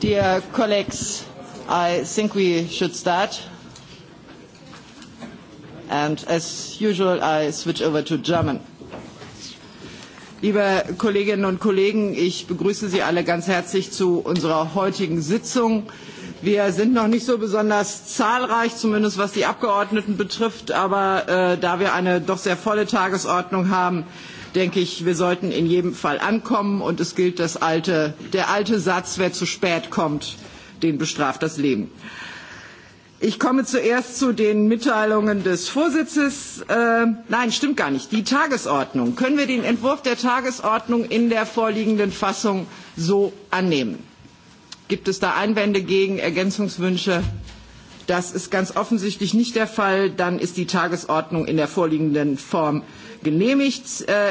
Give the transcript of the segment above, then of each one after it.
Dear colleagues, I think we should start. And as usual, I switch over to German. Liebe Kolleginnen und Kollegen, ich begrüße Sie alle ganz herzlich zu unserer heutigen Sitzung. Wir sind noch nicht so besonders zahlreich, zumindest was die Abgeordneten betrifft, aber da wir eine doch sehr volle Tagesordnung haben, denke ich, wir sollten in jedem Fall ankommen. Und es gilt der alte Satz, wer zu spät kommt, den bestraft das Leben. Ich komme zuerst zu den Mitteilungen des Vorsitzes. Nein, stimmt gar nicht. Die Tagesordnung. Können wir den Entwurf der Tagesordnung in der vorliegenden Fassung so annehmen? Gibt es da Einwände gegen Ergänzungswünsche? Das ist ganz offensichtlich nicht der Fall. Dann ist die Tagesordnung in der vorliegenden Form genehmigt.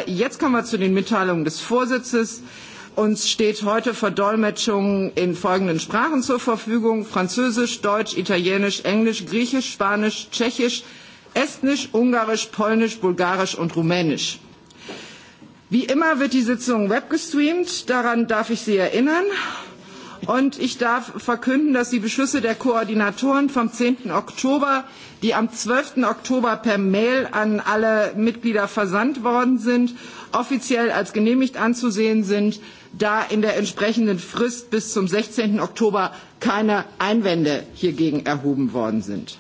Jetzt kommen wir zu den Mitteilungen des Vorsitzes. Uns steht heute Verdolmetschung in folgenden Sprachen zur Verfügung Französisch, Deutsch, Italienisch, Englisch, Griechisch, Spanisch, Tschechisch, Estnisch, Ungarisch, Polnisch, Bulgarisch und Rumänisch. Wie immer wird die Sitzung webgestreamt, daran darf ich Sie erinnern und ich darf verkünden dass die beschlüsse der koordinatoren vom 10. oktober die am 12. oktober per mail an alle mitglieder versandt worden sind offiziell als genehmigt anzusehen sind da in der entsprechenden frist bis zum 16. oktober keine einwände hiergegen erhoben worden sind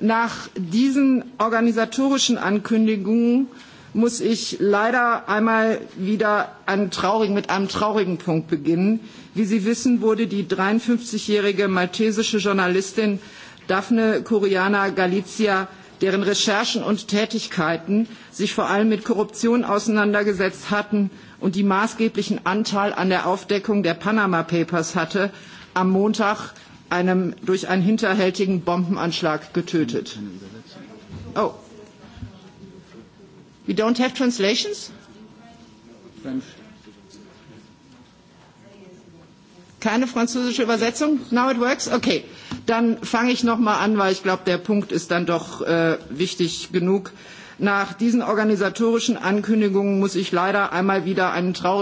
nach diesen organisatorischen ankündigungen muss ich leider einmal wieder mit einem traurigen punkt beginnen Wie Sie wissen, wurde die 53-jährige maltesische Journalistin Daphne Coriana Galizia, deren Recherchen und Tätigkeiten sich vor allem mit Korruption auseinandergesetzt hatten und die maßgeblichen Anteil an der Aufdeckung der Panama Papers hatte, am Montag durch einen hinterhältigen Bombenanschlag getötet. Keine französische Übersetzung? Now it works? Okay. Dann fange ich noch mal an, weil ich glaube, der Punkt ist dann doch wichtig genug. Nach diesen organisatorischen Ankündigungen muss ich leider einmal wieder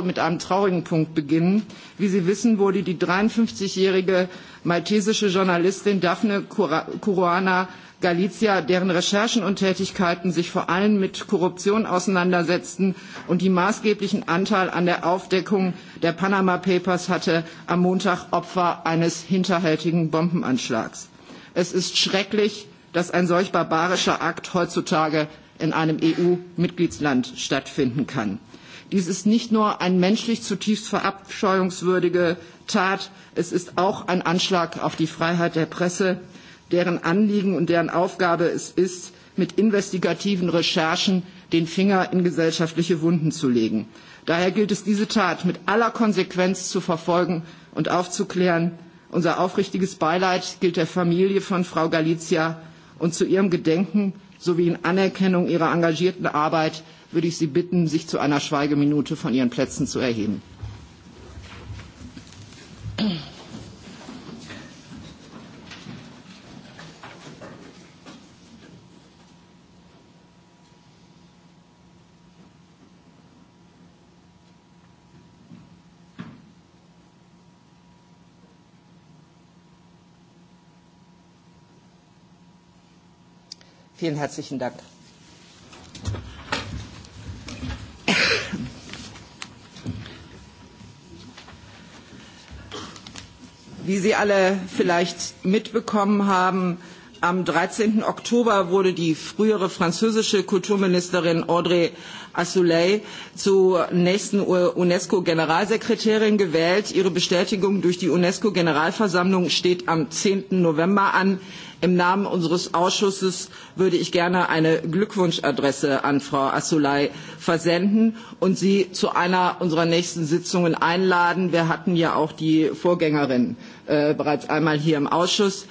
mit einem traurigen Punkt beginnen. Wie Sie wissen, wurde die 53-jährige maltesische Journalistin Daphne Caruana Galizia, deren Recherchen und Tätigkeiten sich vor allem mit Korruption auseinandersetzten und die maßgeblichen Anteil an der Aufdeckung der Panama Papers hatte, am Montag Opfer eines hinterhältigen Bombenanschlags. Es ist schrecklich, dass ein solch barbarischer Akt heutzutage in einem EU-Mitgliedsland stattfinden kann. Dies ist nicht nur eine menschlich zutiefst verabscheuungswürdige Tat, es ist auch ein Anschlag auf die Freiheit der Presse, deren Anliegen und deren Aufgabe es ist, mit investigativen Recherchen den Finger in gesellschaftliche Wunden zu legen. Daher gilt es, diese Tat mit aller Konsequenz zu verfolgen und aufzuklären. Unser aufrichtiges Beileid gilt der Familie von Frau Galizia und zu ihrem Gedenken sowie in Anerkennung ihrer engagierten Arbeit würde ich Sie bitten, sich zu einer Schweigeminute von Ihren Plätzen zu erheben. Vielen herzlichen Dank. Wie Sie alle vielleicht mitbekommen haben, Am 13. Oktober wurde die frühere französische Kulturministerin Audrey Assoulay zur nächsten UNESCO-Generalsekretärin gewählt. Ihre Bestätigung durch die UNESCO-Generalversammlung steht am 10. November an. Im Namen unseres Ausschusses würde ich gerne eine Glückwunschadresse an Frau Assoulay versenden und Sie zu einer unserer nächsten Sitzungen einladen. Wir hatten ja auch die Vorgängerin bereits einmal hier im Ausschuss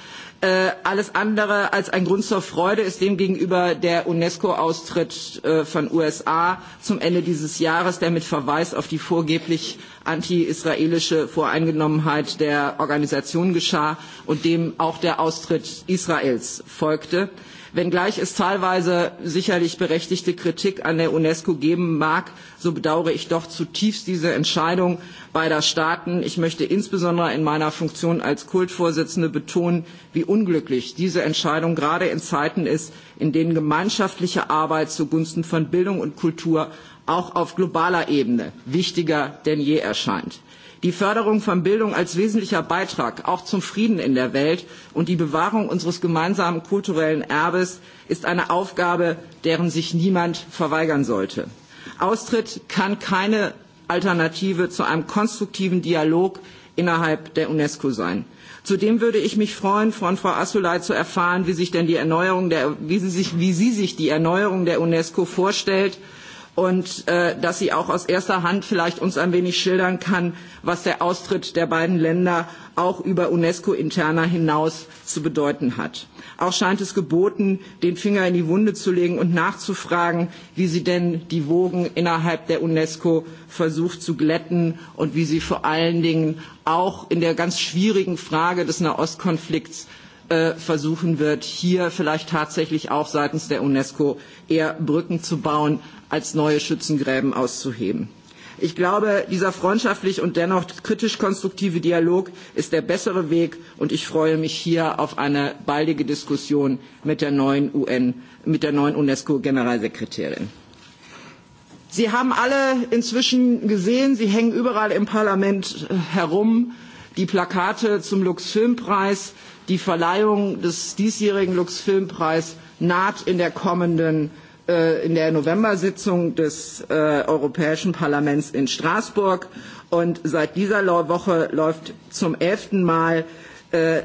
Alles andere als ein Grund zur Freude ist demgegenüber der UNESCO-Austritt von USA zum Ende dieses Jahres, der mit Verweis auf die vorgeblich anti Voreingenommenheit der Organisation geschah und dem auch der Austritt Israels folgte. Wenngleich es teilweise sicherlich berechtigte Kritik an der UNESCO geben mag, so bedauere ich doch zutiefst diese Entscheidung beider Staaten. Ich möchte insbesondere in meiner Funktion als Kultvorsitzende betonen, wie unglücklich diese Entscheidung gerade in Zeiten ist, in denen gemeinschaftliche Arbeit zugunsten von Bildung und Kultur auch auf globaler Ebene wichtiger denn je erscheint die förderung von bildung als wesentlicher beitrag auch zum frieden in der welt und die bewahrung unseres gemeinsamen kulturellen erbes ist eine aufgabe deren sich niemand verweigern sollte. austritt kann keine alternative zu einem konstruktiven dialog innerhalb der unesco sein. zudem würde ich mich freuen von frau asolay zu erfahren wie sie sich die erneuerung der unesco vorstellt und dass sie auch aus erster Hand vielleicht uns ein wenig schildern kann, was der Austritt der beiden Länder auch über interna hinaus zu bedeuten hat. Auch scheint es geboten, den Finger in die Wunde zu legen und nachzufragen, wie sie denn die Wogen innerhalb der UNESCO versucht zu glätten und wie sie vor allen Dingen auch in der ganz schwierigen Frage des Nahostkonflikts versuchen wird, hier vielleicht tatsächlich auch seitens der UNESCO eher Brücken zu bauen, als neue Schützengräben auszuheben. Ich glaube, dieser freundschaftlich und dennoch kritisch konstruktive Dialog ist der bessere Weg, und ich freue mich hier auf eine baldige Diskussion mit der neuen mit der neuen UNESCO Generalsekretärin. Sie haben alle inzwischen gesehen, sie hängen überall im Parlament herum die Plakate zum Lux Filmpreis, die Verleihung des diesjährigen Lux naht in der kommenden in der Novembersitzung des Europäischen Parlaments in Straßburg. Und seit dieser Woche läuft zum elften Mal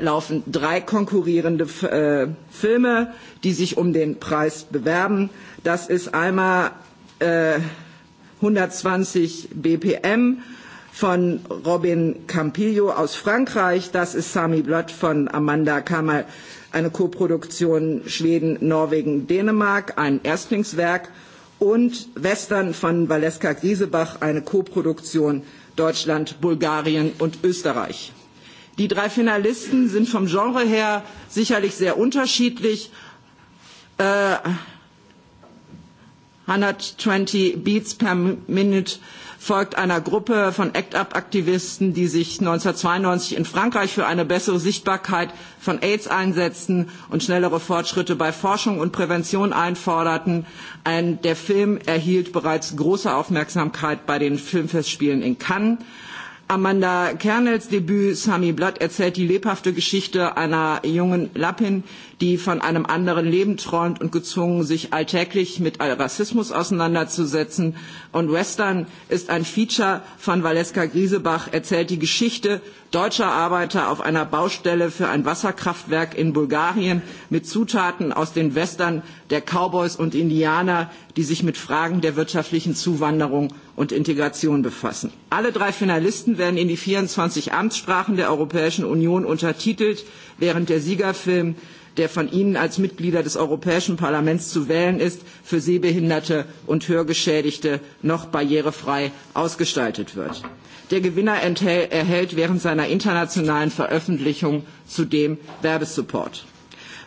laufen drei konkurrierende Filme, die sich um den Preis bewerben. Das ist einmal 120 BPM von Robin Campillo aus Frankreich. Das ist Sami Blood von Amanda Kamal eine Koproduktion Schweden, Norwegen, Dänemark, ein Erstlingswerk und Western von Valeska Griesebach, eine Koproduktion Deutschland, Bulgarien und Österreich. Die drei Finalisten sind vom Genre her sicherlich sehr unterschiedlich. 120 Beats per Minute folgt einer Gruppe von ACT-UP-Aktivisten, die sich 1992 in Frankreich für eine bessere Sichtbarkeit von AIDS einsetzten und schnellere Fortschritte bei Forschung und Prävention einforderten. Der Film erhielt bereits große Aufmerksamkeit bei den Filmfestspielen in Cannes. Amanda Kernels Debüt Sami Blood erzählt die lebhafte Geschichte einer jungen Lappin, die von einem anderen Leben träumt und gezwungen, sich alltäglich mit Rassismus auseinanderzusetzen. Und Western ist ein Feature von Valeska Griesebach, erzählt die Geschichte deutscher Arbeiter auf einer Baustelle für ein Wasserkraftwerk in Bulgarien mit Zutaten aus den Western der Cowboys und Indianer, die sich mit Fragen der wirtschaftlichen Zuwanderung und Integration befassen. Alle drei Finalisten werden in die 24 Amtssprachen der Europäischen Union untertitelt, während der Siegerfilm der von Ihnen als Mitglieder des Europäischen Parlaments zu wählen ist, für Sehbehinderte und Hörgeschädigte noch barrierefrei ausgestaltet wird. Der Gewinner erhält während seiner internationalen Veröffentlichung zudem Werbesupport.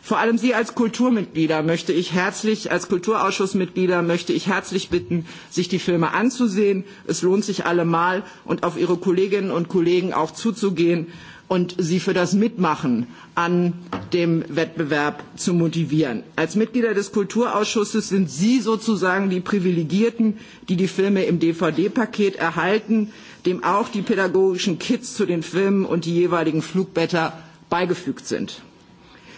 Vor allem Sie als Kulturmitglieder möchte ich herzlich, als Kulturausschussmitglieder möchte ich herzlich bitten, sich die Filme anzusehen. Es lohnt sich allemal und auf Ihre Kolleginnen und Kollegen auch zuzugehen und sie für das Mitmachen an dem Wettbewerb zu motivieren. Als Mitglieder des Kulturausschusses sind Sie sozusagen die Privilegierten, die die Filme im DVD-Paket erhalten, dem auch die pädagogischen Kits zu den Filmen und die jeweiligen Flugblätter beigefügt sind.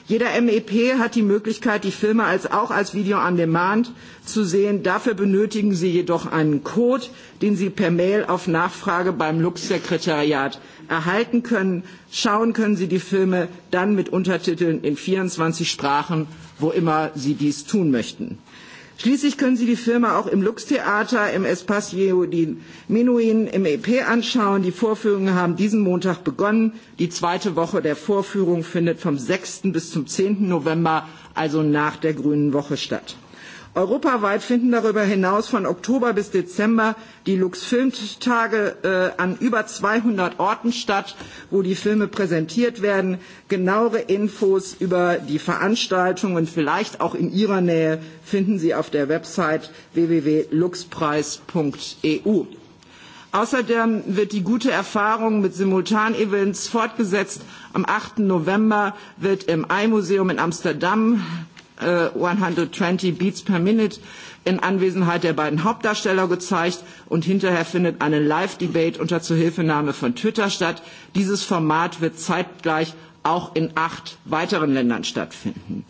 Jeder MEP hat die Möglichkeit, die Filme als auch als Video on Demand zu sehen. Dafür benötigen Sie jedoch einen Code, den Sie per Mail auf Nachfrage beim Lux-Sekretariat erhalten können. Schauen können Sie die Filme dann mit Untertiteln in 24 Sprachen, wo immer Sie dies tun möchten. Schließlich können Sie die Filme auch im Lux Theater, im Espace Yehudin Minuin, im EP anschauen. Die Vorführungen haben diesen Montag begonnen. Die zweite Woche der Vorführung findet vom 6. bis zum 10. November, also nach der Grünen Woche statt. Europaweit finden darüber hinaus von Oktober bis Dezember die Lux Filmtage an über 200 Orten statt, wo die Filme präsentiert werden. Genauere Infos über die Veranstaltungen, vielleicht auch in Ihrer Nähe, finden Sie auf der Website www.luxpreis.eu. Außerdem wird die gute Erfahrung mit Simultanevents fortgesetzt. Am 8. November wird im Ei-Museum in Amsterdam 120 Beats per Minute in Anwesenheit der beiden Hauptdarsteller gezeigt und hinterher findet eine Live-Debate unter Zuhilfenahme von Twitter statt. Dieses Format wird zeitgleich auch in acht weiteren Ländern stattfinden.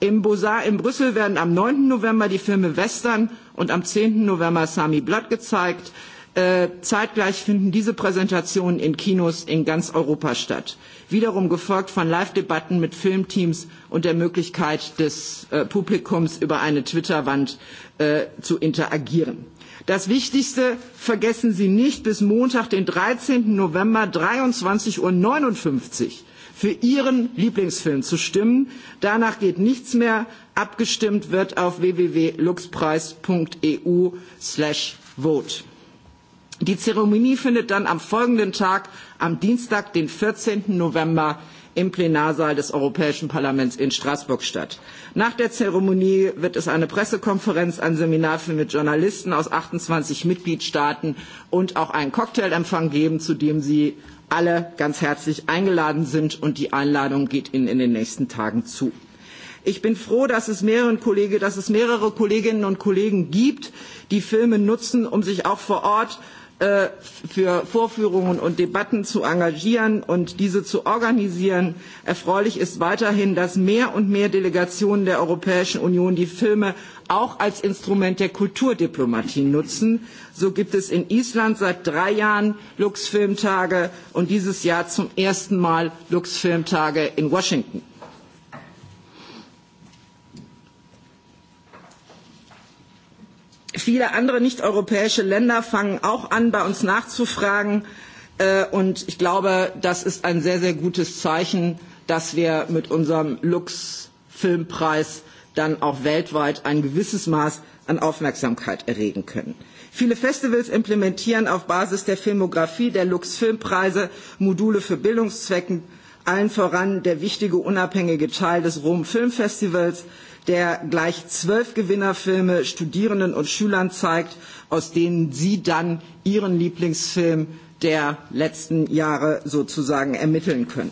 Im Bosar in Brüssel werden am 9. November die Filme Western und am 10. November Sami Blood gezeigt. Zeitgleich finden diese Präsentationen in Kinos in ganz Europa statt, wiederum gefolgt von Live-Debatten mit Filmteams und der Möglichkeit des Publikums, über eine Twitter-Wand zu interagieren. Das Wichtigste vergessen Sie nicht, bis Montag, den 13. November 23.59 Uhr für Ihren Lieblingsfilm zu stimmen. Danach geht nichts mehr. Abgestimmt wird auf www.luxpreis.eu vote. Die Zeremonie findet dann am folgenden Tag, am Dienstag, den 14. November, im Plenarsaal des Europäischen Parlaments in Straßburg statt. Nach der Zeremonie wird es eine Pressekonferenz, ein Seminar mit Journalisten aus 28 Mitgliedstaaten und auch einen Cocktailempfang geben, zu dem Sie alle ganz herzlich eingeladen sind. Und die Einladung geht Ihnen in den nächsten Tagen zu. Ich bin froh, dass es mehrere Kolleginnen und Kollegen gibt, die Filme nutzen, um sich auch vor Ort für Vorführungen und Debatten zu engagieren und diese zu organisieren. Erfreulich ist weiterhin, dass mehr und mehr Delegationen der Europäischen Union die Filme auch als Instrument der Kulturdiplomatie nutzen. So gibt es in Island seit drei Jahren Lux Filmtage und dieses Jahr zum ersten Mal Lux Filmtage in Washington. viele andere nichteuropäische länder fangen auch an bei uns nachzufragen und ich glaube das ist ein sehr sehr gutes zeichen dass wir mit unserem lux filmpreis dann auch weltweit ein gewisses maß an aufmerksamkeit erregen können. viele festivals implementieren auf basis der filmografie der lux filmpreise module für bildungszwecken allen voran der wichtige unabhängige teil des rom Filmfestivals der gleich zwölf Gewinnerfilme Studierenden und Schülern zeigt, aus denen sie dann ihren Lieblingsfilm der letzten Jahre sozusagen ermitteln können.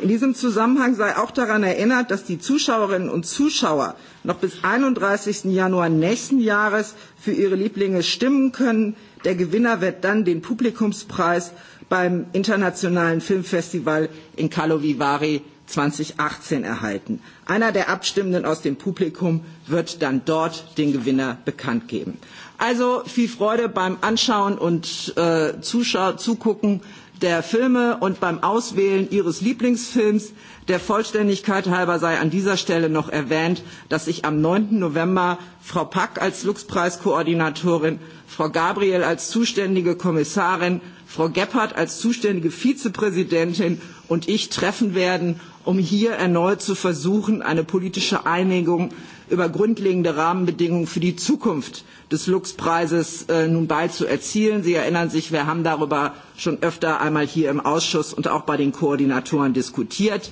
In diesem Zusammenhang sei auch daran erinnert, dass die Zuschauerinnen und Zuschauer noch bis 31. Januar nächsten Jahres für ihre Lieblinge stimmen können. Der Gewinner wird dann den Publikumspreis beim Internationalen Filmfestival in Karlovy Vary 2018 erhalten. Einer der Abstimmenden aus dem Publikum wird dann dort den Gewinner bekannt geben. Also viel Freude beim Anschauen und Zugucken der Filme und beim Auswählen Ihres Lieblingsfilms. Der Vollständigkeit halber sei an dieser Stelle noch erwähnt, dass ich am 9. November Frau Pack als Luxpreiskoordinatorin, Frau Gabriel als zuständige Kommissarin, Frau Gebhardt als zuständige Vizepräsidentin und ich treffen werden, um hier erneut zu versuchen, eine politische Einigung über grundlegende Rahmenbedingungen für die Zukunft des Lux-Preises nun bald zu erzielen. Sie erinnern sich, wir haben darüber schon öfter einmal hier im Ausschuss und auch bei den Koordinatoren diskutiert.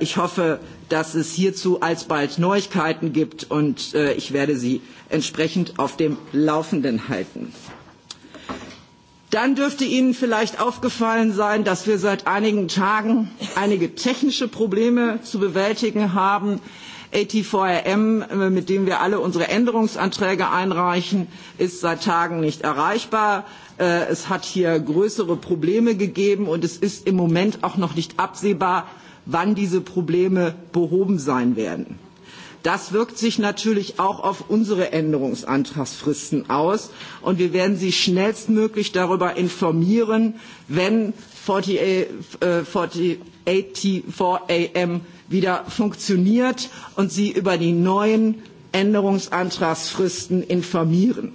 Ich hoffe, dass es hierzu alsbald Neuigkeiten gibt und ich werde Sie entsprechend auf dem Laufenden halten. Dann dürfte Ihnen vielleicht aufgefallen sein, dass wir seit einigen Tagen einige technische Probleme zu bewältigen haben. at 4 m mit dem wir alle unsere Änderungsanträge einreichen, ist seit Tagen nicht erreichbar. Es hat hier größere Probleme gegeben und es ist im Moment auch noch nicht absehbar, wann diese Probleme behoben sein werden. Das wirkt sich natürlich auch auf unsere Änderungsantragsfristen aus. Und wir werden Sie schnellstmöglich darüber informieren, wenn 484 AM wieder funktioniert und Sie über die neuen Änderungsantragsfristen informieren.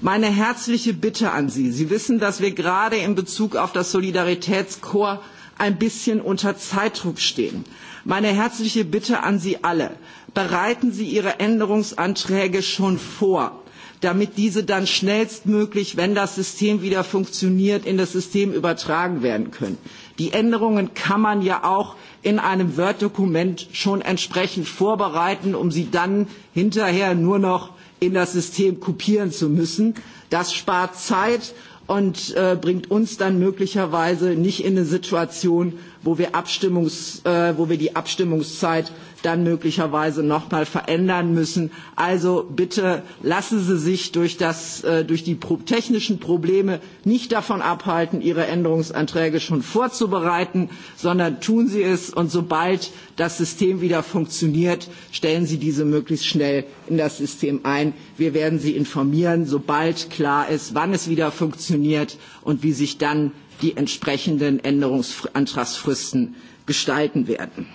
Meine herzliche Bitte an Sie. Sie wissen, dass wir gerade in Bezug auf das Solidaritätskorps ein bisschen unter Zeitdruck stehen meine herzliche bitte an sie alle bereiten sie ihre änderungsanträge schon vor damit diese dann schnellstmöglich wenn das system wieder funktioniert in das system übertragen werden können. die änderungen kann man ja auch in einem word dokument schon entsprechend vorbereiten um sie dann hinterher nur noch in das system kopieren zu müssen. das spart zeit und bringt uns dann möglicherweise nicht in eine Situation, wo wir die Abstimmungszeit dann möglicherweise noch mal verändern müssen. Also bitte lassen Sie sich durch die technischen Probleme nicht davon abhalten, Ihre Änderungsanträge schon vorzubereiten, sondern tun Sie es und sobald das System wieder funktioniert, stellen Sie diese möglichst schnell in das System ein. Wir werden Sie informieren, sobald klar ist, wann es wieder funktioniert und wie sich dann die entsprechenden Änderungsantragsfristen gestalten werden.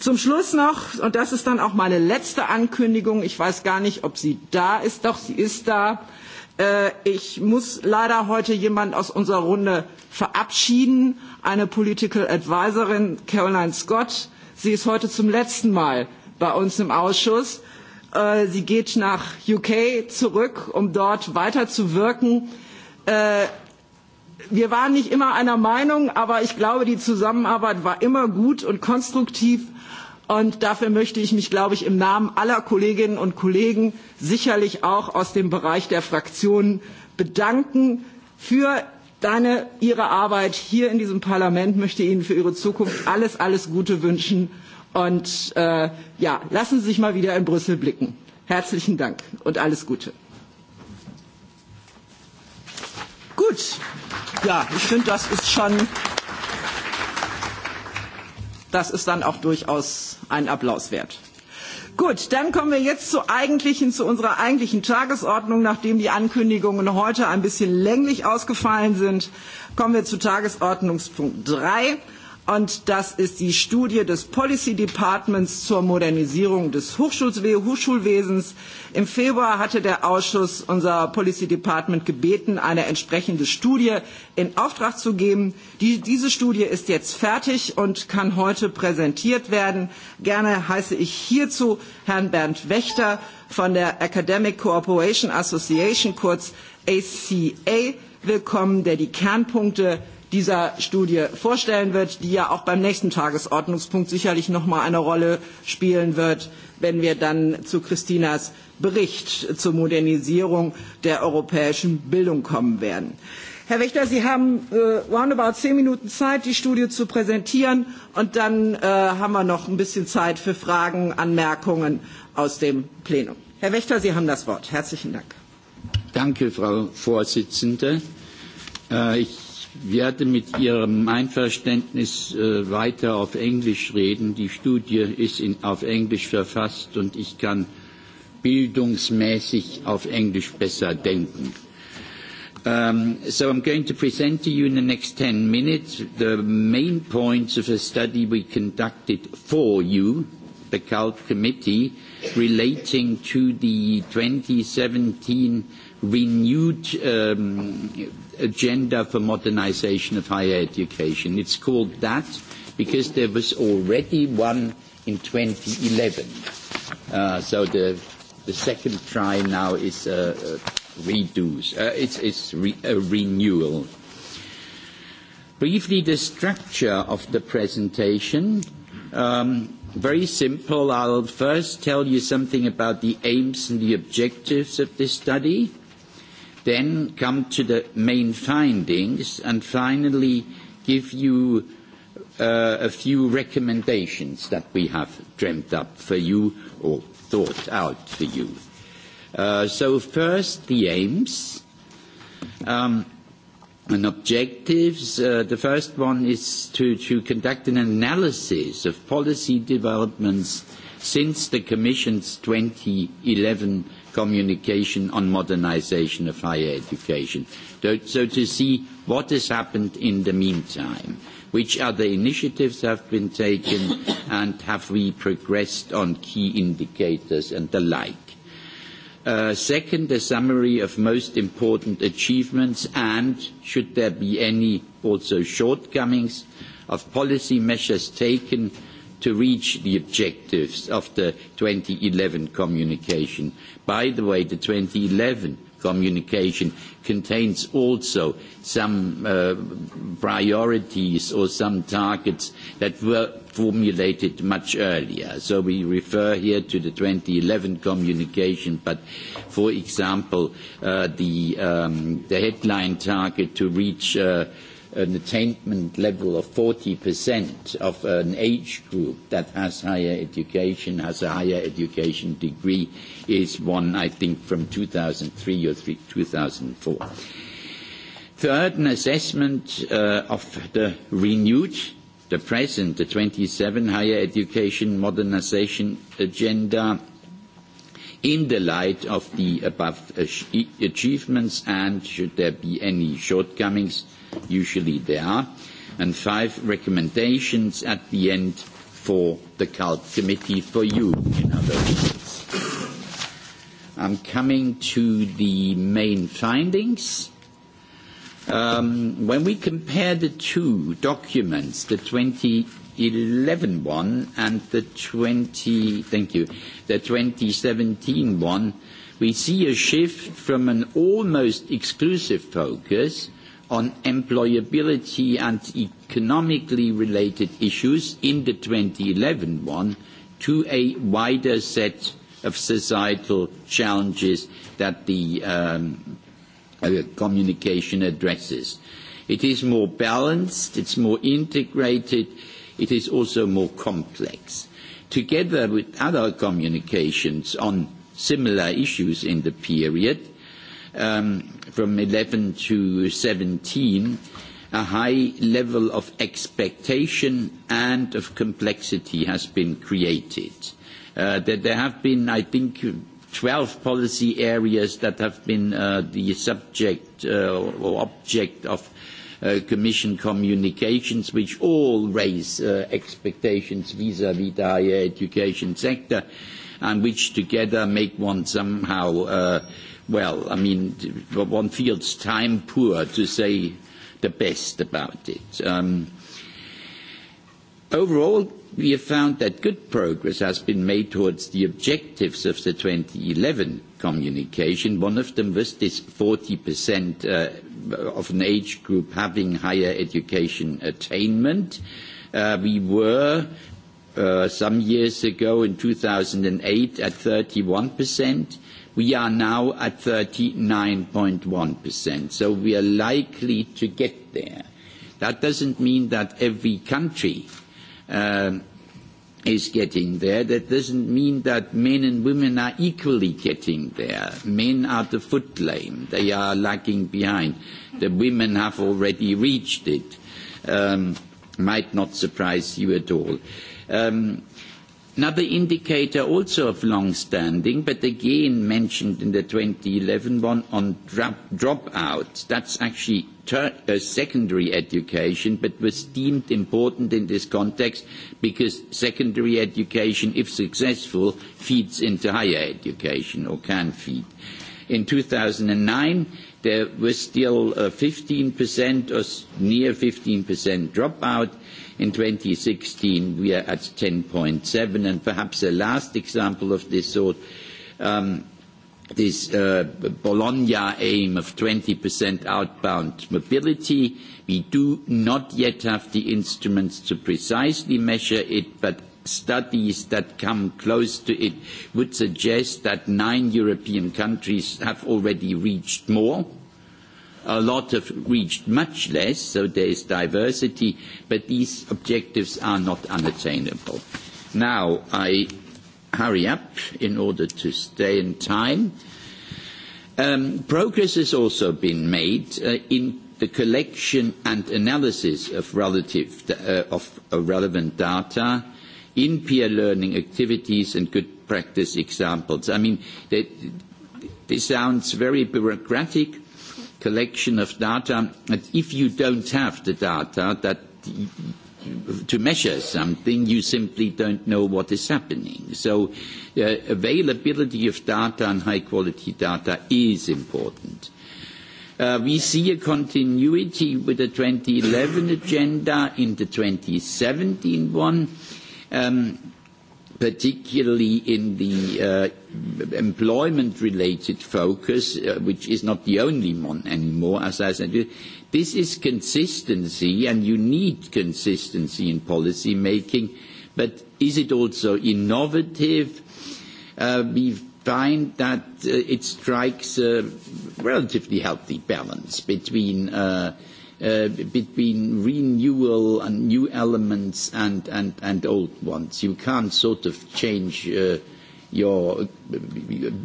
Zum Schluss noch, und das ist dann auch meine letzte Ankündigung, ich weiß gar nicht, ob sie da ist, doch sie ist da. Ich muss leider heute jemanden aus unserer Runde verabschieden, eine Political Advisorin, Caroline Scott. Sie ist heute zum letzten Mal bei uns im Ausschuss. Sie geht nach UK zurück, um dort weiterzuwirken wir waren nicht immer einer meinung aber ich glaube die zusammenarbeit war immer gut und konstruktiv und dafür möchte ich mich glaube ich im namen aller kolleginnen und kollegen sicherlich auch aus dem bereich der fraktionen bedanken für ihre arbeit hier in diesem parlament möchte ihnen für ihre zukunft alles alles gute wünschen und ja lassen sie sich mal wieder in brüssel blicken herzlichen dank und alles gute Gut. Ja, ich finde, das ist schon, das ist dann auch durchaus ein Applaus wert. Gut, dann kommen wir jetzt zu eigentlichen, zu unserer eigentlichen Tagesordnung. Nachdem die Ankündigungen heute ein bisschen länglich ausgefallen sind, kommen wir zu Tagesordnungspunkt 3 und das ist die Studie des Policy Departments zur Modernisierung des Hochschulwesens. Im Februar hatte der Ausschuss unser Policy Department gebeten, eine entsprechende Studie in Auftrag zu geben. Diese Studie ist jetzt fertig und kann heute präsentiert werden. Gerne heiße ich hierzu Herrn Bernd Wächter von der Academic Cooperation Association, kurz ACA, willkommen, der die Kernpunkte dieser Studie vorstellen wird, die ja auch beim nächsten Tagesordnungspunkt sicherlich noch mal eine Rolle spielen wird, wenn wir dann zu Christinas Bericht zur Modernisierung der europäischen Bildung kommen werden. Herr Wächter, Sie haben roundabout zehn Minuten Zeit, die Studie zu präsentieren, und dann haben wir noch ein bisschen Zeit für Fragen, Anmerkungen aus dem Plenum. Herr Wächter, Sie haben das Wort. Herzlichen Dank. Danke, Frau Vorsitzende. Wir hatten mit Ihrem Einverständnis weiter auf Englisch reden. Die Studie ist in auf Englisch verfasst und ich kann bildungsmäßig auf Englisch besser denken. So I'm going to present to you in the next 10 minutes the main points of a study we conducted for you, the CALP Committee, relating to the 2017 renewed agenda for modernization of higher education. It's called that because there was already one in 2011. So the second try now is a It's a renewal. Briefly, the structure of the presentation. Very simple. I'll first tell you something about the aims and the objectives of this study then come to the main findings and finally give you a few recommendations that we have dreamt up for you or thought out for you. So first, the aims and objectives. The first one is to conduct an analysis of policy developments since the Commission's 2011 communication on modernisation of higher education. So to see what has happened in the meantime, which other initiatives have been taken and have we progressed on key indicators and the like. Second, a summary of most important achievements and, should there be any, also shortcomings of policy measures taken to reach the objectives of the 2011 communication. By the way, the 2011 communication contains also some priorities or some targets that were formulated much earlier. So we refer here to the 2011 communication, but for example, the headline target to reach an attainment level of 40% of an age group that has higher education, has a higher education degree, is one, I think, from 2003 or 2004. Third, an assessment of the renewed, the present, the 27 higher education modernization agenda in the light of the above achievements and should there be any shortcomings usually they are, and five recommendations at the end for the cult Committee for you, in other words. I'm coming to the main findings. When we compare the two documents, the 2011 one and the 20, thank you, the 2017 one, we see a shift from an almost exclusive focus on employability and economically related issues in the 2011 one to a wider set of societal challenges that the communication addresses. It is more balanced, it's more integrated, it is also more complex. Together with other communications on similar issues in the period, from 11 to 17, a high level of expectation and of complexity has been created. There have been, I think, 12 policy areas that have been the subject or object of Commission communications, which all raise expectations vis-à-vis the higher education sector, and which together make one somehow well, I mean, one feels time poor to say the best about it. Overall, we have found that good progress has been made towards the objectives of the 2011 communication. One of them was this 40% of an age group having higher education attainment. We were some years ago in 2008 at 31%. We are now at 39.1%, so we are likely to get there. That doesn't mean that every country is getting there. That doesn't mean that men and women are equally getting there. Men are the foot lame. They are lagging behind. The women have already reached it. Might not surprise you at all. Another indicator also of long standing, but again mentioned in the 2011 one on dropouts. That's actually secondary education, but was deemed important in this context because secondary education, if successful, feeds into higher education or can feed. In 2009, there was still 15% or near 15% dropout In 2016, we are at 10.7. And perhaps the last example of this sort, this Bologna aim of 20% outbound mobility. We do not yet have the instruments to precisely measure it, but studies that come close to it would suggest that nine European countries have already reached more A lot have reached much less, so there is diversity, but these objectives are not unattainable. Now, I hurry up in order to stay in time. Progress has also been made in the collection and analysis of relevant data in peer learning activities and good practice examples. I mean, this sounds very bureaucratic, collection of data. And if you don't have the data that to measure something, you simply don't know what is happening. So availability of data and high-quality data is important. We see a continuity with the 2011 agenda in the 2017 one particularly in the employment-related focus, which is not the only one anymore, as I said, this is consistency, and you need consistency in policy making, but is it also innovative? We find that it strikes a relatively healthy balance between between renewal and new elements and old ones. You can't sort of change your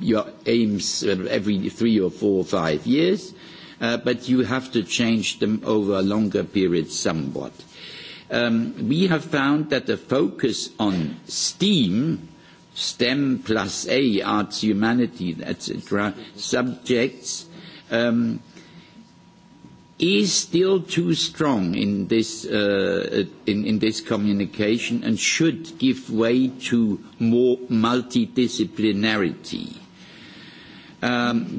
your aims every three or four or five years, but you have to change them over a longer period somewhat. We have found that the focus on STEAM, STEM plus A, arts, humanity, etc., subjects is still too strong in this communication and should give way to more multidisciplinarity.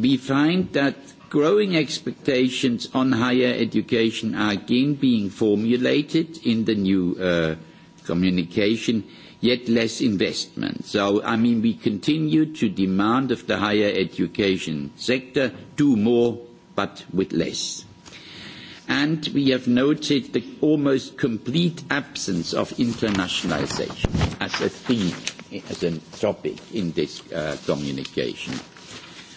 We find that growing expectations on higher education are again being formulated in the new communication, yet less investment. So, I mean, we continue to demand of the higher education sector do more, but with less and we have noted the almost complete absence of internationalisation as a theme, as a topic in this communication.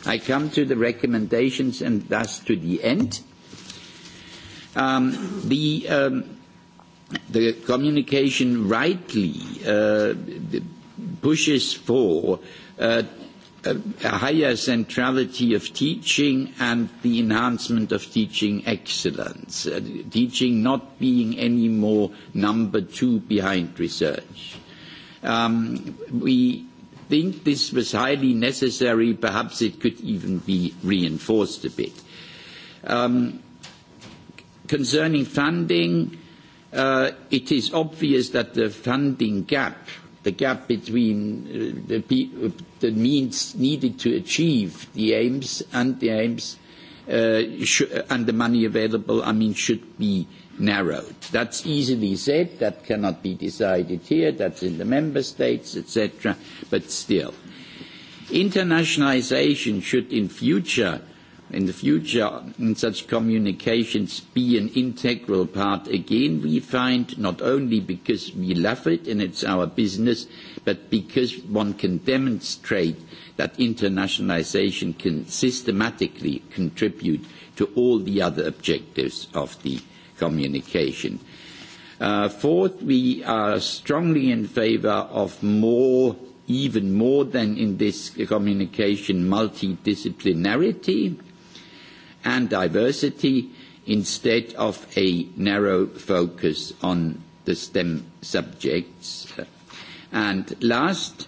I come to the recommendations and thus to the end. The communication rightly pushes for a higher centrality of teaching and the enhancement of teaching excellence, teaching not being any more number two behind research. We think this was highly necessary. Perhaps it could even be reinforced a bit. Concerning funding, it is obvious that the funding gap the gap between the means needed to achieve the aims and the aims and the money available, I mean, should be narrowed. That's easily said. That cannot be decided here. That's in the member states, etc. But still, internationalization should in future in the future in such communications be an integral part again we find not only because we love it and it's our business but because one can demonstrate that internationalisation can systematically contribute to all the other objectives of the communication. Fourth, we are strongly in favour of more, even more than in this communication, multidisciplinarity and diversity instead of a narrow focus on the STEM subjects. And last,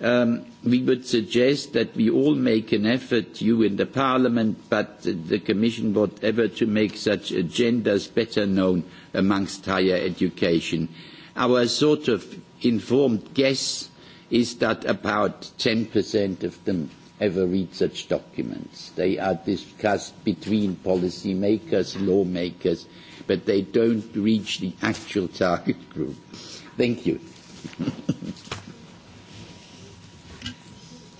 we would suggest that we all make an effort, you in the Parliament, but the Commission, whatever, to make such agendas better known amongst higher education. Our sort of informed guess is that about 10% of them ever read such documents. They are discussed between policy makers, lawmakers, but they don't reach the actual target group. Thank you.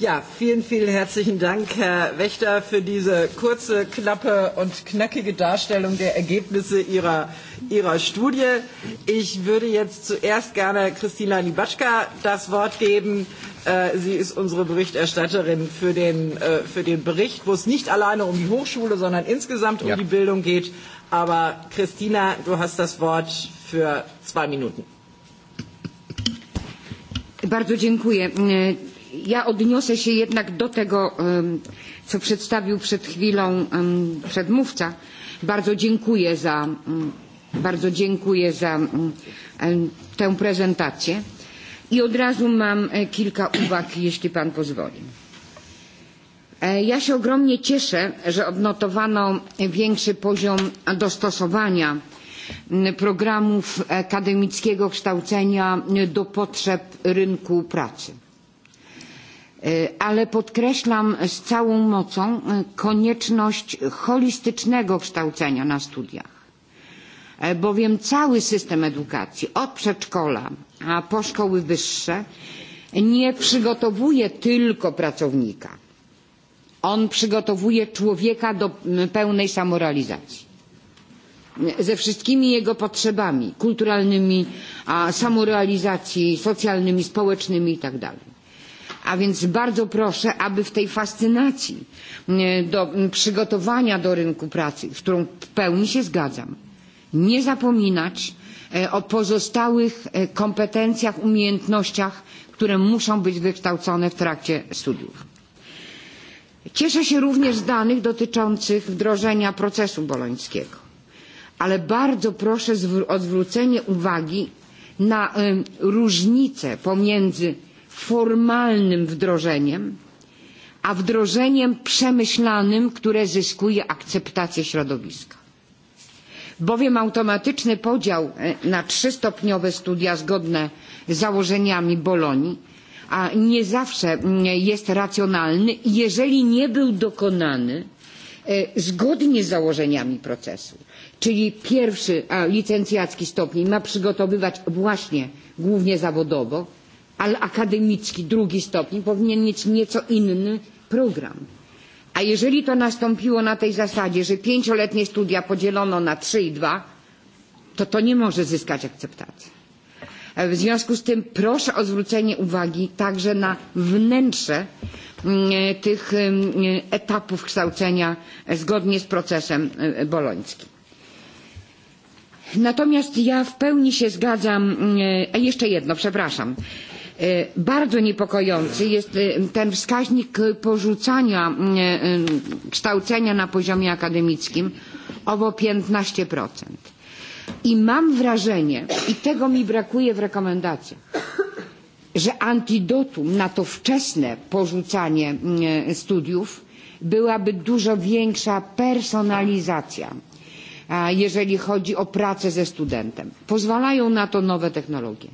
Ja, vielen, vielen herzlichen Dank, Herr Wächter, für diese kurze, knappe und knackige Darstellung der Ergebnisse Ihrer, Ihrer Studie. Ich würde jetzt zuerst gerne Christina Libatschka das Wort geben Sie ist unsere Berichterstatterin für den, für den Bericht, wo es nicht alleine um die Hochschule, sondern insgesamt um die Bildung geht. Aber Christina, du hast das Wort für zwei Minuten. Bardzo dziękuję. Ja odniosę się jednak do tego, co przedstawił przed chwilą przedmówca. Bardzo dziękuję za, bardzo dziękuję za tę prezentację I od razu mam kilka uwag, jeśli Pan pozwoli. Ja się ogromnie cieszę, że odnotowano większy poziom dostosowania programów akademickiego kształcenia do potrzeb rynku pracy. Ale podkreślam z całą mocą konieczność holistycznego kształcenia na studiach, bowiem cały system edukacji od przedszkola po szkoły wyższe nie przygotowuje tylko pracownika. On przygotowuje człowieka do pełnej samorealizacji. Ze wszystkimi jego potrzebami kulturalnymi, samorealizacji, socjalnymi, społecznymi itd. A więc bardzo proszę, aby w tej fascynacji do przygotowania do rynku pracy, w którą w pełni się zgadzam, nie zapominać o pozostałych kompetencjach, umiejętnościach, które muszą być wykształcone w trakcie studiów. Cieszę się również z danych dotyczących wdrożenia procesu bolońskiego, ale bardzo proszę o zwrócenie uwagi na różnice pomiędzy formalnym wdrożeniem a wdrożeniem przemyślanym, które zyskuje akceptację środowiska bowiem automatyczny podział na trzystopniowe studia zgodne z założeniami bolonii a nie zawsze jest racjonalny jeżeli nie był dokonany zgodnie z założeniami procesu czyli pierwszy licencjacki stopień ma przygotowywać właśnie głównie zawodowo ale akademicki drugi stopień powinien mieć nieco inny program A jeżeli to nastąpiło na tej zasadzie, że pięcioletnie studia podzielono na trzy i dwa, to to nie może zyskać akceptacji. W związku z tym proszę o zwrócenie uwagi także na wnętrze tych etapów kształcenia zgodnie z procesem bolońskim. Natomiast ja w pełni się zgadzam, a jeszcze jedno, przepraszam Bardzo niepokojący jest ten wskaźnik porzucania kształcenia na poziomie akademickim owo 15%. I mam wrażenie, i tego mi brakuje w rekomendacjach, że antidotum na to wczesne porzucanie studiów byłaby dużo większa personalizacja, jeżeli chodzi o pracę ze studentem. Pozwalają na to nowe technologie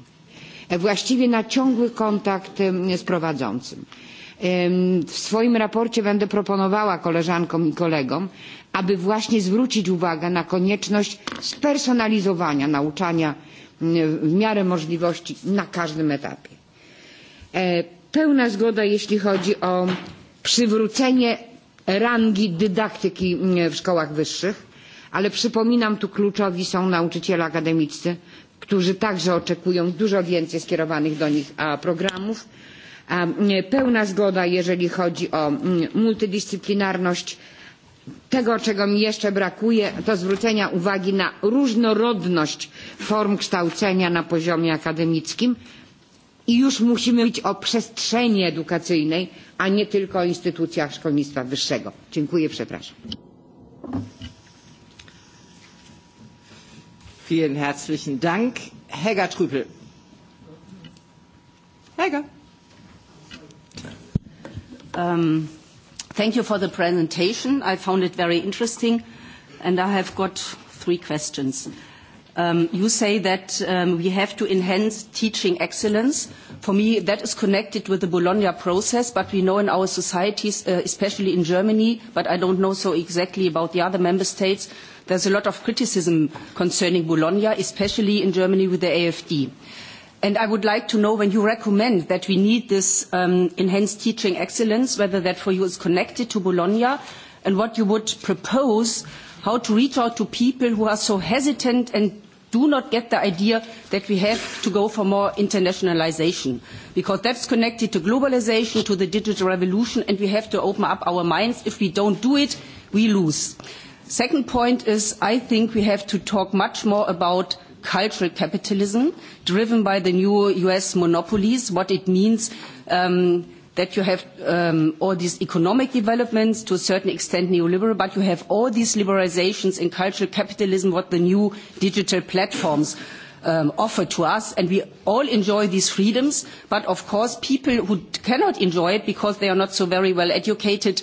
właściwie na ciągły kontakt z prowadzącym. W swoim sprawozdaniu będę proponowała koleżankom i kolegom, aby właśnie zwrócić uwagę na konieczność spersonalizowania nauczania w miarę możliwości na każdym etapie. Pełna zgoda, jeśli chodzi o przywrócenie rangi dydaktyki w szkołach wyższych, ale przypominam, tu kluczowi są nauczyciele akademiccy, którzy także oczekują dużo więcej skierowanych do nich programów. Pełna zgoda, jeżeli chodzi o multidyscyplinarność. Tego, czego mi jeszcze brakuje, to zwrócenia uwagi na różnorodność form kształcenia na poziomie akademickim i już musimy mówić o przestrzeni edukacyjnej, a nie tylko o instytucjach szkolnictwa wyższego. Dziękuję, przepraszam. Vielen herzlichen Dank. Helga Trüpel. Helga. Thank you for the presentation. I found it very interesting, and I have got three questions. You say that we have to enhance teaching excellence. For me, that is connected with the Bologna process, but we know in our societies, especially in Germany, but I don't know so exactly about the other member states, There's a lot of criticism concerning Bologna, especially in Germany with the AFD. And I would like to know when you recommend that we need this enhanced teaching excellence, whether that for you is connected to Bologna, and what you would propose, how to reach out to people who are so hesitant and do not get the idea that we have to go for more internationalisation, because that's connected to globalisation, to the digital revolution, and we have to open up our minds. If we don't do it, we lose. Second point is I think we have to talk much more about cultural capitalism driven by the new US monopolies, what it means that you have all these economic developments, to a certain extent neoliberal, but you have all these liberalisations in cultural capitalism, what the new digital platforms offer to us, and we all enjoy these freedoms, but of course people who cannot enjoy it because they are not so very well educated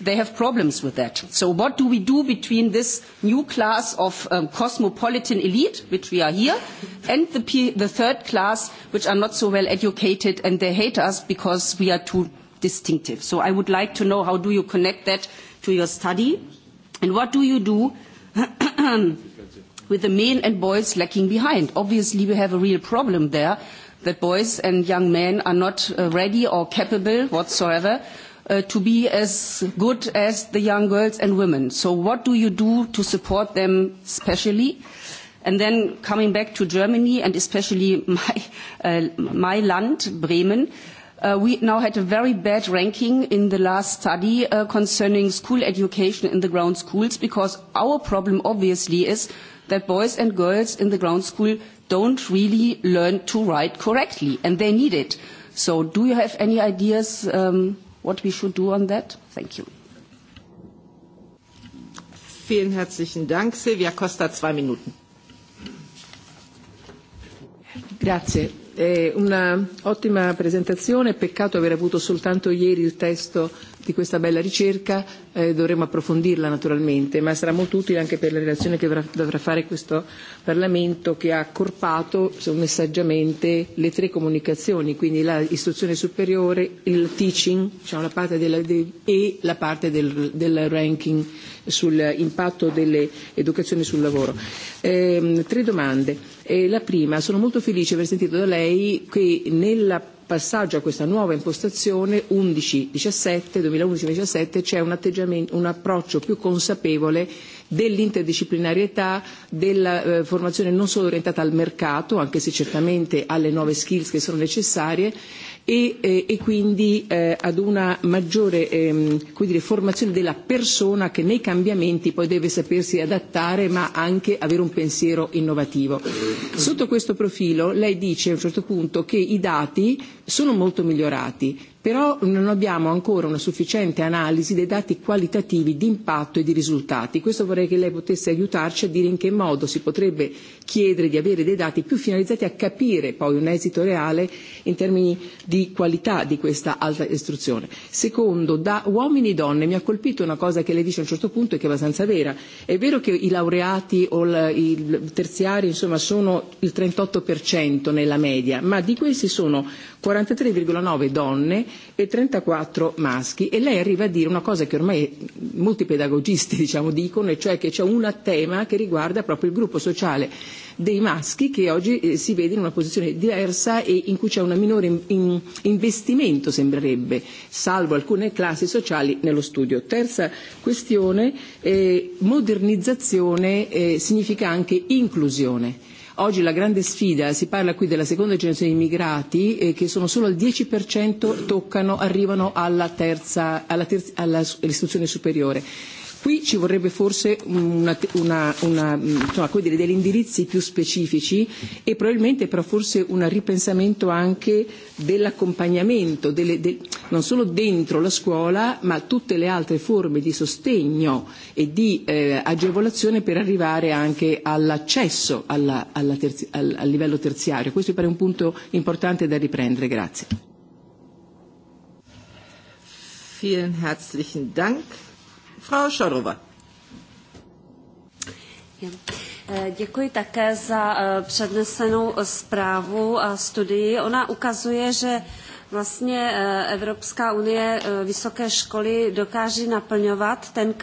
they have problems with that. So what do we do between this new class of cosmopolitan elite, which we are here, and the third class, which are not so well educated and they hate us because we are too distinctive? So I would like to know how do you connect that to your study, and what do you do with the men and boys lacking behind? Obviously, we have a real problem there that boys and young men are not ready or capable whatsoever to be as good as the young girls and women. So what do you do to support them specially? And then coming back to Germany and especially my land, Bremen, we now had a very bad ranking in the last study concerning school education in the ground schools because our problem obviously is that boys and girls in the ground school don't really learn to write correctly and they need it. So do you have any ideas what we should do on that? Thank you. Vielen herzlichen Dank. Silvia Costa, zwei Minuten. Grazie. È un'ottima presentazione, peccato aver avuto soltanto ieri il testo di questa bella ricerca, dovremo approfondirla naturalmente, ma sarà molto utile anche per la relazione che dovrà fare questo Parlamento che ha accorpato messaggiamente le tre comunicazioni, quindi l'istruzione superiore, il teaching, la parte e la parte del ranking sull'impatto dell'educazione sul lavoro. Tre domande. La prima, sono molto felice di aver sentito da lei che nel passaggio a questa nuova impostazione 11-17, 2011-17 c'è un approccio più consapevole dell'interdisciplinarietà, della formazione non solo orientata al mercato, anche se certamente alle nuove skills che sono necessarie, e quindi ad una maggiore formazione della persona che nei cambiamenti poi deve sapersi adattare ma anche avere un pensiero innovativo. Sotto questo profilo lei dice a un certo punto che i dati sono molto migliorati però non abbiamo ancora una sufficiente analisi dei dati qualitativi di impatto e di risultati. Questo vorrei che lei potesse aiutarci a dire in che modo si potrebbe chiedere di avere dei dati più finalizzati a capire poi un esito reale in termini di qualità di questa alta istruzione. Secondo, da uomini e donne mi ha colpito una cosa che lei dice a un certo punto e che è abbastanza vera. È vero che i laureati o i terziari insomma sono il 38% nella media, ma di questi sono 43,9 donne e 34 maschi e lei arriva a dire una cosa che ormai molti pedagogisti diciamo dicono e cioè che c'è un tema che riguarda proprio il gruppo sociale dei maschi che oggi si vede in una posizione diversa e in cui c'è un minore investimento sembrerebbe salvo alcune classi sociali nello studio. Terza questione modernizzazione significa anche inclusione Oggi la grande sfida, si parla qui della seconda generazione di immigrati, che sono solo il 10% toccano, arrivano alla all'istruzione superiore Qui ci vorrebbe forse una, una, una, insomma, come dire, degli indirizzi più specifici e probabilmente però forse un ripensamento anche dell'accompagnamento, non solo dentro la scuola, ma tutte le altre forme di sostegno e di agevolazione per arrivare anche all'accesso al, al livello terziario. Questo mi pare un punto importante da riprendere. Grazie. Vielen herzlichen Dank. Frau Děkuji také za přednesenou zprávu a studii. Ona ukazuje, že vlastně Evropská unie vysoké školy dokáže naplňovat ten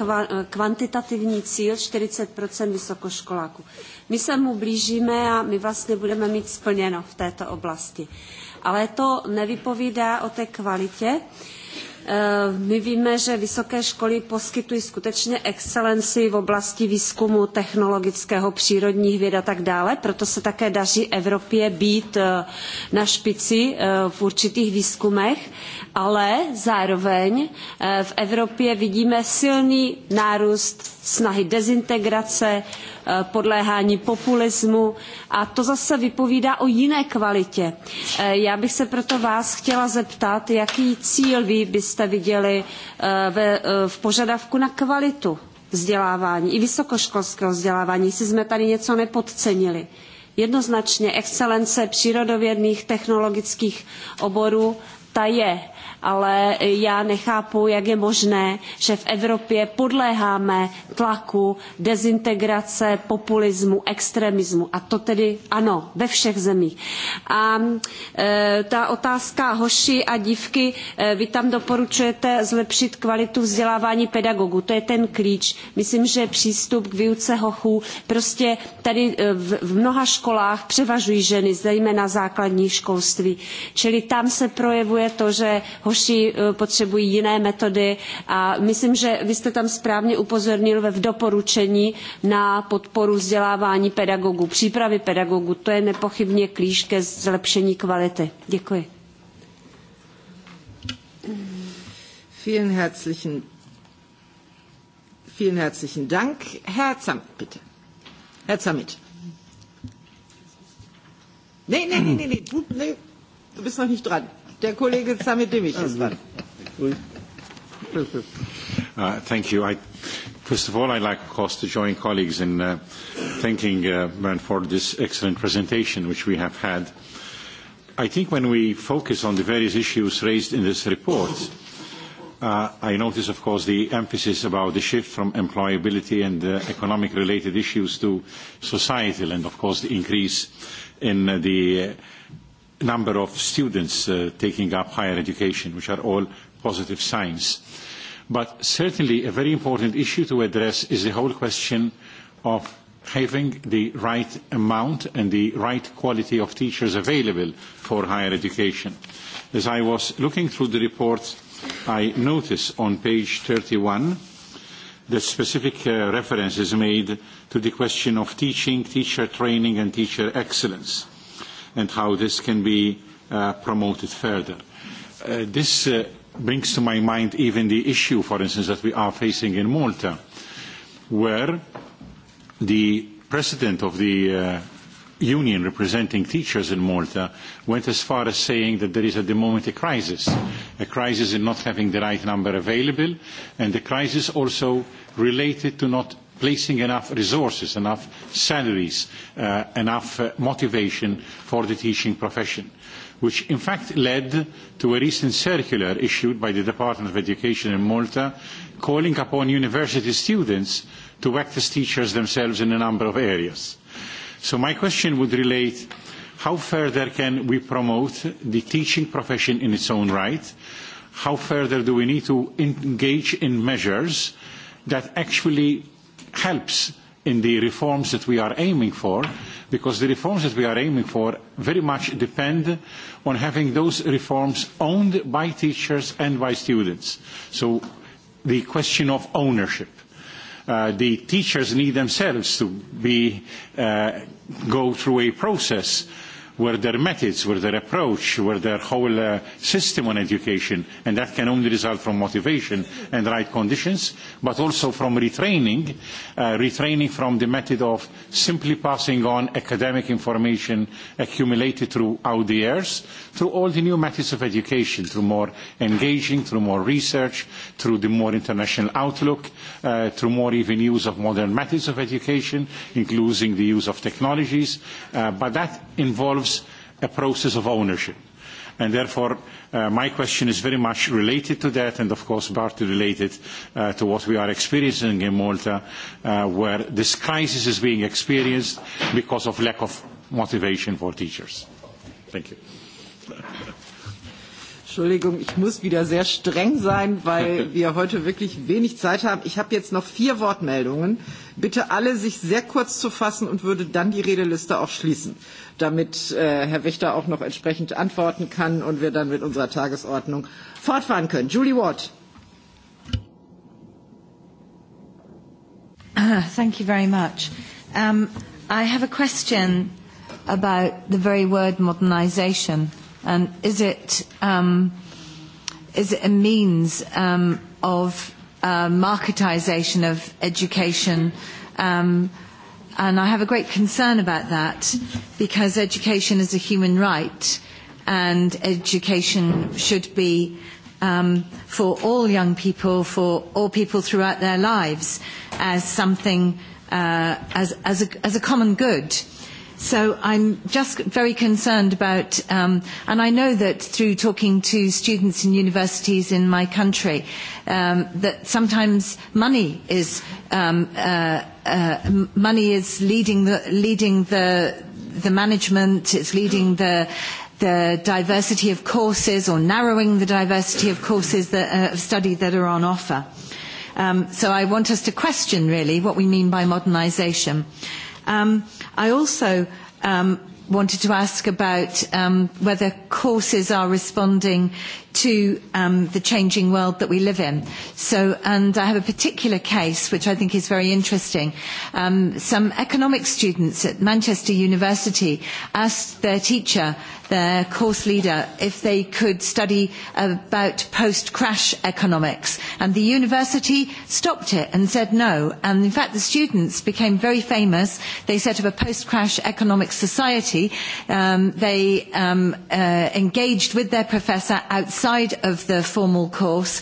kvantitativní cíl 40 vysokoškoláků. My se mu blížíme a my vlastně budeme mít splněno v této oblasti. Ale to nevypovídá o té kvalitě My víme, že vysoké školy poskytují skutečně excelenci v oblasti výzkumu technologického, přírodních věd a tak dále, proto se také daří Evropě být na špici v určitých výzkumech, ale zároveň v Evropě vidíme silný nárůst snahy dezintegrace, podléhání populismu a to zase vypovídá o jiné kvalitě. Já bych se proto vás chtěla zeptat, jaký cíl vy byste viděli v požadavku na kvalitu vzdělávání, i vysokoškolského vzdělávání, jestli jsme tady něco nepodcenili jednoznačně excelence přírodovědných technologických oborů ta je ale já nechápu jak je možné že v evropě podléháme tlaku dezintegrace populismu extremismu a to tedy ano ve všech zemích. a ta otázka hoši a dívky vy tam doporučujete zlepšit kvalitu vzdělávání pedagogů to je ten klíč. myslím že přístup k výuce hochů prostě tady v mnoha školách převažují ženy zejména základní školství čili tam se projevuje to že hoši potřebují jiné metody a myslím, že vy jste tam správně upozornil ve doporučení na podporu vzdělávání pedagogů, přípravy pedagogů. To je nepochybně klíč ke zlepšení kvality. Děkuji. Vielen herzlichen Vielen herzlichen Dank. Herr bitte. du bist noch nicht dran. Der Kollege ist dran. Thank you. First of all, I'd like, of course, to join colleagues in thanking Bernd for this excellent presentation which we have had. I think when we focus on the various issues raised in this report, I notice, of course, the emphasis about the shift from employability and economic-related issues to societal and, of course, the increase in the number of students taking up higher education, which are all positive signs. But certainly a very important issue to address is the whole question of having the right amount and the right quality of teachers available for higher education. As I was looking through the report, I notice on page 31 that specific reference is made to the question of teaching, teacher training and teacher excellence and how this can be promoted further. This brings to my mind even the issue, for instance, that we are facing in Malta, where the president of the union representing teachers in Malta went as far as saying that there is at the moment a crisis, a crisis in not having the right number available, and a crisis also related to not placing enough resources, enough salaries, enough motivation for the teaching profession, which in fact led to a recent circular issued by the Department of Education in Malta calling upon university students to act as teachers themselves in a number of areas. So my question would relate how further can we promote the teaching profession in its own right, how further do we need to engage in measures that actually helps in the reforms that we are aiming for, because the reforms that we are aiming for very much depend on having those reforms owned by teachers and by students. So the question of ownership. The teachers need themselves to go through a process where their methods, were their approach, were their whole system on education, and that can only result from motivation and right conditions, but also from retraining, retraining from the method of simply passing on academic information accumulated throughout the years, through all the new methods of education, through more engaging, through more research, through the more international outlook, through more even use of modern methods of education, including the use of technologies, but that involves a process of ownership. And therefore, my question is very much related to that and, of course, partly related to what we are experiencing in Malta, where this crisis is being experienced because of lack of motivation for teachers. Thank you. Entschuldigung, ich muss wieder sehr streng sein, weil wir heute wirklich wenig Zeit haben. Ich habe jetzt noch vier Wortmeldungen. Bitte alle, sich sehr kurz zu fassen und würde dann die Redeliste auch schließen, damit Herr Wächter auch noch entsprechend antworten kann und wir dann mit unserer Tagesordnung fortfahren können. Julie Ward. Thank you very much. I have a question about the very word modernization is it is it a means of marketisation of education? And I have a great concern about that because education is a human right and education should be for all young people, for all people throughout their lives as something, as a common good So I'm just very concerned about, and I know that through talking to students in universities in my country, that sometimes money is money is leading the leading the the management, it's leading the the diversity of courses or narrowing the diversity of courses that of study that are on offer. So I want us to question really what we mean by modernisation. Um I also wanted to ask about whether courses are responding to the changing world that we live in. So, and I have a particular case which I think is very interesting. Some economic students at Manchester University asked their teacher, their course leader, if they could study about post-crash economics. And the university stopped it and said no. And in fact, the students became very famous. They set up a post-crash economic society. They engaged with their professor outside of the formal course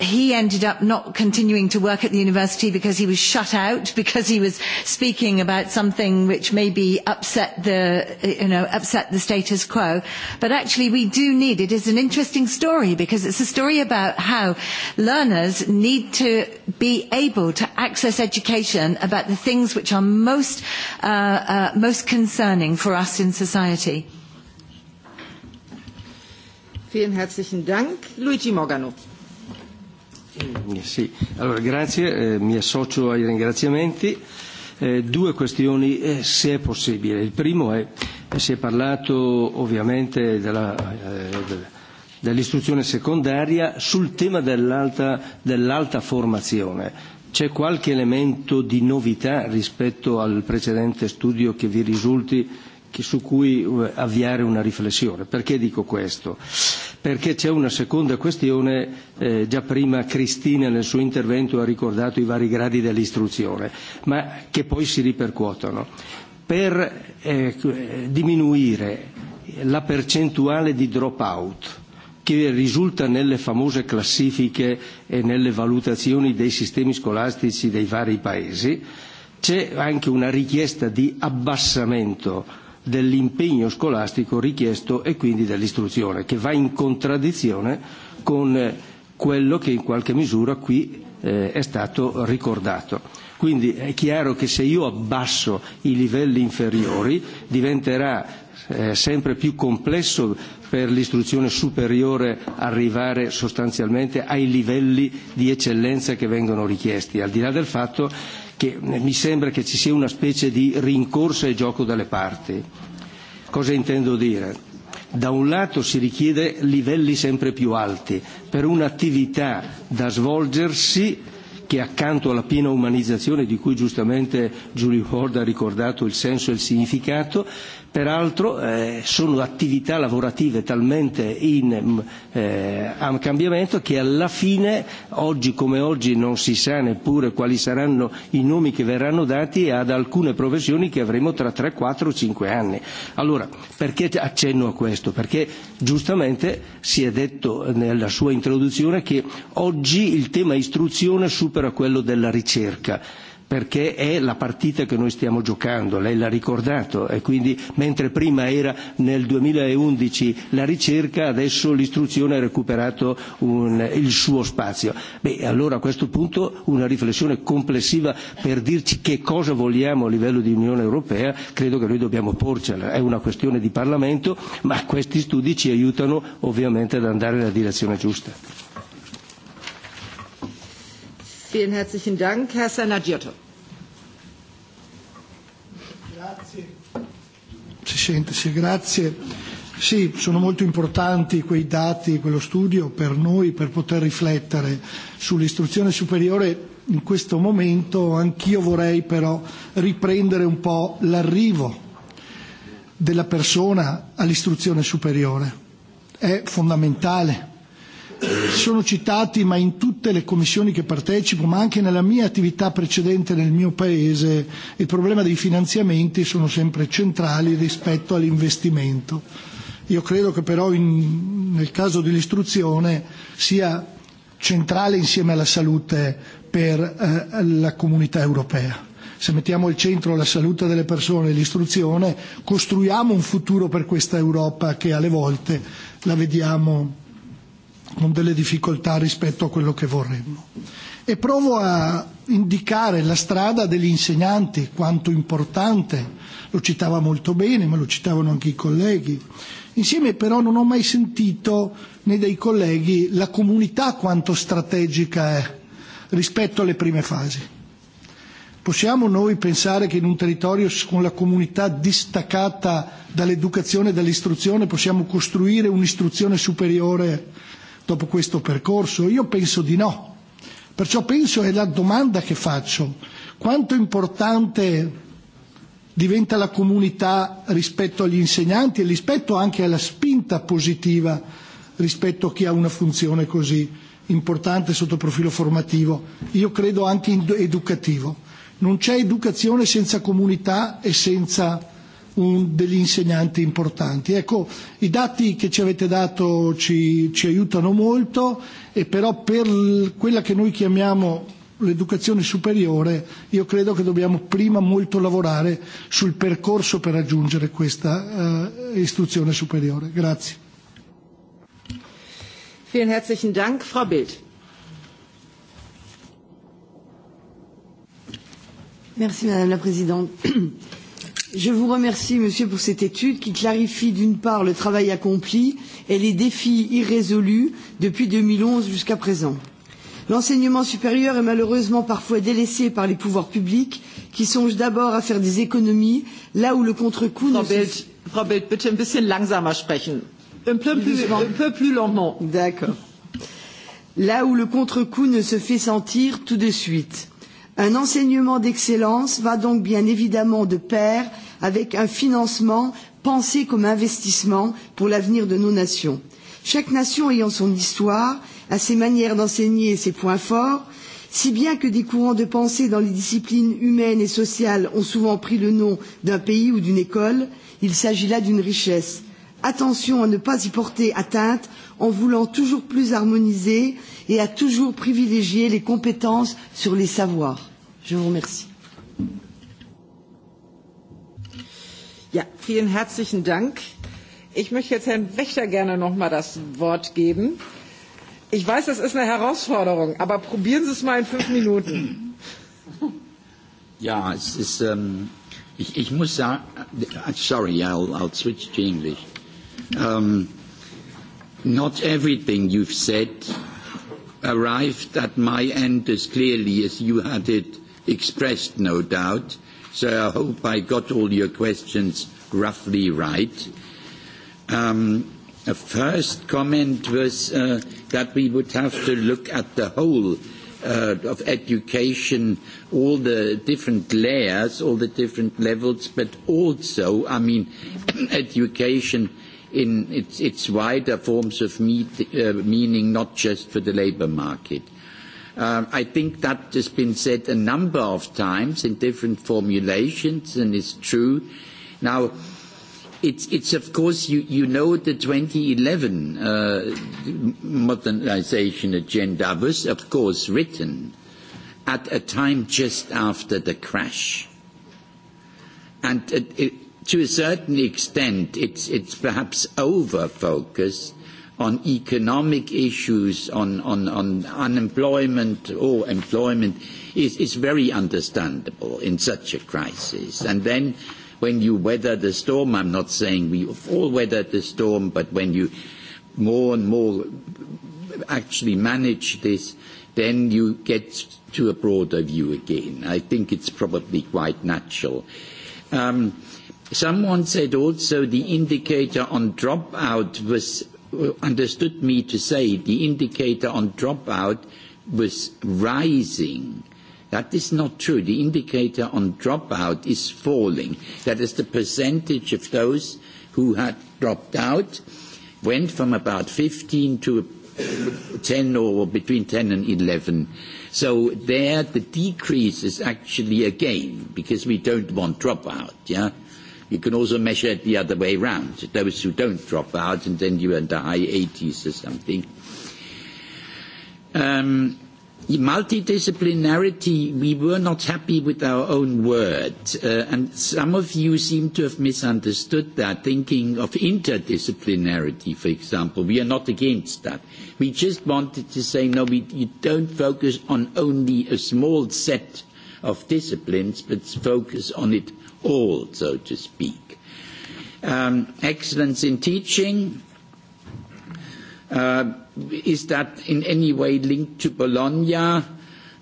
he ended up not continuing to work at the university because he was shut out because he was speaking about something which maybe upset the you know upset the status quo but actually we do need it is an interesting story because it's a story about how learners need to be able to access education about the things which are most most concerning for us in society Vielen herzlichen Luigi Sì, allora grazie, mi associo ai ringraziamenti. Due questioni se è possibile. Il primo è si è parlato ovviamente della dell'istruzione secondaria sul tema dell'alta dell'alta formazione. C'è qualche elemento di novità rispetto al precedente studio che vi risulti su cui avviare una riflessione. Perché dico questo? Perché c'è una seconda questione, già prima Cristina nel suo intervento ha ricordato i vari gradi dell'istruzione, ma che poi si ripercuotono. Per diminuire la percentuale di drop out che risulta nelle famose classifiche e nelle valutazioni dei sistemi scolastici dei vari paesi, c'è anche una richiesta di abbassamento dell'impegno scolastico richiesto e quindi dell'istruzione, che va in contraddizione con quello che in qualche misura qui è stato ricordato. Quindi è chiaro che se io abbasso i livelli inferiori diventerà sempre più complesso per l'istruzione superiore arrivare sostanzialmente ai livelli di eccellenza che vengono richiesti, al di là del fatto che mi sembra che ci sia una specie di rincorsa e gioco dalle parti. Cosa intendo dire? Da un lato si richiede livelli sempre più alti per un'attività da svolgersi che accanto alla piena umanizzazione di cui giustamente Julie Ward ha ricordato il senso e il significato Peraltro sono attività lavorative talmente in cambiamento che alla fine, oggi come oggi, non si sa neppure quali saranno i nomi che verranno dati ad alcune professioni che avremo tra 3, 4, 5 anni. Allora, perché accenno a questo? Perché giustamente si è detto nella sua introduzione che oggi il tema istruzione supera quello della ricerca perché è la partita che noi stiamo giocando, lei l'ha ricordato, e quindi mentre prima era nel 2011 la ricerca, adesso l'istruzione ha recuperato il suo spazio. Beh, allora a questo punto una riflessione complessiva per dirci che cosa vogliamo a livello di Unione Europea, credo che noi dobbiamo porcela, è una questione di Parlamento, ma questi studi ci aiutano ovviamente ad andare nella direzione giusta herzlichen Dank. Herr Grazie. Sì, sono molto importanti quei dati, quello studio per noi, per poter riflettere sull'istruzione superiore. In questo momento anch'io vorrei però riprendere un po' l'arrivo della persona all'istruzione superiore. È fondamentale sono citati ma in tutte le commissioni che partecipo ma anche nella mia attività precedente nel mio paese il problema dei finanziamenti sono sempre centrali rispetto all'investimento io credo che però nel caso dell'istruzione sia centrale insieme alla salute per la comunità europea se mettiamo al centro la salute delle persone e l'istruzione costruiamo un futuro per questa Europa che alle volte la vediamo con delle difficoltà rispetto a quello che vorremmo. E provo a indicare la strada degli insegnanti, quanto importante, lo citava molto bene, ma lo citavano anche i colleghi. Insieme però non ho mai sentito né dai colleghi la comunità quanto strategica è rispetto alle prime fasi. Possiamo noi pensare che in un territorio con la comunità distaccata dall'educazione e dall'istruzione possiamo costruire un'istruzione superiore dopo questo percorso? Io penso di no. Perciò penso è la domanda che faccio quanto importante diventa la comunità rispetto agli insegnanti e rispetto anche alla spinta positiva rispetto a chi ha una funzione così importante sotto profilo formativo, io credo anche educativo. Non c'è educazione senza comunità e senza degli insegnanti importanti. Ecco, i dati che ci avete dato ci aiutano molto e però per quella che noi chiamiamo l'educazione superiore io credo che dobbiamo prima molto lavorare sul percorso per raggiungere questa istruzione superiore. Grazie. Vielen herzlichen Dank, Frau Bild. Merci, Madame la Présidente. Je vous remercie, Monsieur, pour cette étude qui clarifie, d'une part, le travail accompli et les défis irrésolus depuis 2011 jusqu'à présent. L'enseignement supérieur est malheureusement parfois délaissé par les pouvoirs publics qui songent d'abord à faire des économies là où le contre ne se... Là où le contre-coup ne se fait sentir tout de suite. Un enseignement d'excellence va donc bien évidemment de pair avec un financement pensé comme investissement pour l'avenir de nos nations. Chaque nation ayant son histoire, a ses manières d'enseigner et ses points forts, si bien que des courants de pensée dans les disciplines humaines et sociales ont souvent pris le nom d'un pays ou d'une école, il s'agit là d'une richesse. Attention à ne pas y porter atteinte en voulant toujours plus harmoniser et a toujours privilégié les compétences sur les savoirs. Je vous remercie. Ja, vielen herzlichen Dank. Ich möchte jetzt Herrn Wächter gerne noch mal das Wort geben. Ich weiß, das ist eine Herausforderung, aber probieren Sie es mal in fünf Minuten. Ja, es ist, ich, ich muss sagen, sorry, I'll, I'll switch to English. Um, not everything you've said arrived at my end as clearly as you had it expressed, no doubt, so I hope I got all your questions roughly right. A first comment was that we would have to look at the whole of education, all the different layers, all the different levels, but also, I mean, education in its wider forms of meaning, not just for the labour market. I think that has been said a number of times in different formulations and is true. Now, it's of course, you know the 2011 modernisation agenda was of course written at a time just after the crash. And to a certain extent it's it's perhaps over focused on economic issues on on on unemployment or employment is is very understandable in such a crisis and then when you weather the storm i'm not saying we all weathered the storm but when you more and more actually manage this then you get to a broader view again i think it's probably quite natural um Someone said also the indicator on dropout was understood me to say the indicator on dropout was rising. That is not true. The indicator on dropout is falling. That is the percentage of those who had dropped out went from about 15 to 10 or between 10 and 11. So there the decrease is actually a gain because we don't want dropout. Yeah. You can also measure it the other way around. Those who don't drop out and then you are in the high 80s or something. multidisciplinarity, we were not happy with our own word. and some of you seem to have misunderstood that, thinking of interdisciplinarity, for example. We are not against that. We just wanted to say, no, we, you don't focus on only a small set of disciplines, but focus on it all, so to speak. Excellence in teaching. Is that in any way linked to Bologna?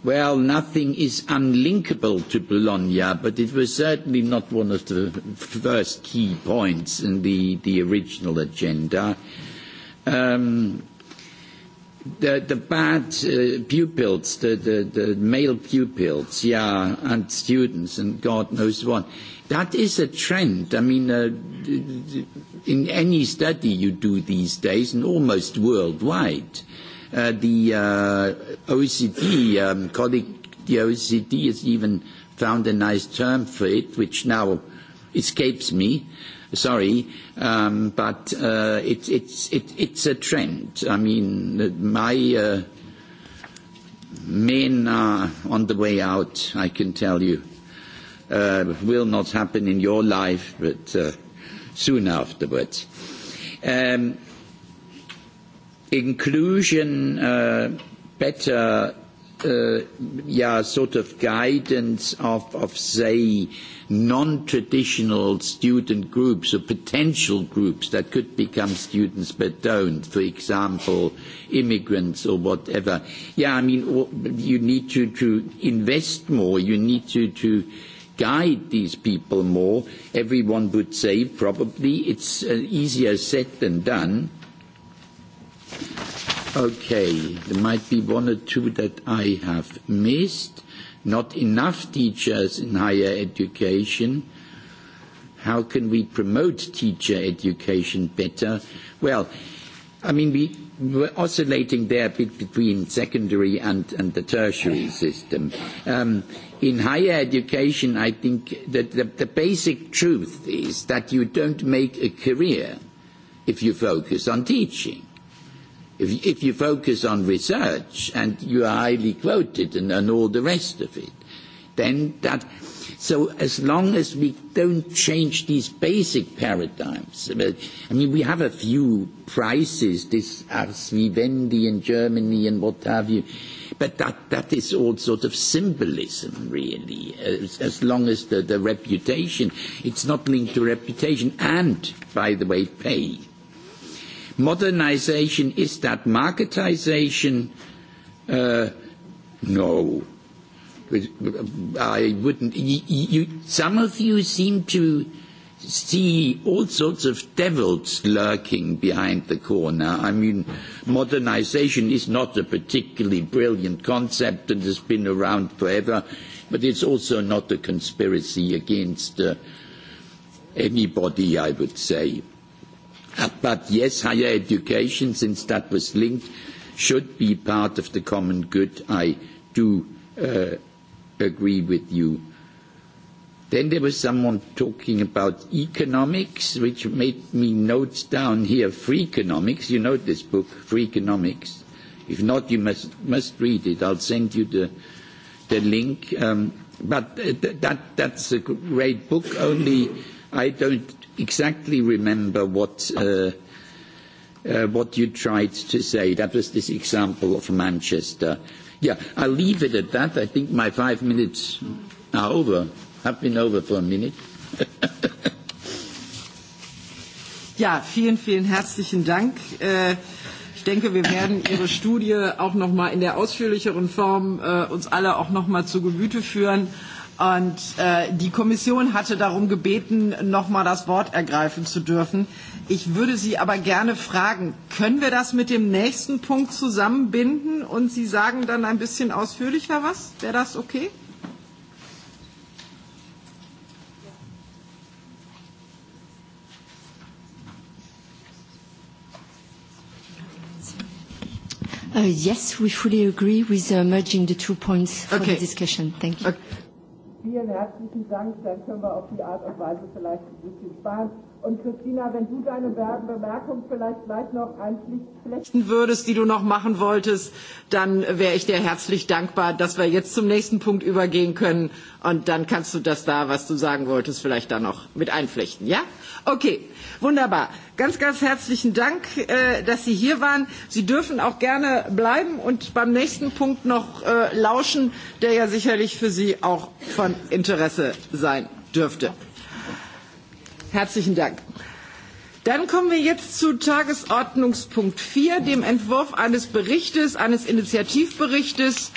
Well, nothing is unlinkable to Bologna, but it was certainly not one of the first key points in the original agenda. Um The the bad pupils, the the the male pupils, yeah, and students and God knows what, that is a trend. I mean, in any study you do these days, and almost worldwide, the OECD colleague, the OECD has even found a nice term for it, which now escapes me sorry, but it's a trend. I mean, my men are on the way out, I can tell you. Will not happen in your life, but soon afterwards. Inclusion, better yeah, sort of guidance of, of say, non-traditional student groups or potential groups that could become students but don't, for example, immigrants or whatever. Yeah, I mean, you need to, invest more. You need to, to guide these people more. Everyone would say probably it's easier said than done Okay, there might be one or two that I have missed. Not enough teachers in higher education. How can we promote teacher education better? Well, I mean, we we're oscillating there a bit between secondary and the tertiary system. In higher education, I think that the basic truth is that you don't make a career if you focus on teaching if you focus on research and you are highly quoted and all the rest of it, then that. So as long as we don't change these basic paradigms, I mean, we have a few prices, this Ars Vivendi in Germany and what have you, but that, that is all sort of symbolism, really, as, long as the, the reputation, it's not linked to reputation and, by the way, pay Modernization, is that marketization? No. I wouldn't. You Some of you seem to see all sorts of devils lurking behind the corner. I mean, modernization is not a particularly brilliant concept and has been around forever, but it's also not a conspiracy against anybody, I would say. But yes, higher education, since that was linked, should be part of the common good. I do agree with you. Then there was someone talking about economics, which made me note down here free economics. You know this book, free economics. If not, you must must read it. I'll send you the the link. But that that's a great book. Only I don't exactly remember what you tried to say. That was this example of Manchester. Yeah, I'll leave it at that. I think my five minutes are over. Have been over for a minute. Ja, vielen, vielen herzlichen Dank. Ich denke, wir werden Ihre Studie auch noch mal in der ausführlicheren Form uns alle auch noch mal zu Gemüte führen. Und die Kommission hatte darum gebeten, noch mal das Wort ergreifen zu dürfen. Ich würde Sie aber gerne fragen, können wir das mit dem nächsten Punkt zusammenbinden und Sie sagen dann ein bisschen ausführlicher was? Wäre das okay? Yes, we fully agree with merging the two points for the Vielen herzlichen Dank. Dann können wir auf die Art und Weise vielleicht ein bisschen sparen. Und Christina, wenn du deine Bemerkung vielleicht gleich noch einpflichten würdest, die du noch machen wolltest, dann wäre ich dir herzlich dankbar, dass wir jetzt zum nächsten Punkt übergehen können. Und dann kannst du das da, was du sagen wolltest, vielleicht da noch mit einflechten. Ja? Okay, wunderbar. Ganz, ganz herzlichen Dank, dass Sie hier waren. Sie dürfen auch gerne bleiben und beim nächsten Punkt noch lauschen, der ja sicherlich für Sie auch von Interesse sein dürfte. Herzlichen Dank. Dann kommen wir jetzt zu Tagesordnungspunkt 4, dem Entwurf eines Berichtes, eines Initiativberichtes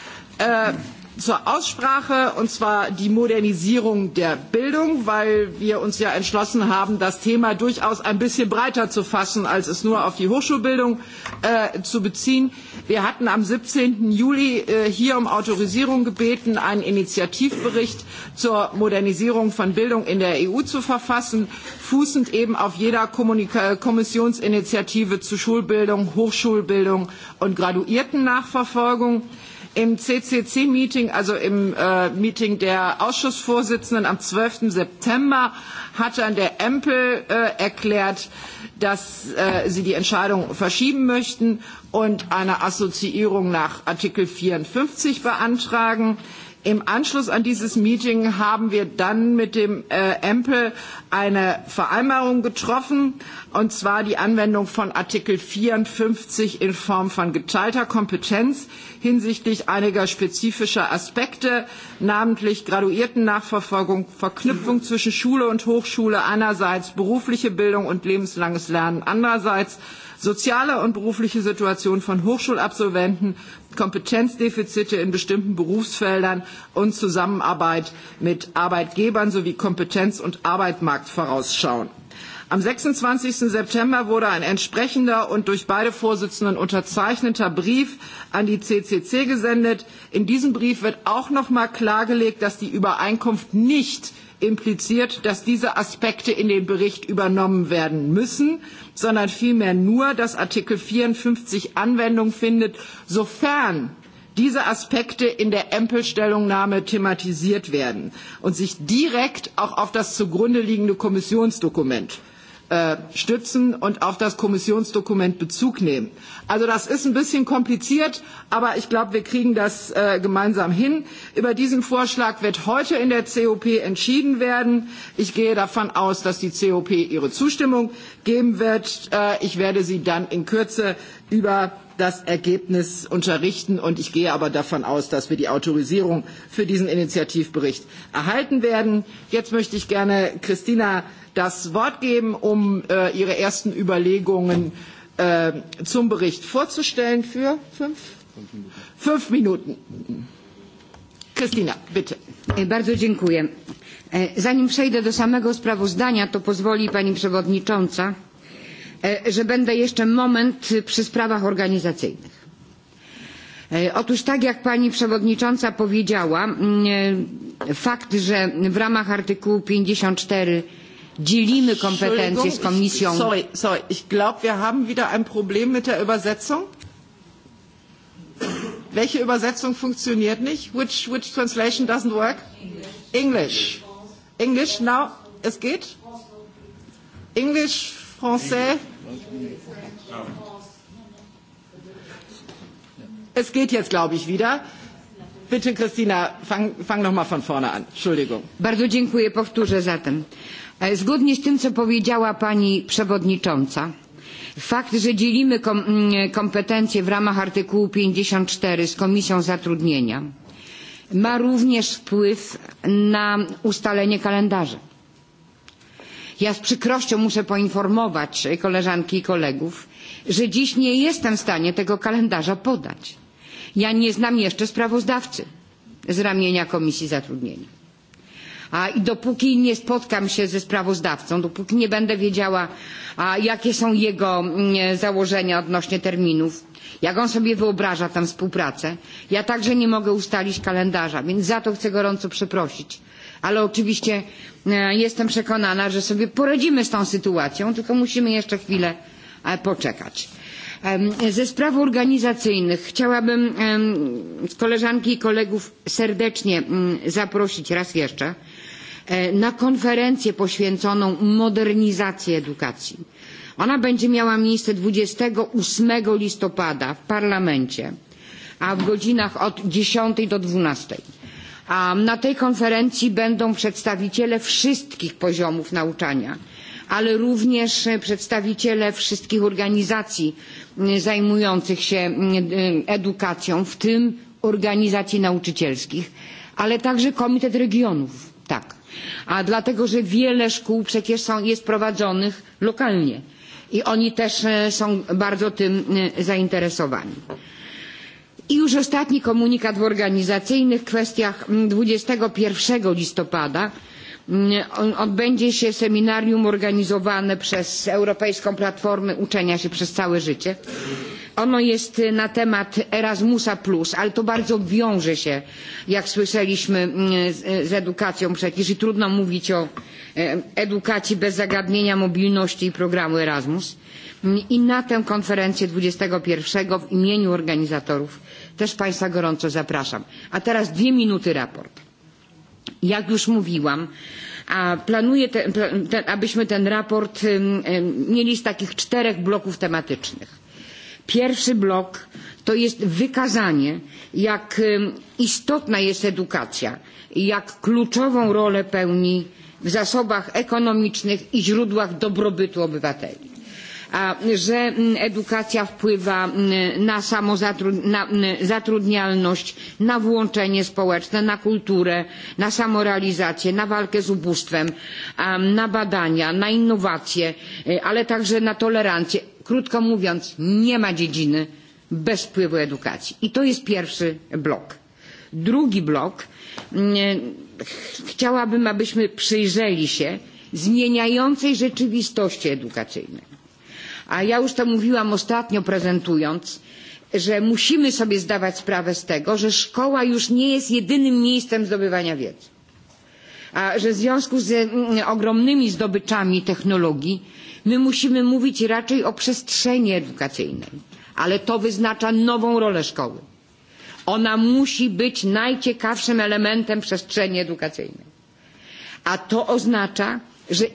zur Aussprache, und zwar die Modernisierung der Bildung, weil wir uns ja entschlossen haben, das Thema durchaus ein bisschen breiter zu fassen, als es nur auf die Hochschulbildung zu beziehen. Wir hatten am 17. Juli hier um Autorisierung gebeten, einen Initiativbericht zur Modernisierung von Bildung in der EU zu verfassen, fußend eben auf jeder Kommissionsinitiative zu Schulbildung, Hochschulbildung und Graduiertennachverfolgung. nachverfolgung im CCC Meeting, also im Meeting der Ausschussvorsitzenden am 12. September, hat dann der Empel erklärt, dass sie die Entscheidung verschieben möchten und eine Assoziierung nach Artikel 54 beantragen. Im Anschluss an dieses Meeting haben wir dann mit dem EMPL eine Vereinbarung getroffen, und zwar die Anwendung von Artikel 54 in Form von geteilter Kompetenz hinsichtlich einiger spezifischer Aspekte, namentlich Graduiertennachverfolgung, Verknüpfung zwischen Schule und Hochschule einerseits, berufliche Bildung und lebenslanges Lernen andererseits soziale und berufliche Situation von Hochschulabsolventen, Kompetenzdefizite in bestimmten Berufsfeldern und Zusammenarbeit mit Arbeitgebern sowie Kompetenz- und Arbeitsmarkt vorausschauen. Am 26. September wurde ein entsprechender und durch beide Vorsitzenden unterzeichneter Brief an die CCC gesendet. In diesem Brief wird auch noch einmal klargelegt, dass die Übereinkunft nicht impliziert, dass diese Aspekte in den Bericht übernommen werden müssen, sondern vielmehr nur, dass Artikel 54 Anwendung findet, sofern diese Aspekte in der AMPEL stellungnahme thematisiert werden und sich direkt auch auf das zugrunde liegende Kommissionsdokument stützen und auf das Kommissionsdokument Bezug nehmen. Also das ist ein bisschen kompliziert, aber ich glaube, wir kriegen das gemeinsam hin. Über diesen Vorschlag wird heute in der COP entschieden werden. Ich gehe davon aus, dass die COP ihre Zustimmung geben wird. Ich werde Sie dann in Kürze über das Ergebnis unterrichten, und ich gehe aber davon aus, dass wir die Autorisierung für diesen Initiativbericht erhalten werden. Jetzt möchte ich gerne Christina das Wort geben, um Ihre ersten Überlegungen zum Bericht vorzustellen für fünf, Minuten. Krystyna, bitte. Bardzo dziękuję. Zanim przejdę do samego sprawozdania, to pozwoli Pani Przewodnicząca, że będę jeszcze moment przy sprawach organizacyjnych. Otóż tak jak Pani Przewodnicząca powiedziała, fakt, że w ramach artykułu 54 dzielimy kompetencje z Komisją. Sorry, sorry, ich glaube, wir haben wieder ein Problem mit der Übersetzung. Welche Übersetzung funktioniert nicht? Which, which translation doesn't work? English. English, now, es geht? English, Français? Es geht jetzt, glaube ich, wieder. Bitte, Christina, fang, fang noch mal von vorne an. Entschuldigung. Bardzo dziękuję, powtórzę zatem Zgodnie z tym, co powiedziała pani przewodnicząca, fakt, że dzielimy kompetencje w ramach artykułu 54 z Komisją Zatrudnienia ma również wpływ na ustalenie kalendarza. Ja z przykrością muszę poinformować koleżanki i kolegów, że dziś nie jestem w stanie tego kalendarza podać. Ja nie znam jeszcze sprawozdawcy z ramienia Komisji Zatrudnienia. I dopóki nie spotkam się ze sprawozdawcą, dopóki nie będę wiedziała, jakie są jego założenia odnośnie terminów, jak on sobie wyobraża tę współpracę, ja także nie mogę ustalić kalendarza, więc za to chcę gorąco przeprosić. Ale oczywiście jestem przekonana, że sobie poradzimy z tą sytuacją, tylko musimy jeszcze chwilę poczekać. Ze spraw organizacyjnych chciałabym z koleżanki i kolegów serdecznie zaprosić raz jeszcze na konferencję poświęconą modernizacji edukacji. Ona będzie miała miejsce 28 listopada w parlamencie, a w godzinach od 10 do 12. Na tej konferencji będą przedstawiciele wszystkich poziomów nauczania, ale również przedstawiciele wszystkich organizacji zajmujących się edukacją, w tym organizacji nauczycielskich, ale także Komitet Regionów. Tak, a dlatego że wiele szkół przecież jest prowadzonych lokalnie i oni też są bardzo tym zainteresowani. I już ostatni komunikat w organizacyjnych kwestiach 21 listopada odbędzie się seminarium organizowane przez Europejską Platformę Uczenia się przez całe życie. Ono jest na temat Erasmusa, ale to bardzo wiąże się, jak słyszeliśmy, z edukacją przecież i trudno mówić o edukacji bez zagadnienia mobilności i programu Erasmus. I na tę konferencję 21 w imieniu organizatorów też Państwa gorąco zapraszam. A teraz dwie minuty raport jak już mówiłam planuję abyśmy to sprawozdanie mieli z takich czterech bloków tematycznych. pierwszy blok to jest wykazanie jak istotna jest edukacja i jak kluczową rolę pełni w zasobach ekonomicznych i źródłach dobrobytu obywateli że edukacja wpływa na zatrudnialność, na włączenie społeczne, na kulturę, na samorealizację, na walkę z ubóstwem, na badania, na innowacje, ale także na tolerancję. Krótko mówiąc, nie ma dziedziny bez wpływu edukacji. I to jest pierwszy blok. Drugi blok chciałabym, abyśmy przyjrzeli się zmieniającej rzeczywistości edukacyjnej a ja już to mówiłam ostatnio prezentując że musimy sobie zdawać sprawę z tego że szkoła już nie jest jedynym miejscem zdobywania wiedzy a że w związku z ogromnymi zdobyczami technologii my musimy mówić raczej o przestrzeni edukacyjnej ale to wyznacza nową rolę szkoły. ona musi być najciekawszym elementem przestrzeni edukacyjnej a to oznacza że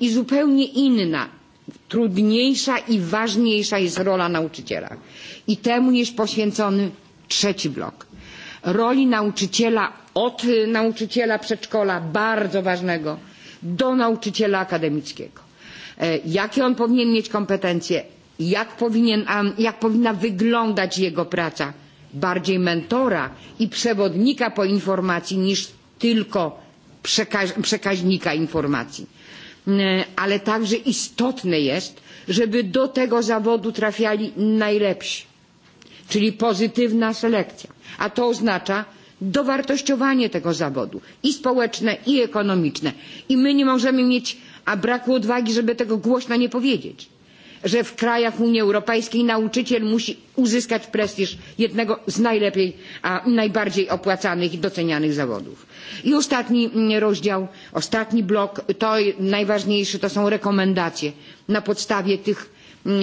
i zupełnie inna trudniejsza i ważniejsza jest rola nauczyciela. I temu jest poświęcony trzeci blok. Roli nauczyciela od nauczyciela przedszkola, bardzo ważnego, do nauczyciela akademickiego. Jakie on powinien mieć kompetencje, jak powinna wyglądać jego praca, bardziej mentora i przewodnika po informacji niż tylko przekaźnika informacji ale także istotne jest żeby do tego zawodu trafiali najlepsi czyli pozytywna selekcja a to oznacza dowartościowanie tego zawodu i społeczne i ekonomiczne i my nie możemy mieć a braku odwagi żeby tego głośno nie powiedzieć że w krajach unii europejskiej nauczyciel musi uzyskać prestiż jednego z najlepiej a najbardziej opłacanych i docenianych zawodów I ostatni rozdział, ostatni blok, to najważniejsze to są rekomendacje. Na podstawie tych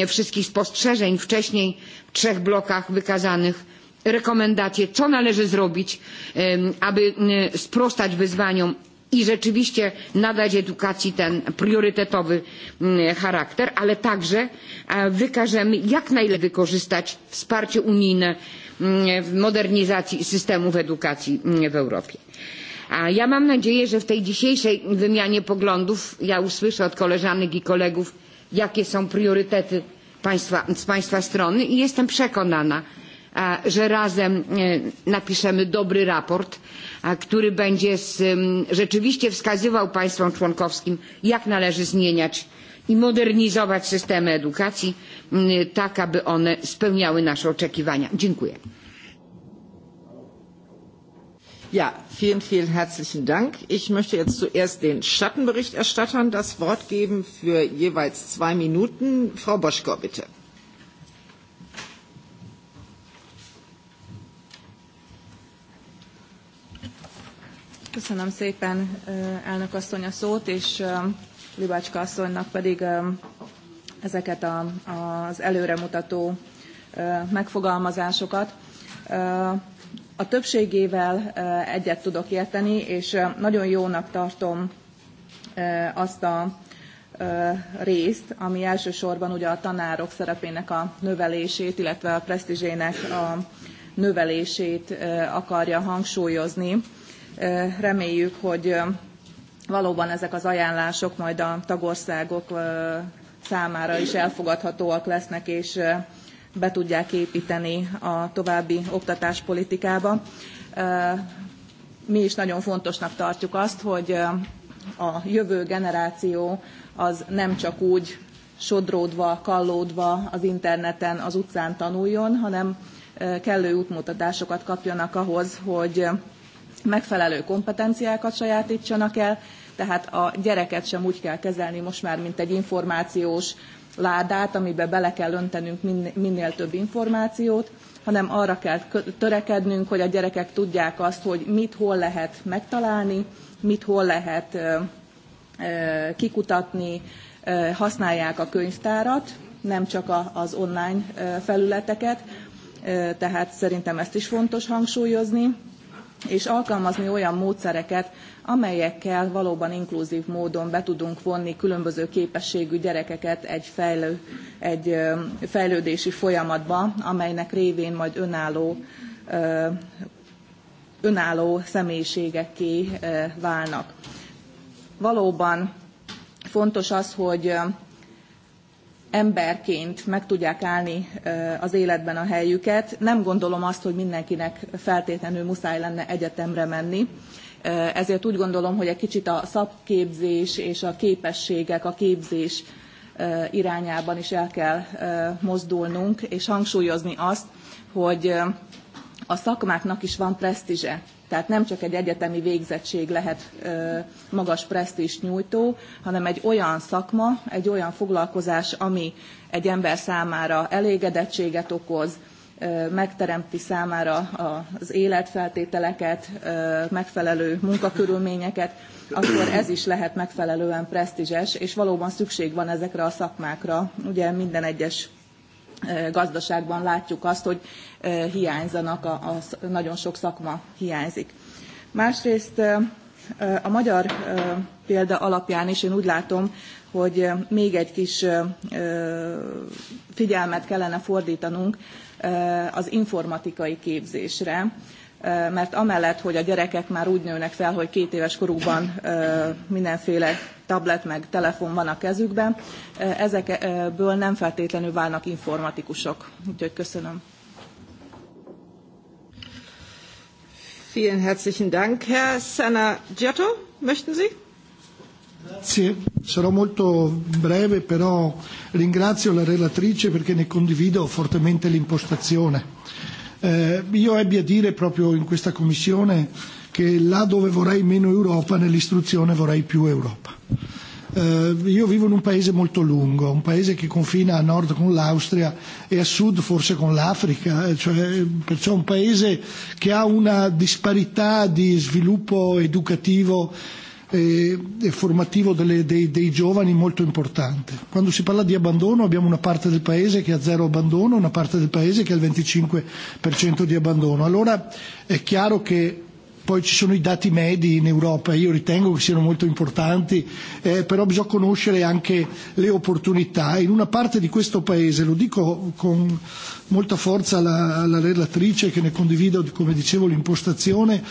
wszystkich spostrzeżeń wcześniej w trzech blokach wykazanych rekomendacje, co należy zrobić, aby sprostać wyzwaniom i rzeczywiście nadać edukacji ten priorytetowy charakter, ale także wykażemy, jak najlepiej wykorzystać wsparcie unijne w modernizacji systemów edukacji w Europie. A ja mam nadzieję, że w tej dzisiejszej wymianie poglądów ja usłyszę od koleżanek i kolegów, jakie są priorytety z Państwa strony i jestem przekonana, że razem napiszemy dobry raport, który będzie rzeczywiście wskazywał państwom członkowskim, jak należy zmieniać i modernizować systemy edukacji, tak aby one spełniały nasze oczekiwania. Dziękuję. Ja, vielen, vielen herzlichen Dank. Ich möchte jetzt zuerst den Schattenberichterstattern das Wort geben für jeweils zwei Minuten. Frau Boschko, bitte. Köszönöm szépen elnök asszony a szót, és Libácska asszonynak pedig ezeket az előremutató megfogalmazásokat a többségével egyet tudok érteni, és nagyon jónak tartom azt a részt, ami elsősorban ugye a tanárok szerepének a növelését, illetve a presztízsének a növelését akarja hangsúlyozni. Reméljük, hogy valóban ezek az ajánlások majd a tagországok számára is elfogadhatóak lesznek, és be tudják építeni a további oktatáspolitikába. Mi is nagyon fontosnak tartjuk azt, hogy a jövő generáció az nem csak úgy sodródva, kallódva az interneten, az utcán tanuljon, hanem kellő útmutatásokat kapjanak ahhoz, hogy megfelelő kompetenciákat sajátítsanak el, tehát a gyereket sem úgy kell kezelni most már, mint egy információs ládát, amiben bele kell öntenünk minél több információt, hanem arra kell törekednünk, hogy a gyerekek tudják azt, hogy mit hol lehet megtalálni, mit hol lehet kikutatni, használják a könyvtárat, nem csak az online felületeket, tehát szerintem ezt is fontos hangsúlyozni, és alkalmazni olyan módszereket, amelyekkel valóban inkluzív módon be tudunk vonni különböző képességű gyerekeket egy, fejlő, egy fejlődési folyamatba, amelynek révén majd önálló önálló személyiségekké válnak. Valóban fontos az, hogy emberként meg tudják állni az életben a helyüket. Nem gondolom azt, hogy mindenkinek feltétlenül muszáj lenne egyetemre menni, ezért úgy gondolom, hogy egy kicsit a szakképzés és a képességek, a képzés irányában is el kell mozdulnunk, és hangsúlyozni azt, hogy a szakmáknak is van presztízse. Tehát nem csak egy egyetemi végzettség lehet magas presztízs nyújtó, hanem egy olyan szakma, egy olyan foglalkozás, ami egy ember számára elégedettséget okoz, megteremti számára az életfeltételeket, megfelelő munkakörülményeket, akkor ez is lehet megfelelően presztízses, és valóban szükség van ezekre a szakmákra. Ugye minden egyes gazdaságban látjuk azt, hogy hiányzanak, a, a, nagyon sok szakma hiányzik. Másrészt a magyar példa alapján is én úgy látom, hogy még egy kis figyelmet kellene fordítanunk az informatikai képzésre, mert amellett, hogy a gyerekek már úgy nőnek fel, hogy két éves korukban mindenféle tablet meg telefon van a kezükben, ezekből nem feltétlenül válnak informatikusok. Úgyhogy köszönöm. Vielen herzlichen Dank. Herr Sanna Giotto, möchten Sie? Grazie. sarò molto breve, però ringrazio la relatrice perché ne condivido fortemente l'impostazione. Io ebbi a dire proprio in questa Commissione che là dove vorrei meno Europa, nell'istruzione vorrei più Europa. Io vivo in un paese molto lungo, un paese che confina a nord con l'Austria e a sud forse con l'Africa, cioè perciò un paese che ha una disparità di sviluppo educativo formativo delle, dei, dei giovani molto importante. Quando si parla di abbandono abbiamo una parte del paese che ha zero abbandono, una parte del paese che ha il 25% di abbandono. Allora è chiaro che Poi ci sono i dati medi in Europa, io ritengo che siano molto importanti, però bisogna conoscere anche le opportunità. In una parte di questo Paese, lo dico con molta forza alla relatrice che ne condivido, come dicevo, l'impostazione,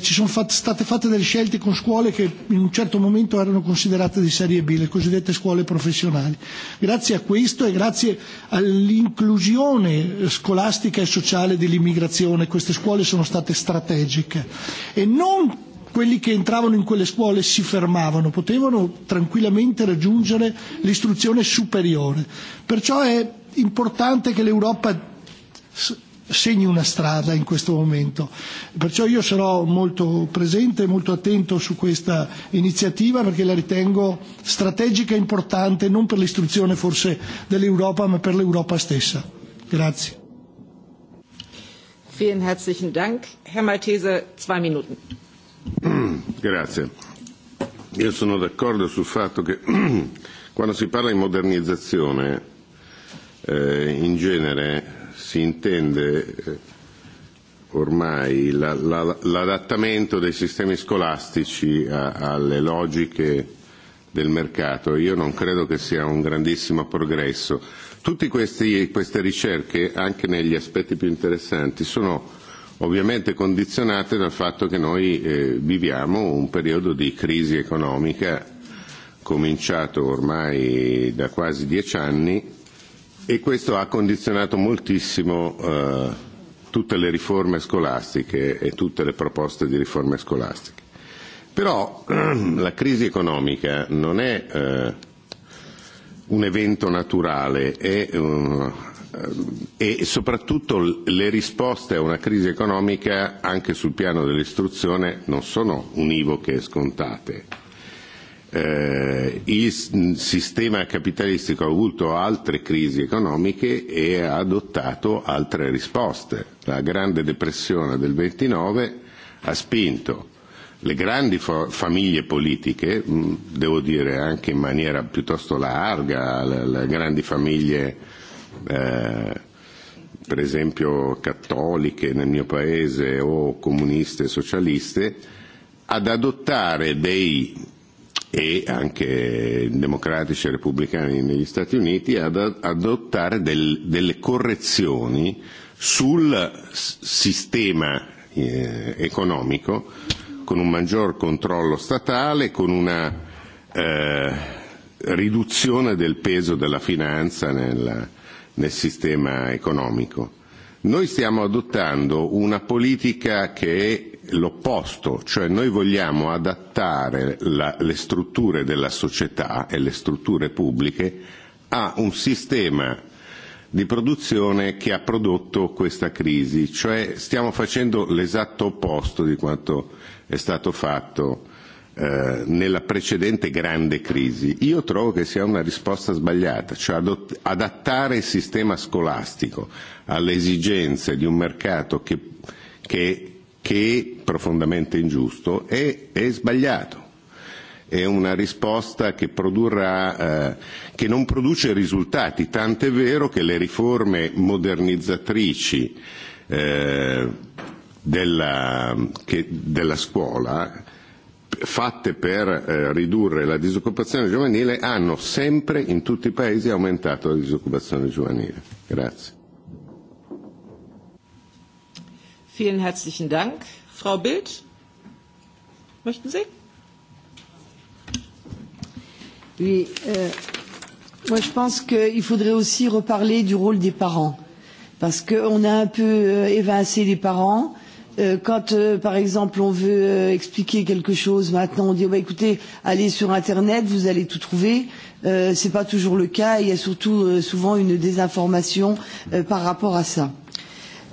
ci sono state fatte delle scelte con scuole che in un certo momento erano considerate di serie B, le cosiddette scuole professionali. Grazie a questo e grazie all'inclusione scolastica e sociale dell'immigrazione queste scuole sono state strategiche e non quelli che entravano in quelle scuole si fermavano potevano tranquillamente raggiungere l'istruzione superiore. Perciò è importante che l'Europa segni una strada in questo momento. Perciò io sarò molto presente e molto attento su questa iniziativa perché la ritengo strategica e importante non per l'istruzione forse dell'Europa ma per l'Europa stessa. Grazie. Vielen herzlichen Dank. Herr Grazie. Io sono d'accordo sul fatto che quando si parla di modernizzazione in genere si intende ormai l'adattamento dei sistemi scolastici alle logiche del mercato. Io non credo che sia un grandissimo progresso Tutte queste ricerche, anche negli aspetti più interessanti, sono ovviamente condizionate dal fatto che noi viviamo un periodo di crisi economica cominciato ormai da quasi dieci anni e questo ha condizionato moltissimo tutte le riforme scolastiche e tutte le proposte di riforme scolastiche. Però la crisi economica non è un evento naturale e e soprattutto le risposte a una crisi economica anche sul piano dell'istruzione non sono univoche e scontate. Il sistema capitalistico ha avuto altre crisi economiche e ha adottato altre risposte. La grande depressione del 29 ha spinto le grandi famiglie politiche, devo dire anche in maniera piuttosto larga, le grandi famiglie per esempio cattoliche nel mio paese o comuniste e socialiste, ad adottare dei e anche democratici e repubblicani negli Stati Uniti ad adottare delle correzioni sul sistema economico con un maggior controllo statale, con una riduzione del peso della finanza nel sistema economico. Noi stiamo adottando una politica che è l'opposto, cioè noi vogliamo adattare le strutture della società e le strutture pubbliche a un sistema di produzione che ha prodotto questa crisi, cioè stiamo facendo l'esatto opposto di quanto è stato fatto nella precedente grande crisi, io trovo che sia una risposta sbagliata, cioè adattare il sistema scolastico alle esigenze di un mercato che, che, che è profondamente ingiusto è, è sbagliato. È una risposta che, produrrà, che non produce risultati, tant'è vero che le riforme modernizzatrici della, che, della scuola fatte per eh, ridurre la disoccupazione giovanile hanno sempre in tutti i paesi aumentato la disoccupazione giovanile. Grazie. Vielen herzlichen Dank. Frau Bild, möchten Sie? Oui, euh, moi je pense qu'il faudrait aussi reparler du rôle des parents, parce qu'on a un peu évincé les parents Quand, par exemple, on veut expliquer quelque chose, maintenant on dit écoutez, allez sur Internet, vous allez tout trouver. Ce n'est pas toujours le cas. Il y a surtout souvent une désinformation par rapport à ça.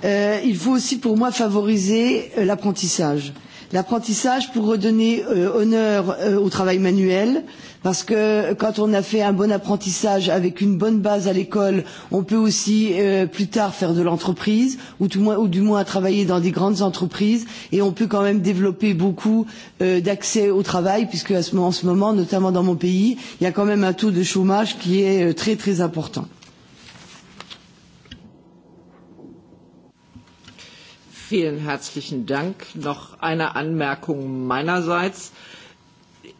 Il faut aussi, pour moi, favoriser l'apprentissage l'apprentissage pour redonner honneur au travail manuel parce que quand on a fait un bon apprentissage avec une bonne base à l'école on peut aussi plus tard faire de l'entreprise ou du moins ou du moins travailler dans des grandes entreprises et on peut quand même développer beaucoup d'accès au travail puisque à ce moment en ce moment notamment dans mon pays il y a quand même un taux de chômage qui est très très important Vielen herzlichen Dank. Noch eine Anmerkung meinerseits.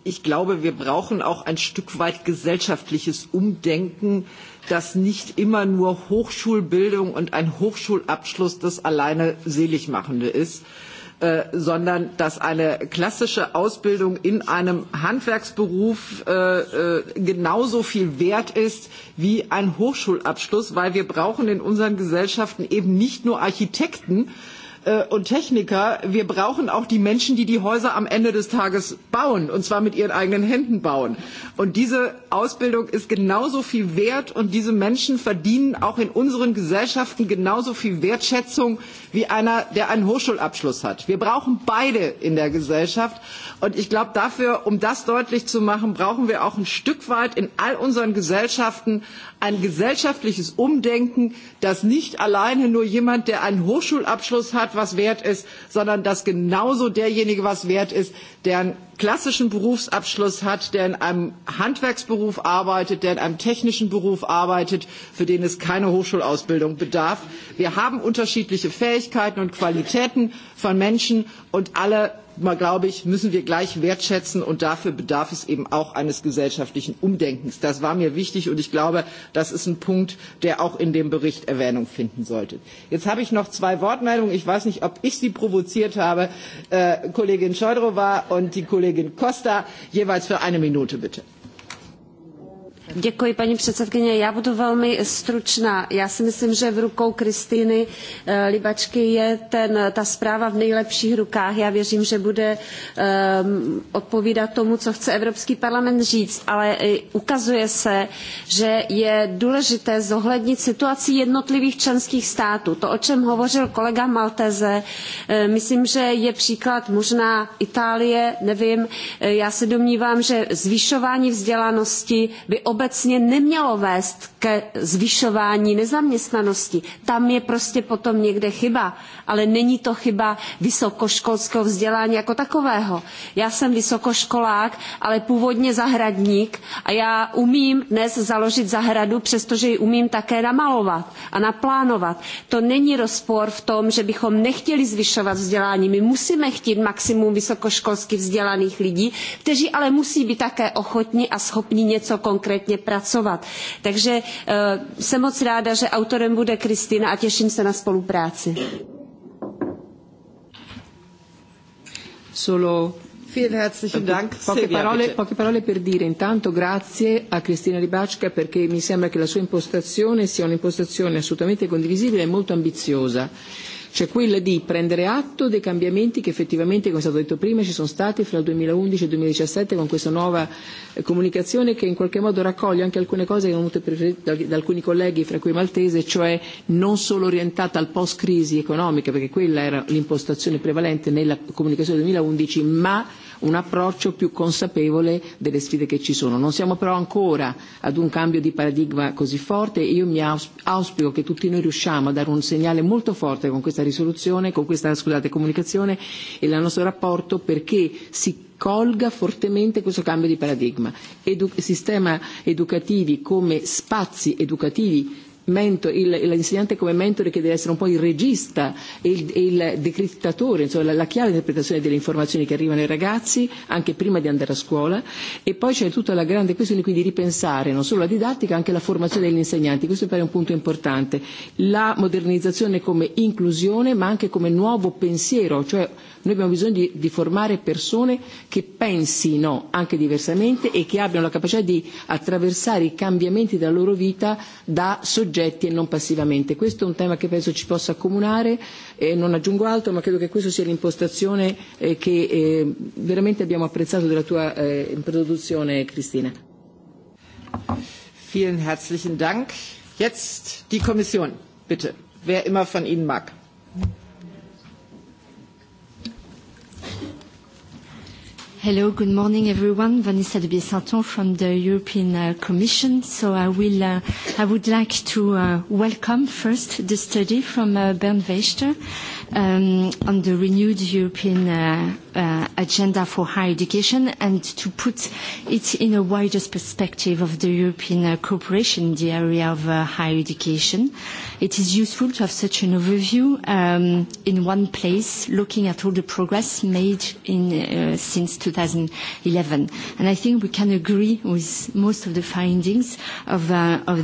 Ich glaube, wir brauchen auch ein Stück weit gesellschaftliches Umdenken, dass nicht immer nur Hochschulbildung und ein Hochschulabschluss das alleine Seligmachende ist, sondern dass eine klassische Ausbildung in einem Handwerksberuf genauso viel wert ist wie ein Hochschulabschluss, weil wir brauchen in unseren Gesellschaften eben nicht nur Architekten, und Techniker, wir brauchen auch die Menschen, die die Häuser am Ende des Tages bauen, und zwar mit ihren eigenen Händen bauen. Und diese Ausbildung ist genauso viel wert, und diese Menschen verdienen auch in unseren Gesellschaften genauso viel Wertschätzung wie einer, der einen Hochschulabschluss hat. Wir brauchen beide in der Gesellschaft, und ich glaube, dafür, um das deutlich zu machen, brauchen wir auch ein Stück weit in all unseren Gesellschaften ein gesellschaftliches Umdenken, dass nicht alleine nur jemand, der einen Hochschulabschluss hat, was wert ist, sondern dass genauso derjenige was wert ist, der einen klassischen Berufsabschluss hat, der in einem Handwerksberuf arbeitet, der in einem technischen Beruf arbeitet, für den es keine Hochschulausbildung bedarf. Wir haben unterschiedliche Fähigkeiten und Qualitäten von Menschen und alle glaube ich, müssen wir gleich wertschätzen und dafür bedarf es eben auch eines gesellschaftlichen Umdenkens. Das war mir wichtig und ich glaube, das ist ein Punkt, der auch in dem Bericht Erwähnung finden sollte. Jetzt habe ich noch zwei Wortmeldungen. Ich weiß nicht, ob ich Sie provoziert habe. Kollegin Scheudrova und die Kollegin Costa, jeweils für eine Minute bitte paní předsedkyně já budu velmi stručná. já si myslím že v rukou kristýny Libačky je ta zpráva v nejlepších rukách. já věřím že bude odpovídat tomu co chce evropský parlament říct ale ukazuje se že je důležité zohlednit situaci jednotlivých členských států. to o čem hovořil kolega Malteze, myslím že je příklad možná itálie nevím. já se domnívám že zvyšování vzdělanosti by obecně nemělo vést ke zvyšování nezaměstnanosti. Tam je prostě potom někde chyba, ale není to chyba vysokoškolského vzdělání jako takového. Já jsem vysokoškolák, ale původně zahradník a já umím dnes založit zahradu, přestože ji umím také namalovat a naplánovat. To není rozpor v tom, že bychom nechtěli zvyšovat vzdělání. My musíme chtít maximum vysokoškolsky vzdělaných lidí, kteří ale musí být také ochotni a schopni něco konkrétně konkrétně pracovat. Takže jsem moc ráda, že autorem bude Kristina a těším se na spolupráci. Solo Vielen herzlichen Dank. Poche parole, poche parole per dire intanto grazie a Cristina Ribacca perché mi sembra che la sua impostazione sia un'impostazione assolutamente condivisibile e molto ambiziosa cioè quella di prendere atto dei cambiamenti che effettivamente, come è stato detto prima, ci sono stati fra il 2011 e il 2017 con questa nuova comunicazione che in qualche modo raccoglie anche alcune cose che sono venute da alcuni colleghi, fra cui Maltese, cioè non solo orientata al post-crisi economica, perché quella era l'impostazione prevalente nella comunicazione del 2011, ma un approccio più consapevole delle sfide che ci sono. Non siamo però ancora ad un cambio di paradigma così forte e io mi auspico che tutti noi riusciamo a dare un segnale molto forte con questa risoluzione, con questa scusate, comunicazione e il nostra relazione perché si colga fortemente questo cambio di paradigma. Sistema educativi come spazi educativi l'insegnante come mentore che deve essere un po' il regista e il decrittatore, insomma la di interpretazione delle informazioni che arrivano ai ragazzi anche prima di andare a scuola e poi c'è tutta la grande questione quindi di ripensare non solo la didattica anche la formazione degli insegnanti, questo è un punto importante, la modernizzazione come inclusione ma anche come nuovo pensiero, cioè noi abbiamo bisogno di formare persone che pensino anche diversamente e che abbiano la capacità di attraversare i cambiamenti della loro vita da soggetti e non passivamente. Questo è un tema che penso ci possa accomunare, non aggiungo altro, ma credo che questa sia l'impostazione che veramente abbiamo apprezzato della tua introduzione, Cristina. Vielen Jetzt die Kommission, bitte, wer Hello, good morning everyone. Vanessa de Biesanton from the European Commission. So I will, I would like to welcome first the study from Bernd Wechter on the renewed European agenda for higher education and to put it in a wider perspective of the European cooperation in the area of higher education. It is useful to have such an overview in one place, looking at all the progress made since 2011. And I think we can agree with most of the findings of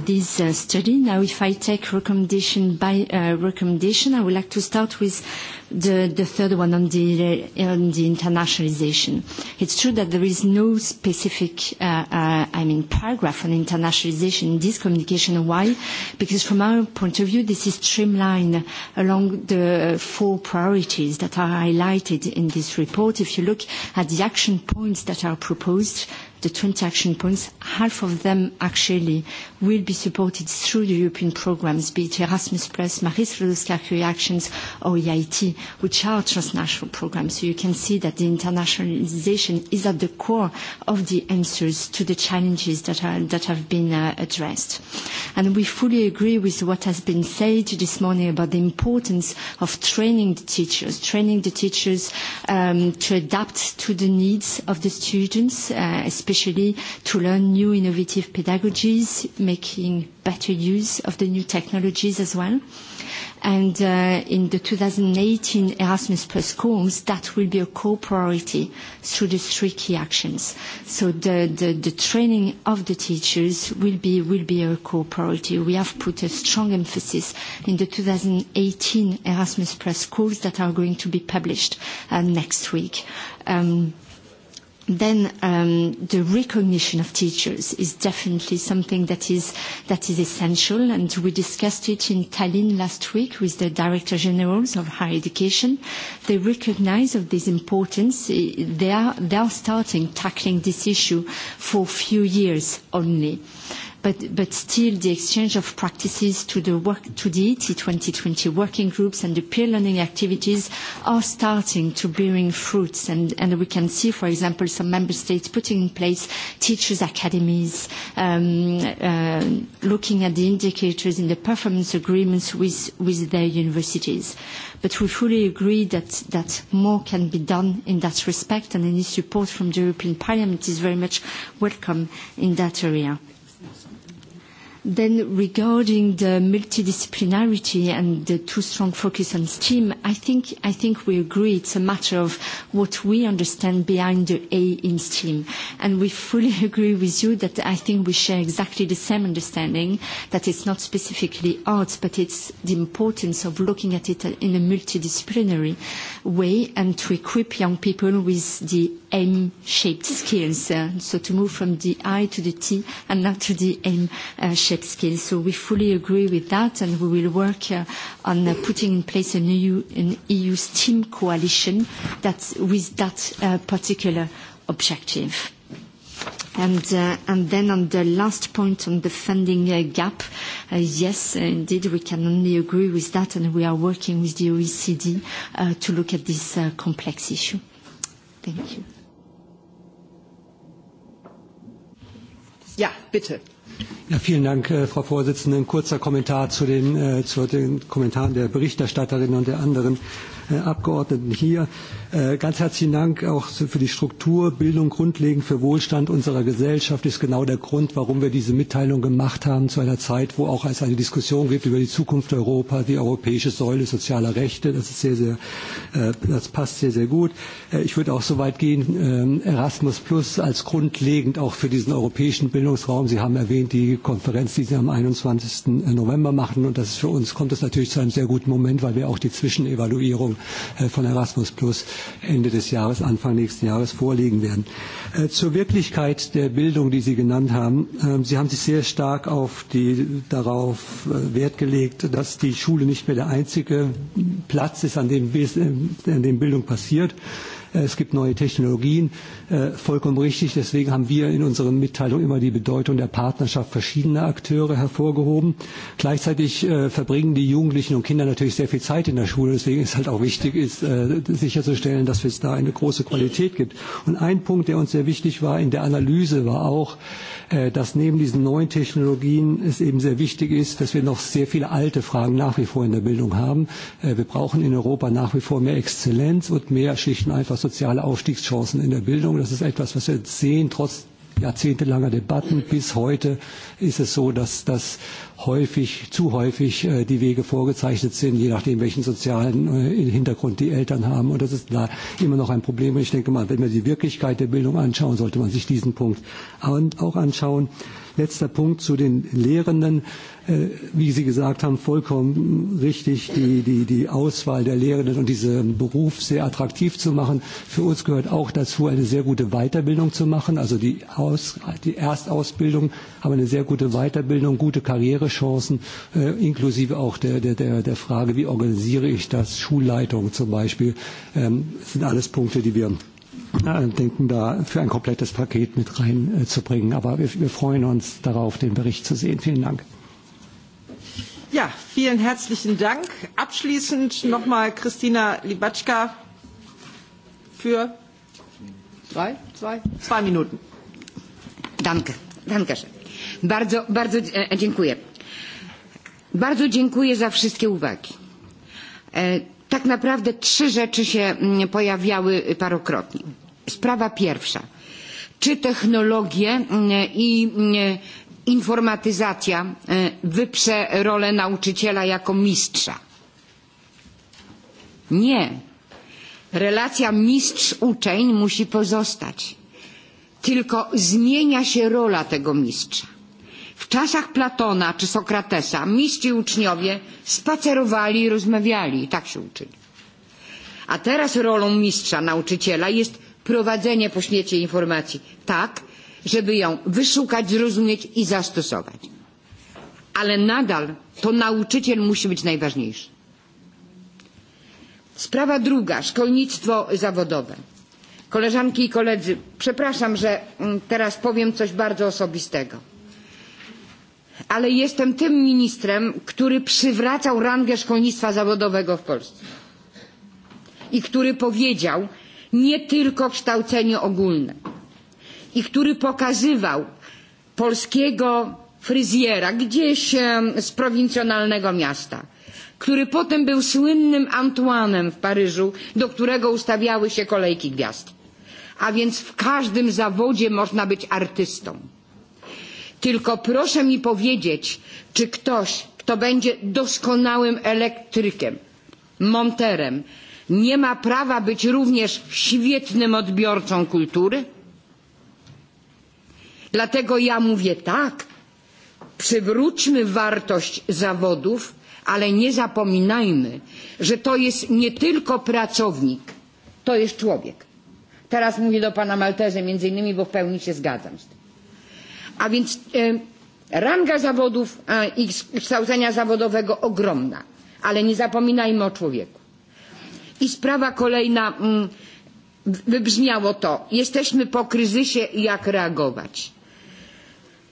this study. Now, if I take recommendation by recommendation, I would like to start with the the third one on the on the internationalization. It's true that there is no specific I mean paragraph on internationalization in this communication. Why? Because from our point of view this is streamlined along the four priorities that are highlighted in this report. If you look at the action points that are proposed the 20 action points, half of them actually will be supported through the European programmes, be it Erasmus+, Marie Sklodowska Curie Actions or EIT, which are transnational programmes. So you can see that the internationalisation is at the core of the answers to the challenges that have been addressed. And we fully agree with what has been said this morning about the importance of training the teachers, training the teachers to adapt to the needs of the students, especially to learn new innovative pedagogies, making better use of the new technologies as well. And in the 2018 Erasmus Plus schools, that will be a core priority through the three key actions. So the training of the teachers will be a core priority. We have put a strong emphasis in the 2018 Erasmus Plus schools that are going to be published next week then the recognition of teachers is definitely something that is that is essential and we discussed it in Tallinn last week with the director generals of higher education they recognize of this importance they are starting tackling this issue for a few years only but still the exchange of practices to the ET 2020 working groups and the peer learning activities are starting to bearing fruits and we can see, for example, some member states putting in place teachers' academies, looking at the indicators in the performance agreements with their universities. But we fully agree that more can be done in that respect and any support from the European Parliament is very much welcome in that area. Then regarding the multidisciplinarity and the too strong focus on STEAM, I think we agree it's a matter of what we understand behind the A in STEAM. And we fully agree with you that I think we share exactly the same understanding that it's not specifically arts, but it's the importance of looking at it in a multidisciplinary way and to equip young people with the M shaped skills. So to move from the I to the T and not to the M shaped skills. So we fully agree with that, and we will work on putting in place an EU STEAM coalition with that particular objective. And then on the last point on the funding gap, yes, indeed, we can only agree with that, and we are working with the OECD to look at this complex issue. Thank you. Yeah, bitte. Ja, vielen Dank, Frau Vorsitzende. Ein kurzer Kommentar zu den, zu den Kommentaren der Berichterstatterin und der anderen. Abgeordneten hier. Ganz herzlichen Dank auch für die Struktur. Bildung grundlegend für Wohlstand unserer Gesellschaft ist genau der Grund, warum wir diese Mitteilung gemacht haben zu einer Zeit, wo auch es eine Diskussion gibt über die Zukunft Europas, die europäische Säule sozialer Rechte. Das ist sehr, sehr, das passt sehr, sehr gut. Ich würde auch so weit gehen, Erasmus Plus als grundlegend auch für diesen europäischen Bildungsraum. Sie haben erwähnt, die Konferenz, die Sie am 21. November machen. Und das ist für uns, kommt es natürlich zu einem sehr guten Moment, weil wir auch die Zwischenevaluierung von Erasmus Plus Ende des Jahres, Anfang nächsten Jahres vorliegen werden. Zur Wirklichkeit der Bildung, die Sie genannt haben. Sie haben sich sehr stark auf die, darauf Wert gelegt, dass die Schule nicht mehr der einzige Platz ist, an dem Bildung passiert es gibt neue Technologien, vollkommen richtig. Deswegen haben wir in unseren Mitteilungen immer die Bedeutung der Partnerschaft verschiedener Akteure hervorgehoben. Gleichzeitig verbringen die Jugendlichen und Kinder natürlich sehr viel Zeit in der Schule. Deswegen ist halt auch wichtig, ist sicherzustellen, dass es da eine große Qualität gibt. Und ein Punkt, der uns sehr wichtig war in der Analyse, war auch, dass neben diesen neuen Technologien es eben sehr wichtig ist, dass wir noch sehr viele alte Fragen nach wie vor in der Bildung haben. Wir brauchen in Europa nach wie vor mehr Exzellenz und mehr Schichten einfach soziale Aufstiegschancen in der Bildung. Das ist etwas, was wir sehen, trotz jahrzehntelanger Debatten. Bis heute ist es so, dass das häufig, zu häufig die Wege vorgezeichnet sind, je nachdem, welchen sozialen Hintergrund die Eltern haben. Und das ist da immer noch ein Problem. Und ich denke mal, wenn wir die Wirklichkeit der Bildung anschauen, sollte man sich diesen Punkt auch anschauen. Letzter Punkt zu den Lehrenden. Wie Sie gesagt haben, vollkommen richtig, die Auswahl der Lehrenden und diesen Beruf sehr attraktiv zu machen. Für uns gehört auch dazu, eine sehr gute Weiterbildung zu machen. Also die Erstausbildung, aber eine sehr gute Weiterbildung, gute Karrierechancen, inklusive auch der Frage, wie organisiere ich das, Schulleitung zum Beispiel. sind alles Punkte, die wir Denken, da für ein komplettes Paket mit reinzubringen. Aber wir freuen uns darauf, den Bericht zu sehen. Vielen Dank. Ja, vielen herzlichen Dank. Abschließend nochmal Christina Libatschka für drei, zwei, zwei Minuten. Danke, danke schön. Bardzo, bardzo dziękuję. Bardzo dziękuję za wszystkie uwagi tak naprawdę trzy rzeczy się pojawiały parokrotnie. Sprawa pierwsza. Czy technologie i informatyzacja wyprze rolę nauczyciela jako mistrza? Nie. Relacja mistrz-uczeń musi pozostać. Tylko zmienia się rola tego mistrza W czasach Platona czy Sokratesa mistrz uczniowie spacerowali i rozmawiali i tak się uczyli. A teraz rolą mistrza, nauczyciela jest prowadzenie po śmiecie informacji tak, żeby ją wyszukać, zrozumieć i zastosować. Ale nadal to nauczyciel musi być najważniejszy. Sprawa druga, szkolnictwo zawodowe. Koleżanki i koledzy, przepraszam, że teraz powiem coś bardzo osobistego ale jestem tym ministrem, który przywracał rangę szkolnictwa zawodowego w Polsce i który powiedział nie tylko kształcenie ogólne i który pokazywał polskiego fryzjera gdzieś z prowincjonalnego miasta, który potem był słynnym Antoinem w Paryżu, do którego ustawiały się kolejki gwiazd. A więc w każdym zawodzie można być artystą Tylko proszę mi powiedzieć, czy ktoś, kto będzie doskonałym elektrykiem, monterem, nie ma prawa być również świetnym odbiorcą kultury? Dlatego ja mówię tak, przywróćmy wartość zawodów, ale nie zapominajmy, że to jest nie tylko pracownik, to jest człowiek. Teraz mówię do pana Maltezy między innymi, bo w pełni się zgadzam a więc ranga zawodów i kształcenia zawodowego ogromna ale nie zapominajmy o człowieku. i sprawa kolejna wybrzmiało to jesteśmy po kryzysie i jak reagować?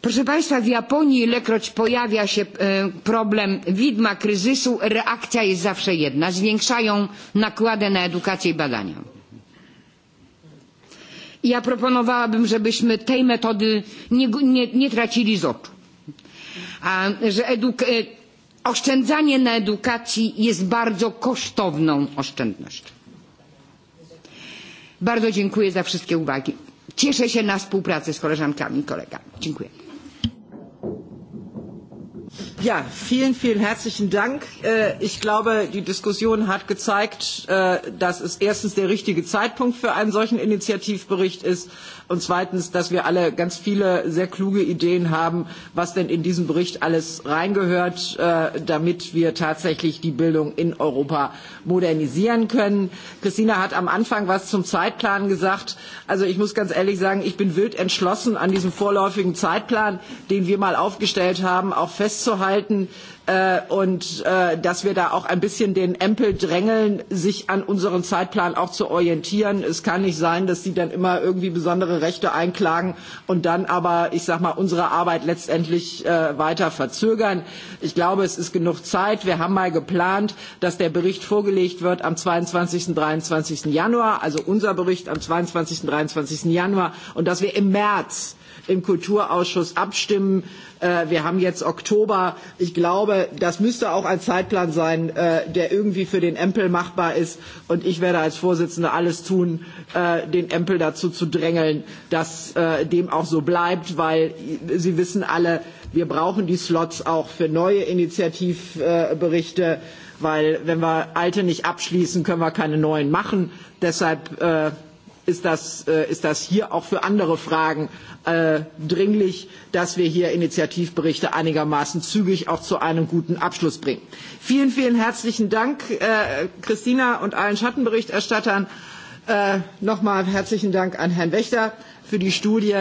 proszę państwa w japonii ilekroć pojawia się problem widma kryzysu reakcja jest zawsze jedna zwiększają nakłady na edukację i badania ja proponowałabym żebyśmy tej metody nie tracili z oczu że oszczędzanie na edukacji jest bardzo kosztowną oszczędnością. bardzo dziękuję za wszystkie uwagi. cieszę się na współpracę z koleżankami i kolegami. dziękuję. Ja, vielen, vielen herzlichen Dank. Ich glaube, die Diskussion hat gezeigt, dass es erstens der richtige Zeitpunkt für einen solchen Initiativbericht ist und zweitens, dass wir alle ganz viele sehr kluge Ideen haben, was denn in diesen Bericht alles reingehört, damit wir tatsächlich die Bildung in Europa modernisieren können. Christina hat am Anfang was zum Zeitplan gesagt. Also ich muss ganz ehrlich sagen, ich bin wild entschlossen, an diesem vorläufigen Zeitplan, den wir mal aufgestellt haben, auch festzuhalten halten und dass wir da auch ein bisschen den Empel drängeln, sich an unseren Zeitplan auch zu orientieren. Es kann nicht sein, dass sie dann immer irgendwie besondere Rechte einklagen und dann aber, ich sag mal, unsere Arbeit letztendlich weiter verzögern. Ich glaube, es ist genug Zeit. Wir haben mal geplant, dass der Bericht vorgelegt wird am 22. und 23. Januar, also unser Bericht am 22. und 23. Januar und dass wir im März im Kulturausschuss abstimmen. Wir haben jetzt Oktober. Ich glaube, das müsste auch ein Zeitplan sein, der irgendwie für den Empel machbar ist. Und ich werde als Vorsitzende alles tun, den Empel dazu zu drängeln, dass dem auch so bleibt, weil Sie wissen alle, wir brauchen die Slots auch für neue Initiativberichte, weil wenn wir alte nicht abschließen, können wir keine neuen machen. Deshalb ist das hier auch für andere Fragen dringlich, dass wir hier Initiativberichte einigermaßen zügig auch zu einem guten Abschluss bringen. Vielen, vielen herzlichen Dank, Christina und allen Schattenberichterstattern. Nochmal herzlichen Dank an Herrn Wächter für die Studie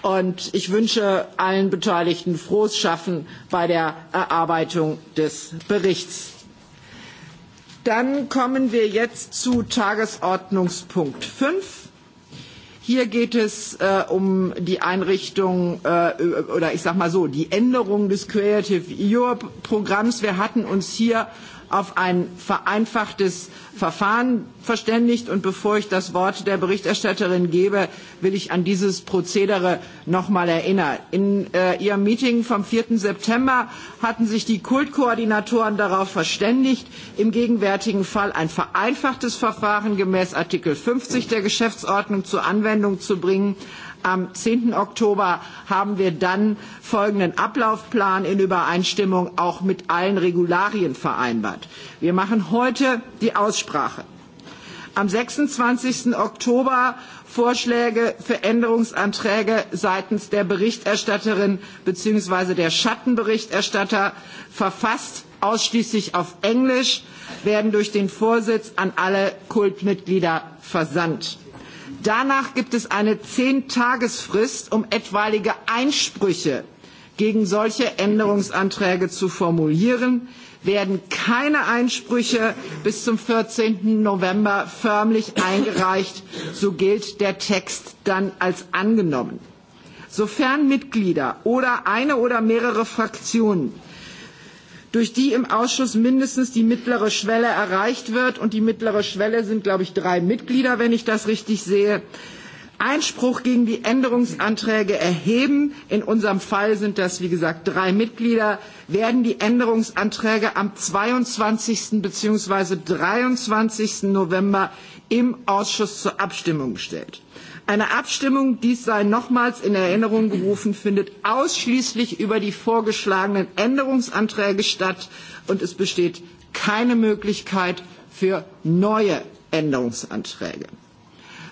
und ich wünsche allen Beteiligten frohes Schaffen bei der Erarbeitung des Berichts. Dann kommen wir jetzt zu Tagesordnungspunkt 5. Hier geht es um die Einrichtung oder ich sage mal so die Änderung des Creative Europe Programms. Wir hatten uns hier auf ein vereinfachtes Verfahren verständigt. Und bevor ich das Wort der Berichterstatterin gebe, will ich an dieses Prozedere noch einmal erinnern. In ihrem Meeting vom 4. September hatten sich die Kultkoordinatoren darauf verständigt, im gegenwärtigen Fall ein vereinfachtes Verfahren gemäß Artikel 50 der Geschäftsordnung zur Anwendung zu bringen Am 10. Oktober haben wir dann folgenden Ablaufplan in Übereinstimmung auch mit allen Regularien vereinbart. Wir machen heute die Aussprache. Am 26. Oktober Vorschläge für Änderungsanträge seitens der Berichterstatterin bzw. der Schattenberichterstatter verfasst ausschließlich auf Englisch werden durch den Vorsitz an alle Kultmitglieder versandt. Danach gibt es eine zehn Tagesfrist, um etwaige Einsprüche gegen solche Änderungsanträge zu formulieren. Werden keine Einsprüche bis zum 14. November förmlich eingereicht, so gilt der Text dann als angenommen. Sofern Mitglieder oder eine oder mehrere Fraktionen durch die im Ausschuss mindestens die mittlere Schwelle erreicht wird. Und die mittlere Schwelle sind, glaube ich, drei Mitglieder, wenn ich das richtig sehe. Einspruch gegen die Änderungsanträge erheben. In unserem Fall sind das, wie gesagt, drei Mitglieder. Werden die Änderungsanträge am 22. bzw. 23. November im Ausschuss zur Abstimmung gestellt. Eine Abstimmung, dies sei nochmals in Erinnerung gerufen, findet ausschließlich über die vorgeschlagenen Änderungsanträge statt und es besteht keine Möglichkeit für neue Änderungsanträge.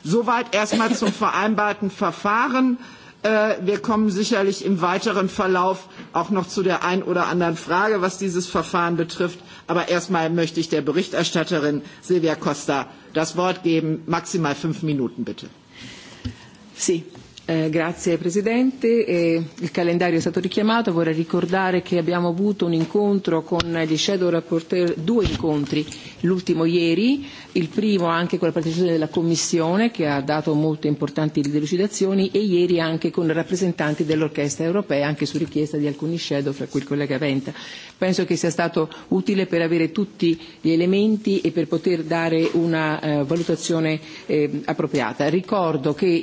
Soweit erstmal zum vereinbarten Verfahren. Wir kommen sicherlich im weiteren Verlauf auch noch zu der einen oder anderen Frage, was dieses Verfahren betrifft. Aber erstmal möchte ich der Berichterstatterin Silvia Costa das Wort geben. Maximal fünf Minuten, bitte. Sí. Grazie Presidente. Il calendario è stato richiamato. Vorrei ricordare che abbiamo avuto un incontro con gli shadow rapporteur, due incontri, l'ultimo ieri, il primo anche con la partecipazione della Commissione che ha dato molte importanti delucidazioni e ieri anche con rappresentanti dell'Orchestra europea, anche su richiesta di alcuni shadow, fra cui il collega Venta. Penso che sia stato utile per avere tutti gli elementi e per poter dare una valutazione appropriata. Ricordo che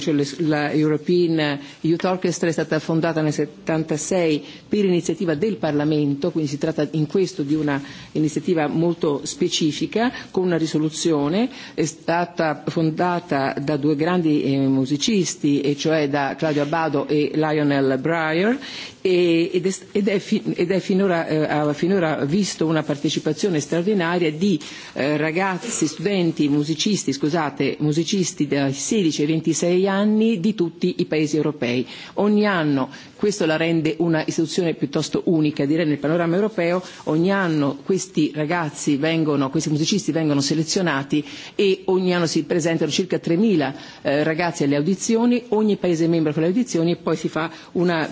cioè la European Youth Orchestra è stata fondata nel 76 per iniziativa del Parlamento, quindi si tratta in questo di un'iniziativa molto specifica con una risoluzione, è stata fondata da due grandi musicisti, e cioè da Claudio Abbado e Lionel Breyer ed è finora ha finora visto una partecipazione straordinaria di ragazzi, studenti, musicisti, scusate, musicisti dai 16 ai 26 anni di tutti i paesi europei. Ogni anno questo la rende una istituzione piuttosto unica direi nel panorama europeo ogni anno questi ragazzi vengono questi musicisti vengono selezionati e ogni anno si presentano circa 3000 ragazzi alle audizioni ogni paese membro fa le audizioni e poi si fa una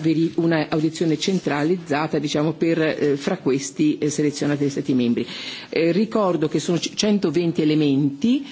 audizione centralizzata diciamo per fra questi selezionati dagli stati membri ricordo che sono 120 elementi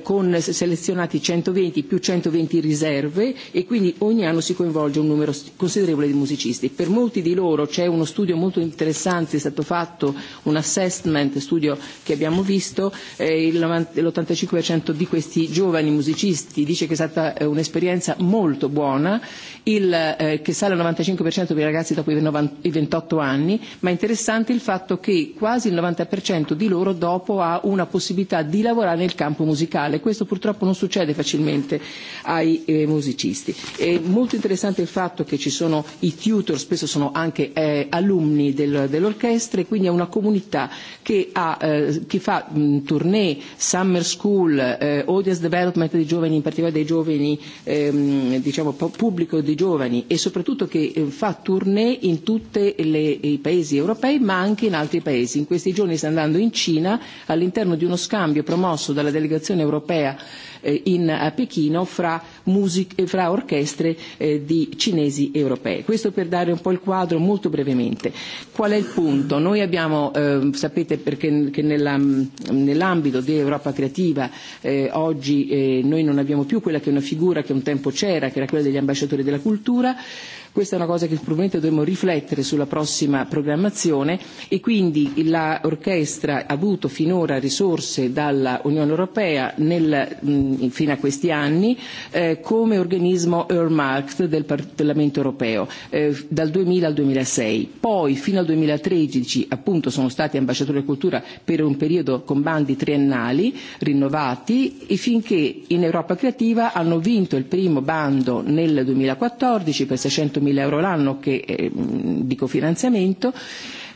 con selezionati 120 più 120 riserve e quindi ogni anno si coinvolge un numero considerevole di musicisti. Per molti di loro c'è uno studio molto interessante, è stato fatto un assessment, studio che abbiamo visto, l'85% di questi giovani musicisti dice che è stata un'esperienza molto buona, il che sale al 95% per i ragazzi dopo i 28 anni, ma è interessante il fatto che quasi il 90% di loro dopo ha una possibilità di lavorare nel campo musicale. Questo purtroppo non succede facilmente ai musicisti. È molto interessante il fatto che ci sono i tutor spesso sono anche alunni dell'orchestra e quindi è una comunità che fa tournée, summer school, audience development dei giovani, in particolare dei giovani diciamo pubblico dei giovani e soprattutto che fa tournée in tutti i paesi europei ma anche in altri paesi. In questi giorni sta andando in Cina all'interno di uno scambio promosso dalla delegazione europea in Pechino fra orchestre di cinesi europei. Questo per dare un po' il quadro molto brevemente. Qual è il punto? Noi abbiamo, sapete perché che nell'ambito di Europa Creativa oggi noi non abbiamo più quella che è una figura che un tempo c'era, che era quella degli ambasciatori della cultura, Questa è una cosa che probabilmente dovremo riflettere sulla prossima programmazione e quindi l'orchestra ha avuto finora risorse dall'Unione Europea fino a questi anni come organismo earmarked del Parlamento Europeo dal 2000 al 2006. Poi fino al 2013 appunto sono stati ambasciatori della cultura per un periodo con bandi triennali rinnovati e finché in Europa Creativa hanno vinto il primo bando nel 2014 per 600 mila euro l'anno che dico finanziamento,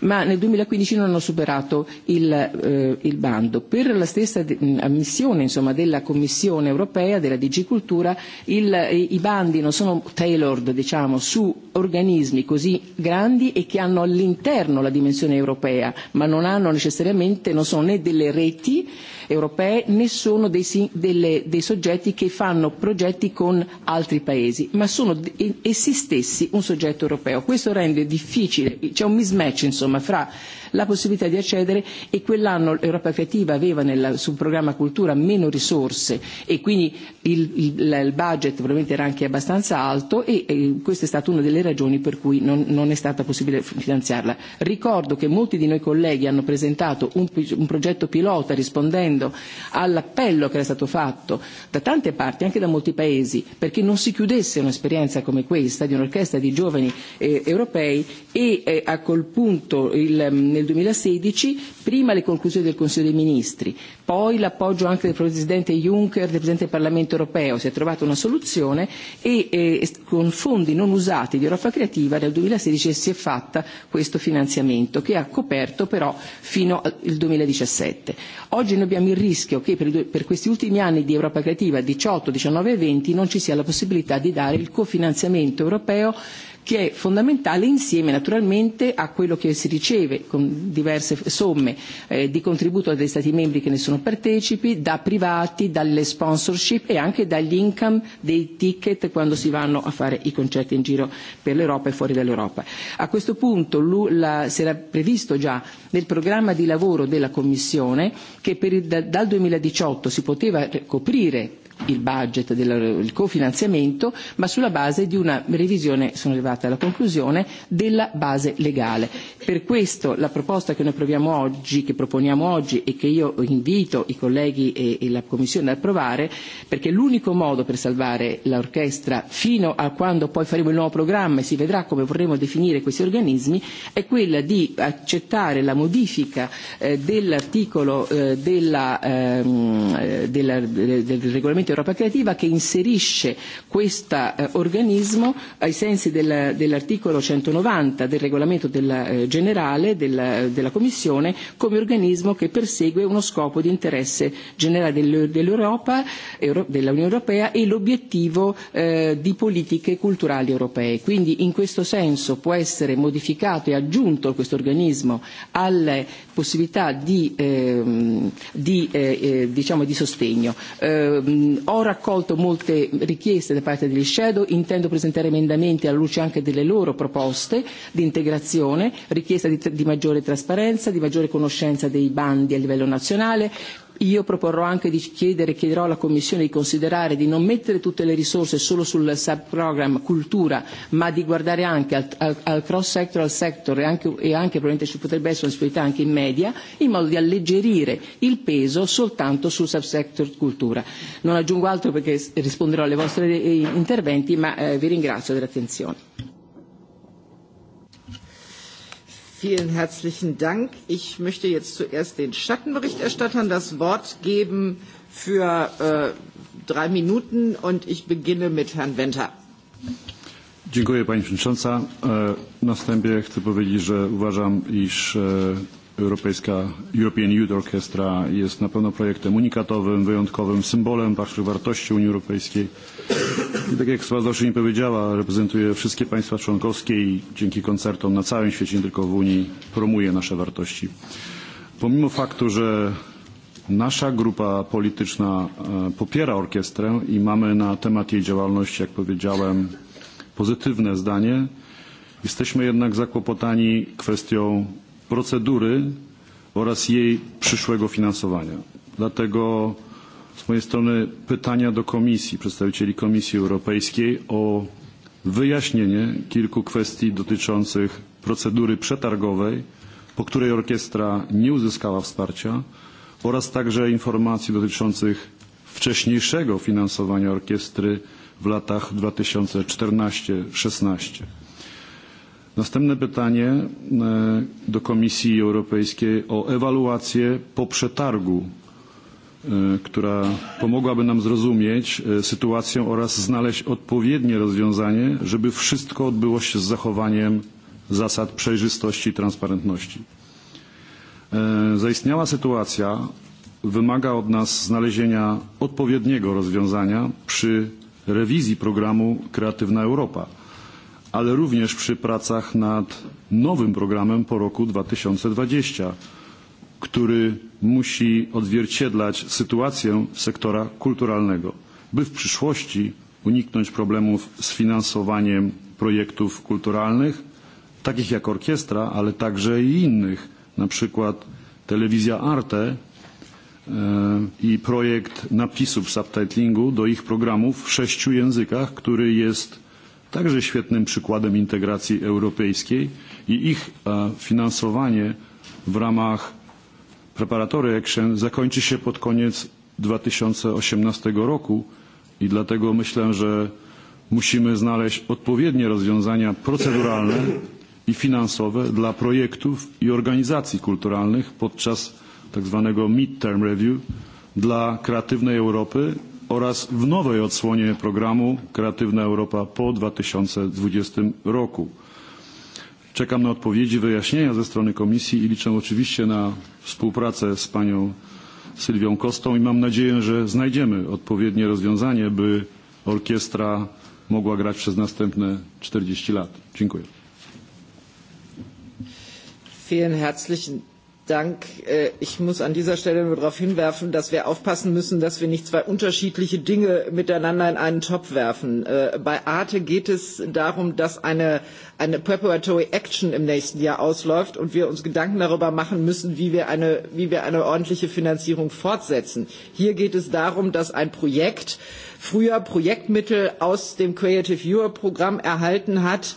ma nel 2015 non hanno superato il bando. Per la stessa ammissione insomma, della Commissione europea, della DG Cultura, i bandi non sono tailored diciamo, su organismi così grandi e che hanno all'interno la dimensione europea, ma non hanno necessariamente, non sono né delle reti europee né sono dei soggetti che fanno progetti con altri paesi ma sono essi stessi un soggetto europeo. questo rende difficile c'è un mismatch insomma fra la possibilità di accedere e quell'anno l'Europa Creativa aveva nel sul programma cultura meno risorse e quindi il budget probabilmente era anche abbastanza alto e questa è stata una delle ragioni per cui non è stata possibile finanziarla. Ricordo che molti di noi colleghi hanno presentato un progetto pilota rispondendo all'appello che era stato fatto da tante parti, anche da molti paesi, perché non si chiudesse un'esperienza come questa di un'orchestra di giovani europei e a quel punto il nel 2016, prima le conclusioni del Consiglio dei Ministri, poi l'appoggio anche del Presidente Juncker, del Presidente del Parlamento europeo, si è trovata una soluzione e con fondi non usati di Europa Creativa nel 2016 si è fatta questo finanziamento che ha coperto però fino al 2017. Oggi noi abbiamo il rischio che per questi ultimi anni di Europa Creativa 18, 19 e 20 non ci sia la possibilità di dare il cofinanziamento europeo che è fondamentale insieme naturalmente a quello che si riceve con diverse somme di contributo dagli Stati membri che ne sono partecipi, da privati, dalle sponsorship e anche dagli income dei ticket quando si vanno a fare i concerti in giro per l'Europa e fuori dall'Europa. A questo punto si era previsto già nel programma di lavoro della Commissione che dal 2018 si poteva coprire il budget del cofinanziamento, ma sulla base di una revisione, sono arrivata alla conclusione, della base legale. Per questo la proposta che noi proviamo oggi, che proponiamo oggi e che io invito i colleghi e la Commissione ad approvare, perché l'unico modo per salvare l'orchestra fino a quando poi faremo il nuovo programma e si vedrà come vorremmo definire questi organismi, è quella di accettare la modifica dell'articolo del regolamento Europa Creativa che inserisce questo organismo ai sensi dell'articolo 190 del regolamento generale della Commissione come organismo che persegue uno scopo di interesse generale dell'Europa, dell'Unione Europea e l'obiettivo di politiche culturali europee. Quindi in questo senso può essere modificato e aggiunto questo organismo alle possibilità di sostegno ho raccolto molte richieste da parte degli shadow intendo presentare emendamenti alla luce anche delle loro proposte di integrazione richiesta di maggiore trasparenza di maggiore conoscenza dei bandi a livello nazionale Io proporrò anche di chiedere, chiederò alla Commissione di considerare di non mettere tutte le risorse solo sul sub cultura, ma di guardare anche al cross-sector, al sector e anche probabilmente ci potrebbe essere una disponibilità anche in media, in modo di alleggerire il peso soltanto sul sub-sector cultura. Non aggiungo altro perché risponderò alle vostre interventi, ma vi ringrazio dell'attenzione. Vielen herzlichen Dank. Ich möchte jetzt zuerst den Schattenberichterstattern das Wort geben für drei Minuten und ich beginne mit Herrn Wenter. Dziękuję Pani Przewodnicząca. Na wstępie chcę powiedzieć, że uważam, iż Europejska European Youth Orchestra jest na pewno projektem unikatowym, wyjątkowym, symbolem naszych wartości Unii Europejskiej. I tak jak Sława nie powiedziała, reprezentuje wszystkie państwa członkowskie i dzięki koncertom na całym świecie, nie tylko w Unii, promuje nasze wartości. Pomimo faktu, że nasza grupa polityczna popiera orkiestrę i mamy na temat jej działalności, jak powiedziałem, pozytywne zdanie, jesteśmy jednak zakłopotani kwestią procedury oraz jej przyszłego finansowania. Dlatego z mojej strony pytania do Komisji, przedstawicieli Komisji Europejskiej o wyjaśnienie kilku kwestii dotyczących procedury przetargowej, po której orkiestra nie uzyskała wsparcia oraz także informacji dotyczących wcześniejszego finansowania orkiestry w latach 2014 2016. Następne pytanie do Komisji Europejskiej o ewaluację po przetargu, która pomogłaby nam zrozumieć sytuację oraz znaleźć odpowiednie rozwiązanie, żeby wszystko odbyło się z zachowaniem zasad przejrzystości i transparentności. Zaistniała sytuacja wymaga od nas znalezienia odpowiedniego rozwiązania przy rewizji programu Kreatywna Europa ale również przy pracach nad nowym programem po roku 2020, który musi odzwierciedlać sytuację sektora kulturalnego, by w przyszłości uniknąć problemów z finansowaniem projektów kulturalnych, takich jak orkiestra, ale także i innych, na przykład telewizja Arte i projekt napisów subtitlingu do ich programów w sześciu językach, który jest także świetnym przykładem integracji europejskiej i ich finansowanie w ramach preparatory action zakończy się pod koniec 2018 roku i dlatego myślę, że musimy znaleźć odpowiednie rozwiązania proceduralne i finansowe dla projektów i organizacji kulturalnych podczas tak zwanego mid-term review dla kreatywnej Europy oraz w nowej odsłonie programu Kreatywna Europa po 2020 roku. Czekam na odpowiedzi, wyjaśnienia ze strony Komisji i liczę oczywiście na współpracę z panią Sylwią Kostą i mam nadzieję, że znajdziemy odpowiednie rozwiązanie, by orkiestra mogła grać przez następne 40 lat. Dziękuję. Dank. Ich muss an dieser Stelle nur darauf hinwerfen, dass wir aufpassen müssen, dass wir nicht zwei unterschiedliche Dinge miteinander in einen Topf werfen. Bei Arte geht es darum, dass eine Preparatory Action im nächsten Jahr ausläuft und wir uns Gedanken darüber machen müssen, wie wir eine ordentliche Finanzierung fortsetzen. Hier geht es darum, dass ein Projekt früher Projektmittel aus dem Creative Europe Programm erhalten hat,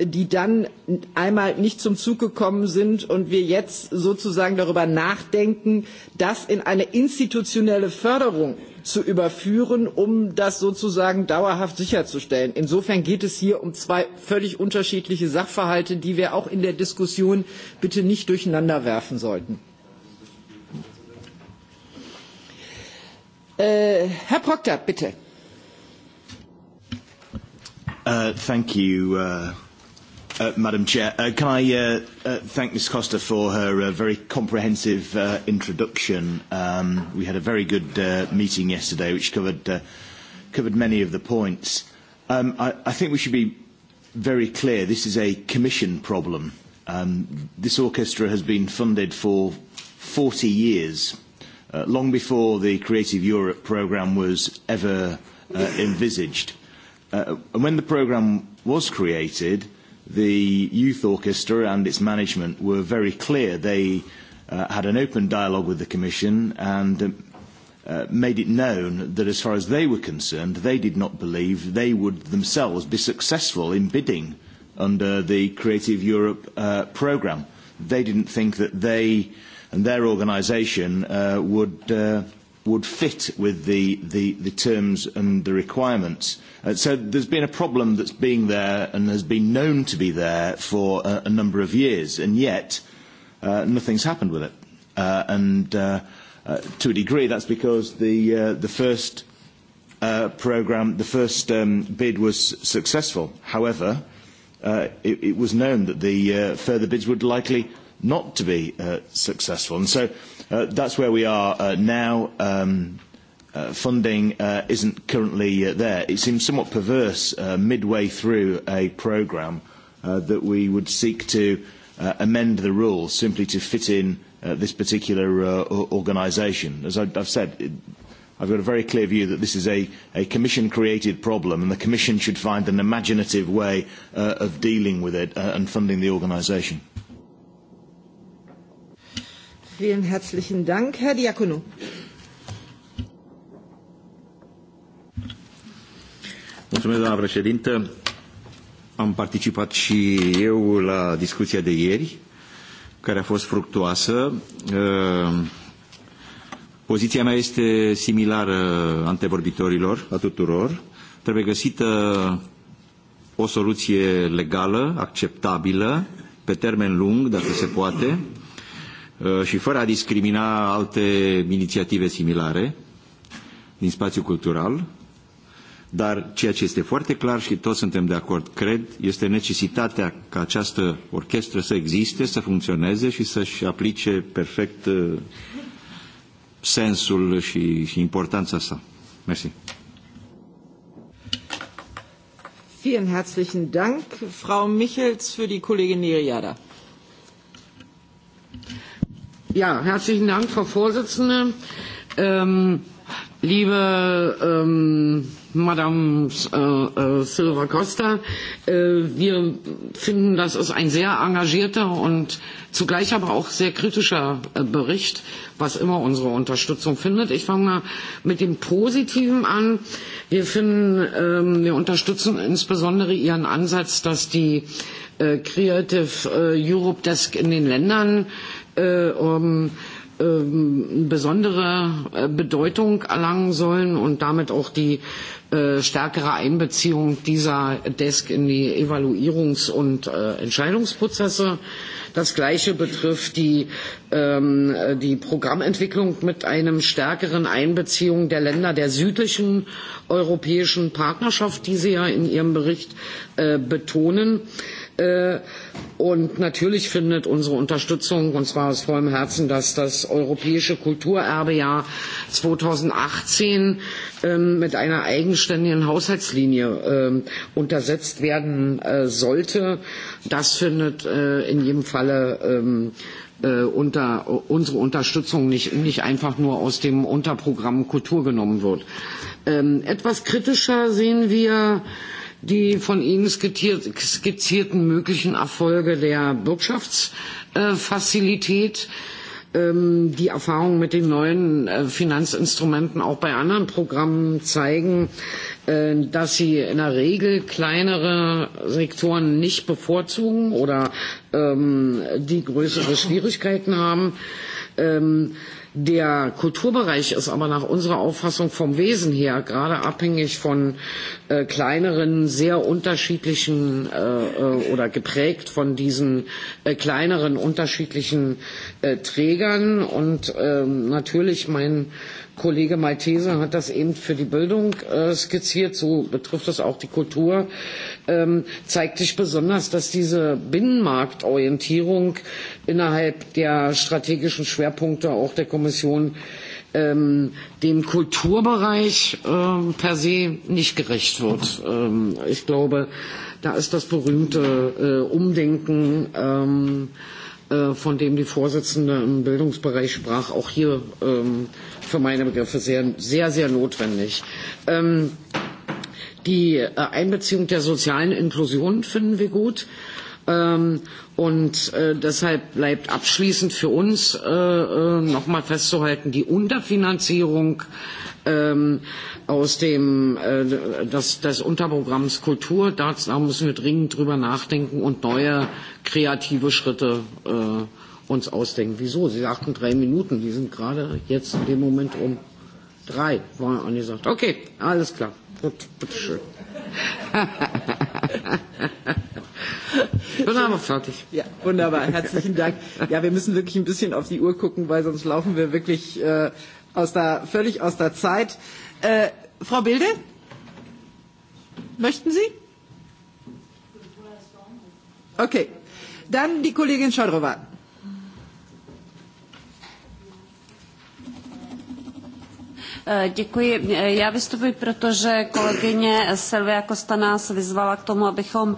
die dann einmal nicht zum Zug gekommen sind und wir jetzt sozusagen darüber nachdenken, das in eine institutionelle Förderung zu überführen, um das sozusagen dauerhaft sicherzustellen. Insofern geht es hier um zwei völlig unterschiedliche Sachverhalte, die wir auch in der Diskussion bitte nicht durcheinander werfen sollten. Herr Proctor, bitte. Thank you, Madam Chair. Can I thank Ms Costa for her very comprehensive introduction. We had a very good meeting yesterday which covered many of the points. I think we should be very clear. This is a commission problem. This orchestra has been funded for 40 years, long before the Creative Europe programme was ever envisaged. When the programme was created, the Youth Orchestra and its management were very clear. They had an open dialogue with the Commission and made it known that as far as they were concerned, they did not believe they would themselves be successful in bidding under the Creative Europe programme. They didn't think that they and their organisation would would fit with the the terms and the requirements. So there's been a problem that's been there and has been known to be there for a number of years, and yet nothing's happened with it. And to a degree, that's because the first programme, the first bid was successful. However, it was known that the further bids would likely not to be successful. And so that's where we are now. Funding isn't currently there. It seems somewhat perverse midway through a programme that we would seek to amend the rules simply to fit in this particular organisation. As I've said, I've got a very clear view that this is a Commission-created problem and the Commission should find an imaginative way of dealing with it and funding the organisation. Vielen herzlichen Dank, Herr Diakono. Mulțumesc, doamna președintă. Am participat și eu la discuția de ieri, care a fost fructuoasă. Poziția mea este similară antevorbitorilor, a tuturor. Trebuie găsită o soluție legală, acceptabilă, pe termen lung, dacă se poate, și fără a discrimina alte inițiative similare din spațiul cultural, dar ceea ce este foarte clar și toți suntem de acord, cred, este necesitatea ca această orchestră să existe, să funcționeze și să-și aplice perfect sensul și, și importanța sa. Mersi. Vielen herzlichen Dank, Frau Michels, für die Kollegin Niriada. Ja, herzlichen Dank, Frau Vorsitzende. liebe ähm, Madame Silva Costa, wir finden, das ist ein sehr engagierter und zugleich aber auch sehr kritischer Bericht, was immer unsere Unterstützung findet. Ich fange mal mit dem Positiven an. Wir finden, wir unterstützen insbesondere Ihren Ansatz, dass die Creative Europe Desk in den Ländern besondere Bedeutung erlangen sollen und damit auch die stärkere Einbeziehung dieser Desk in die Evaluierungs- und Entscheidungsprozesse. Das Gleiche betrifft die Programmentwicklung mit einer stärkeren Einbeziehung der Länder der südlichen europäischen Partnerschaft, die Sie ja in Ihrem Bericht betonen Und natürlich findet unsere Unterstützung, und zwar aus vollem Herzen, dass das Europäische Kulturerbejahr 2018 mit einer eigenständigen Haushaltslinie untersetzt werden sollte. Das findet in jedem Falle unsere Unterstützung nicht einfach nur aus dem Unterprogramm Kultur genommen wird. Etwas kritischer sehen wir die von Ihnen skizzierten möglichen Erfolge der Bürgschaftsfazilität, die Erfahrungen mit den neuen Finanzinstrumenten auch bei anderen Programmen zeigen, dass sie in der Regel kleinere Sektoren nicht bevorzugen oder die größere Schwierigkeiten haben Der Kulturbereich ist aber nach unserer Auffassung vom Wesen her gerade abhängig von kleineren, sehr unterschiedlichen oder geprägt von diesen kleineren unterschiedlichen Trägern. Und natürlich mein Kollege Maltese hat das eben für die Bildung skizziert, so betrifft das auch die Kultur, zeigt sich besonders, dass diese Binnenmarktorientierung innerhalb der strategischen Schwerpunkte auch der Kommission dem Kulturbereich per se nicht gerecht wird. Ich glaube, da ist das berühmte Umdenken von dem die Vorsitzende im Bildungsbereich sprach, auch hier für meine Begriffe sehr, sehr notwendig. Die Einbeziehung der sozialen Inklusion finden wir gut. Und deshalb bleibt abschließend für uns noch mal festzuhalten, die Unterfinanzierung aus dem des Unterprogramms Kultur. Da müssen wir dringend drüber nachdenken und neue kreative Schritte uns ausdenken. Wieso? Sie sagten drei Minuten. Die sind gerade jetzt in dem Moment um drei, war angesagt. Okay, alles klar. Gut, bitteschön. haben wir fertig. Ja, wunderbar. Herzlichen Dank. Ja, wir müssen wirklich ein bisschen auf die Uhr gucken, weil sonst laufen wir wirklich völlig aus der Zeit. Frau Bilde? Möchten Sie? Okay. Dann die Kollegin Schadrova. Děkuji. Já vystupuji, protože kolegyně Silvia Kostanás nás vyzvala k tomu, abychom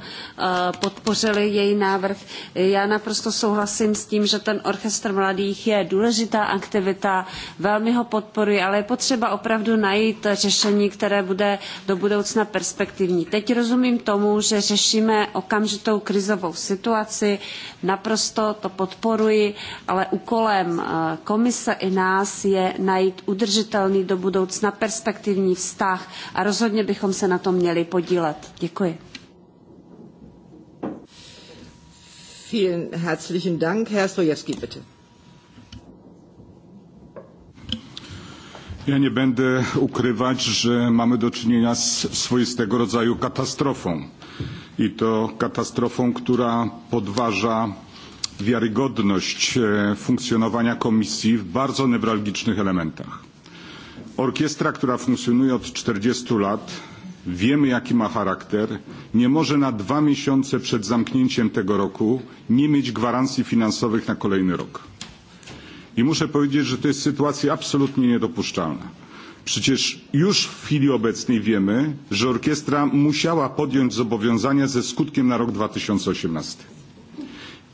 podpořili její návrh. Já naprosto souhlasím s tím, že ten orchestr mladých je důležitá aktivita, velmi ho podporuji, ale je potřeba opravdu najít řešení, které bude do budoucna perspektivní. Teď rozumím tomu, že řešíme okamžitou krizovou situaci, naprosto to podporuji, ale úkolem komise i nás je najít udržitelný budoucna perspektivní vztah a rozhodně bychom se na to měli podílet. Děkuji. Vielen herzlichen Dank. bitte. Ja nie będę ukrywać, że mamy do czynienia z swoistego rodzaju katastrofą. I to katastrofą, która podważa wiarygodność funkcjonowania Komisji w bardzo newralgicznych elementach Orkiestra, która funkcjonuje od 40 lat, wiemy jaki ma charakter, nie może na dwa miesiące przed zamknięciem tego roku nie mieć gwarancji finansowych na kolejny rok. I muszę powiedzieć, że to jest sytuacja absolutnie niedopuszczalna. Przecież już w chwili obecnej wiemy, że orkiestra musiała podjąć zobowiązania ze skutkiem na rok 2018.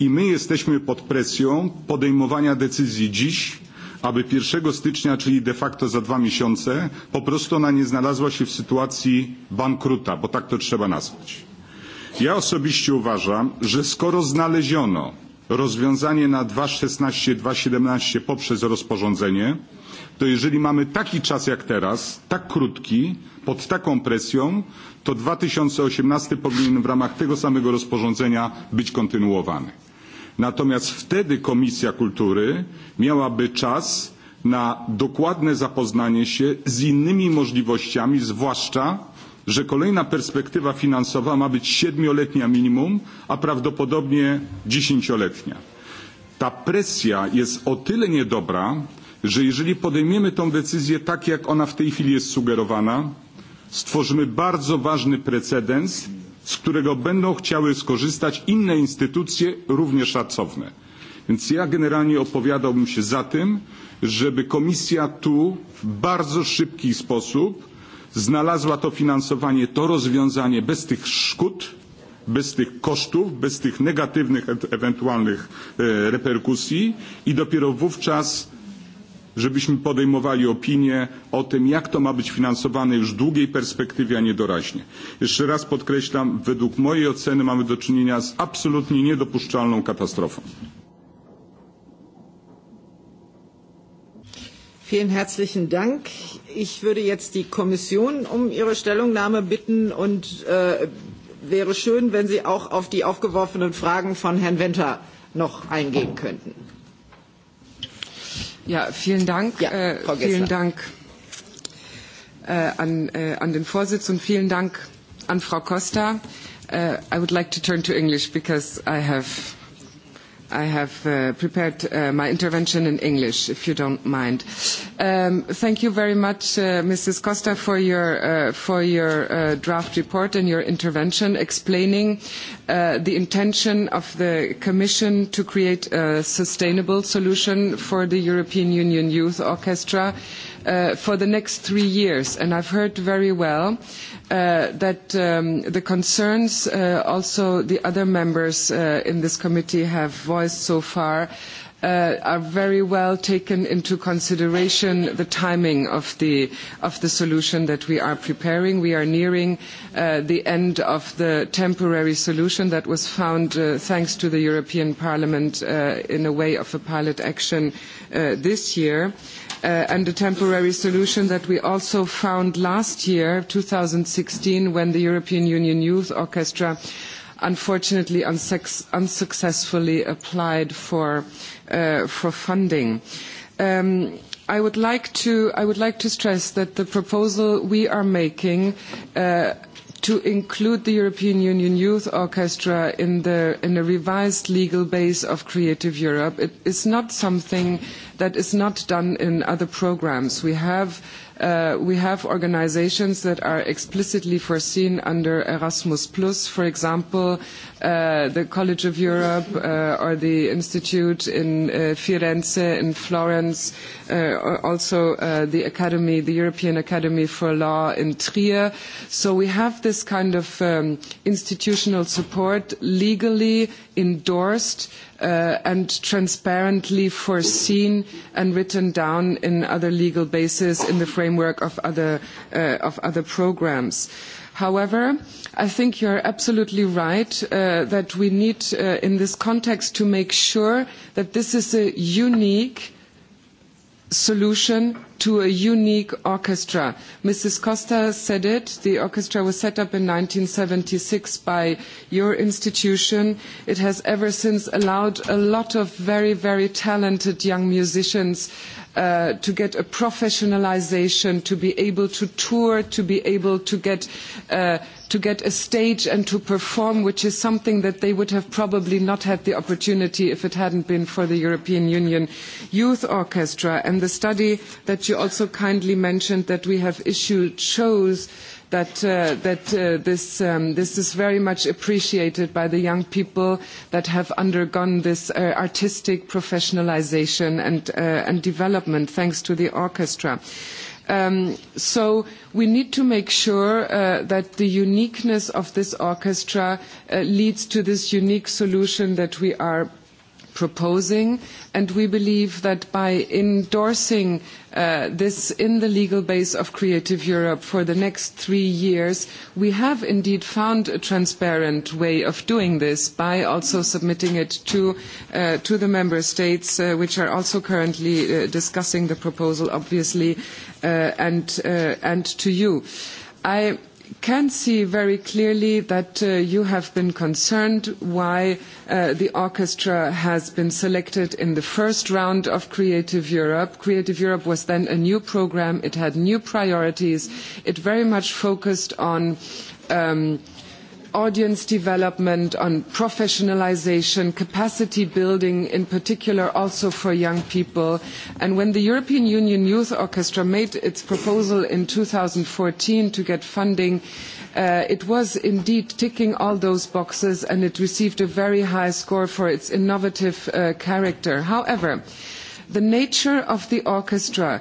I my jesteśmy pod presją podejmowania decyzji dziś aby 1 stycznia, czyli de facto za dwa miesiące, po prostu ona nie znalazła się w sytuacji bankruta, bo tak to trzeba nazwać. Ja osobiście uważam, że skoro znaleziono rozwiązanie na 2016-2017 poprzez rozporządzenie, to jeżeli mamy taki czas jak teraz, tak krótki, pod taką presją, to 2018 powinien w ramach tego samego rozporządzenia być kontynuowany. Natomiast wtedy Komisja Kultury miałaby czas na dokładne zapoznanie się z innymi możliwościami, zwłaszcza, że kolejna perspektywa finansowa ma być siedmioletnia minimum, a prawdopodobnie dziesięcioletnia. Ta presja jest o tyle niedobra, że jeżeli podejmiemy tę decyzję tak, jak ona w tej chwili jest sugerowana, stworzymy bardzo ważny precedens z którego będą chciały skorzystać inne instytucje również szacowne. Więc ja generalnie opowiadałbym się za tym, żeby Komisja tu w bardzo szybki sposób znalazła to finansowanie, to rozwiązanie bez tych szkód, bez tych kosztów, bez tych negatywnych ewentualnych reperkusji i dopiero wówczas żebyśmy podejmowali opinie o tym, jak to ma być finansowane już w długiej perspektywie, a nie doraźnie. Jeszcze raz podkreślam, według mojej oceny mamy do czynienia z absolutnie niedopuszczalną katastrofą. Vielen herzlichen Dank. Ich würde jetzt die Kommission um ihre Stellungnahme bitten und wäre schön, wenn Sie auch auf die aufgeworfenen Fragen von Herrn Wenter noch eingehen könnten. Ja, vielen Dank. vielen Dank an, an den Vorsitz und vielen Dank an Frau Costa. I would like to turn to English because I have, I have prepared my intervention in English, if you don't mind. Thank you very much, Mrs. Costa, for your draft report and your intervention explaining the intention of the Commission to create a sustainable solution for the European Union Youth Orchestra for the next three years. And I've heard very well that the concerns also the other members in this committee have voiced so far are very well taken into consideration the timing of the solution that we are preparing. We are nearing the end of the temporary solution that was found thanks to the European Parliament in a way of a pilot action this year and a temporary solution that we also found last year 2016 when the European Union Youth Orchestra unfortunately unsuccessfully applied for for funding. I would like to stress that the proposal we are making to include the European Union Youth Orchestra in the revised legal base of Creative Europe is not something That is not done in other programs. We have organisations that are explicitly foreseen under Erasmus, for example, the College of Europe or the Institute in Firenze, in Florence, also the Academy, the European Academy for Law in Trier. So we have this kind of institutional support legally endorsed and transparently foreseen and written down in other legal bases in the framework of other programmes. However, I think you are absolutely right that we need in this context to make sure that this is a unique solution to a unique orchestra. Mrs. Costa said it. The orchestra was set up in 1976 by your institution. It has ever since allowed a lot of very, very talented young musicians to get a professionalization, to be able to tour, to be able to get to get a stage and to perform, which is something that they would have probably not had the opportunity if it hadn't been for the European Union Youth Orchestra. And the study that you also kindly mentioned that we have issued shows that this is very much appreciated by the young people that have undergone this artistic professionalisation and development thanks to the orchestra. So we need to make sure that the uniqueness of this orchestra leads to this unique solution that we are proposing and we believe that by endorsing this in the legal base of creative europe for the next three years we have indeed found a transparent way of doing this by also submitting it to the member states which are also currently discussing the proposal obviously and to you. i can see very clearly that you have been concerned why the orchestra has been selected in the first round of Creative Europe. Creative Europe was then a new programme. It had new priorities. It very much focused on audience development, on professionalisation, capacity building, in particular also for young people. And when the European Union Youth Orchestra made its proposal in 2014 to get funding, it was indeed ticking all those boxes and it received a very high score for its innovative character. However, the nature of the orchestra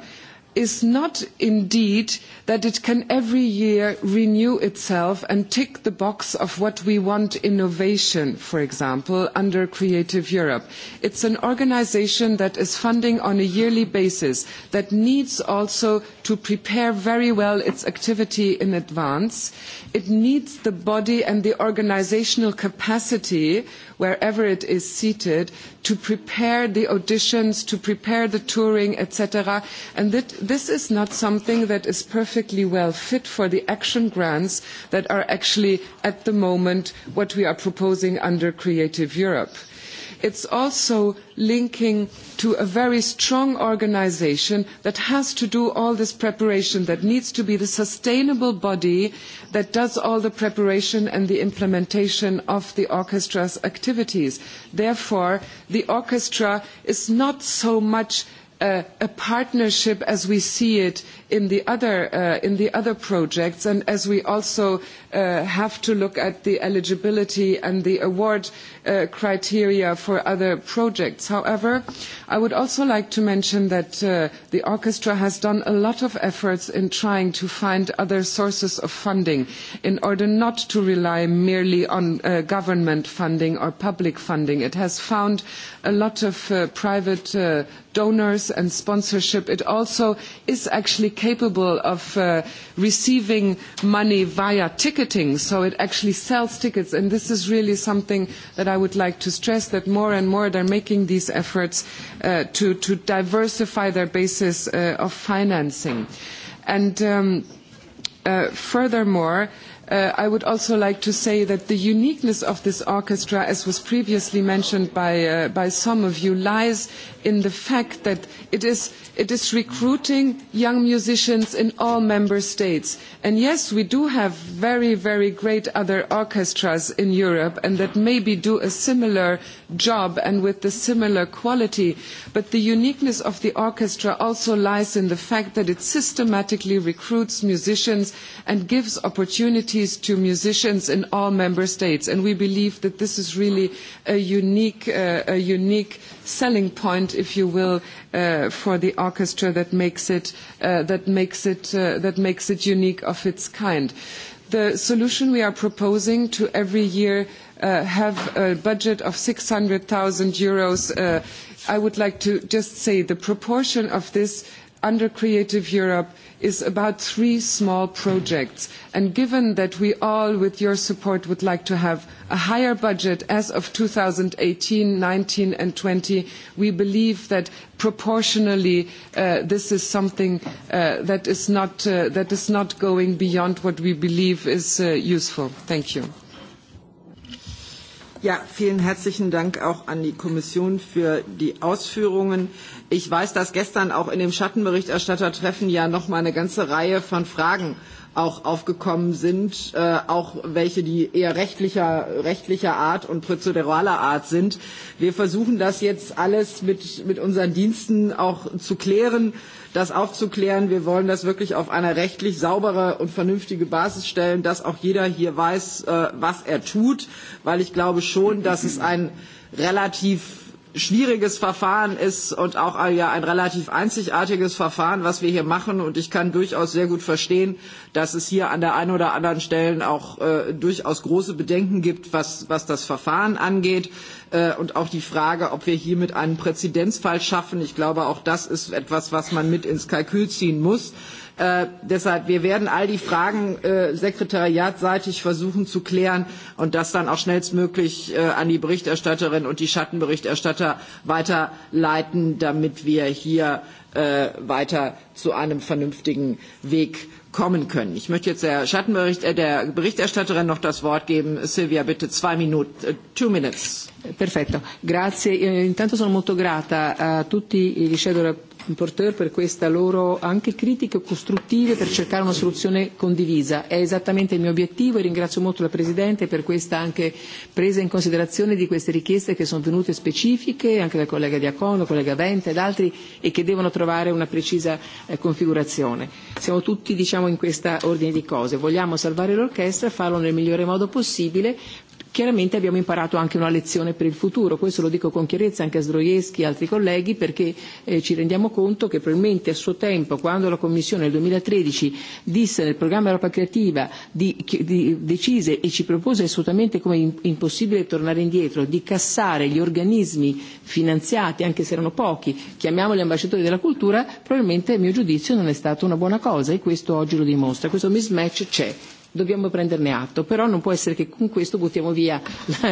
is not indeed that it can every year renew itself and tick the box of what we want innovation, for example, under Creative Europe. It's an organisation that is funding on a yearly basis, that needs also to prepare very well its activity in advance it needs the body and the organisational capacity wherever it is seated to prepare the auditions to prepare the touring etc and this is not something that is perfectly well fit for the action grants that are actually at the moment what we are proposing under creative europe it's also linking to a very strong organisation that has to do all this preparation, that needs to be the sustainable body that does all the preparation and the implementation of the orchestra's activities. Therefore, the orchestra is not so much a partnership as we see it in the other projects and as we also have to look at the eligibility and the award criteria for other projects. However, I would also like to mention that the orchestra has done a lot of efforts in trying to find other sources of funding in order not to rely merely on government funding or public funding. It has found a lot of private donors and sponsorship. It also is actually capable of receiving money via ticketing, so it actually sells tickets. And this is really something that I would like to stress, that more and more they're making these efforts to diversify their basis of financing. And furthermore, I would also like to say that the uniqueness of this orchestra, as was previously mentioned by some of you, lies in the fact that it is recruiting young musicians in all member states. And yes, we do have very, very great other orchestras in Europe and that maybe do a similar job and with a similar quality. But the uniqueness of the orchestra also lies in the fact that it systematically recruits musicians and gives opportunities to musicians in all member states. And we believe that this is really a unique selling point, if you will, for the orchestra that makes it that makes it that makes it unique of its kind. The solution we are proposing to every year have a budget of 600,000 euros. I would like to just say the proportion of this under Creative Europe is about three small projects. And given that we all, with your support, would like to have a higher budget as of 2018, 19 and 20, we believe that proportionally this is something that is not going beyond what we believe is useful. Thank you. Ja, vielen herzlichen Dank auch an die Kommission für die Ausführungen. Ich weiß, dass gestern auch in dem Schattenberichterstattertreffen ja noch mal eine ganze Reihe von Fragen auch aufgekommen sind, auch welche, die eher rechtlicher, rechtlicher Art und prozeduraler Art sind. Wir versuchen das jetzt alles mit, mit unseren Diensten auch zu klären das aufzuklären. Wir wollen das wirklich auf eine rechtlich saubere und vernünftige Basis stellen, dass auch jeder hier weiß, was er tut, weil ich glaube schon, dass es ein relativ schwieriges Verfahren ist und auch ja ein relativ einzigartiges Verfahren, was wir hier machen. Und ich kann durchaus sehr gut verstehen, dass es hier an der einen oder anderen Stelle auch durchaus große Bedenken gibt, was das Verfahren angeht und auch die Frage, ob wir hiermit einen Präzedenzfall schaffen. Ich glaube, auch das ist etwas, was man mit ins Kalkül ziehen muss. Deshalb, wir werden all die Fragen sekretariatseitig versuchen zu klären und das dann auch schnellstmöglich an die Berichterstatterin und die Schattenberichterstatter weiterleiten, damit wir hier weiter zu einem vernünftigen Weg kommen können. Ich möchte jetzt der, Schattenbericht, der Berichterstatterin noch das Wort geben. Silvia, bitte zwei Minuten. minutes. Perfetto, grazie. Intanto sono molto grata a tutti i shadow rapporteur per questa loro anche critiche costruttive per cercare una soluzione condivisa. È esattamente il mio obiettivo e ringrazio molto la Presidente per questa anche presa in considerazione di queste richieste che sono venute specifiche anche dal collega Diacono, dal collega Vente ed altri e che devono trovare una precisa configurazione. Siamo tutti diciamo in questa ordine di cose. Vogliamo salvare l'orchestra, farlo nel migliore modo possibile, Chiaramente abbiamo imparato anche una lezione per il futuro, questo lo dico con chiarezza anche a Zdrojewski e altri colleghi perché ci rendiamo conto che probabilmente a suo tempo, quando la Commissione nel 2013 disse nel programma Europa Creativa, decise e ci propose assolutamente come impossibile tornare indietro, di cassare gli organismi finanziati, anche se erano pochi, chiamiamoli ambasciatori della cultura, probabilmente a mio giudizio non è stata una buona cosa e questo oggi lo dimostra, questo mismatch c'è dobbiamo prenderne atto però non può essere che con questo buttiamo via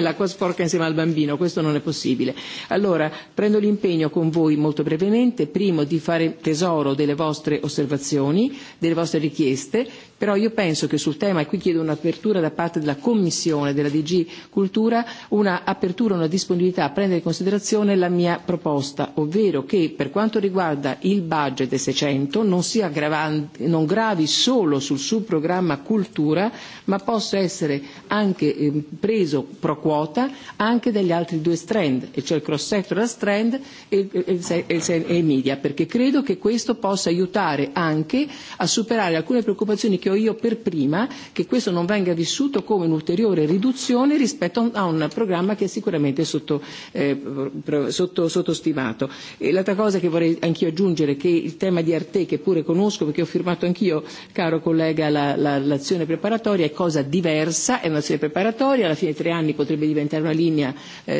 l'acqua sporca insieme al bambino questo non è possibile allora prendo l'impegno con voi molto brevemente primo di fare tesoro delle vostre osservazioni delle vostre richieste però io penso che sul tema e qui chiedo un'apertura da parte della Commissione della DG Cultura un'apertura una disponibilità a prendere in considerazione la mia proposta ovvero che per quanto riguarda il budget dei 600 non sia non gravi solo sul subprogramma cultura ma possa essere anche preso pro quota anche dagli altri due strand e cioè il cross sectoral strand e i media perché credo che questo possa aiutare anche a superare alcune preoccupazioni che spero io per prima che questo non venga vissuto come un'ulteriore riduzione rispetto a un programma che è sicuramente sottostimato. L'altra cosa che vorrei anch'io aggiungere è che il tema di Arte, che pure conosco perché ho firmato anch'io, caro collega, l'azione preparatoria, è cosa diversa, è un'azione preparatoria, alla fine di tre anni potrebbe diventare una linea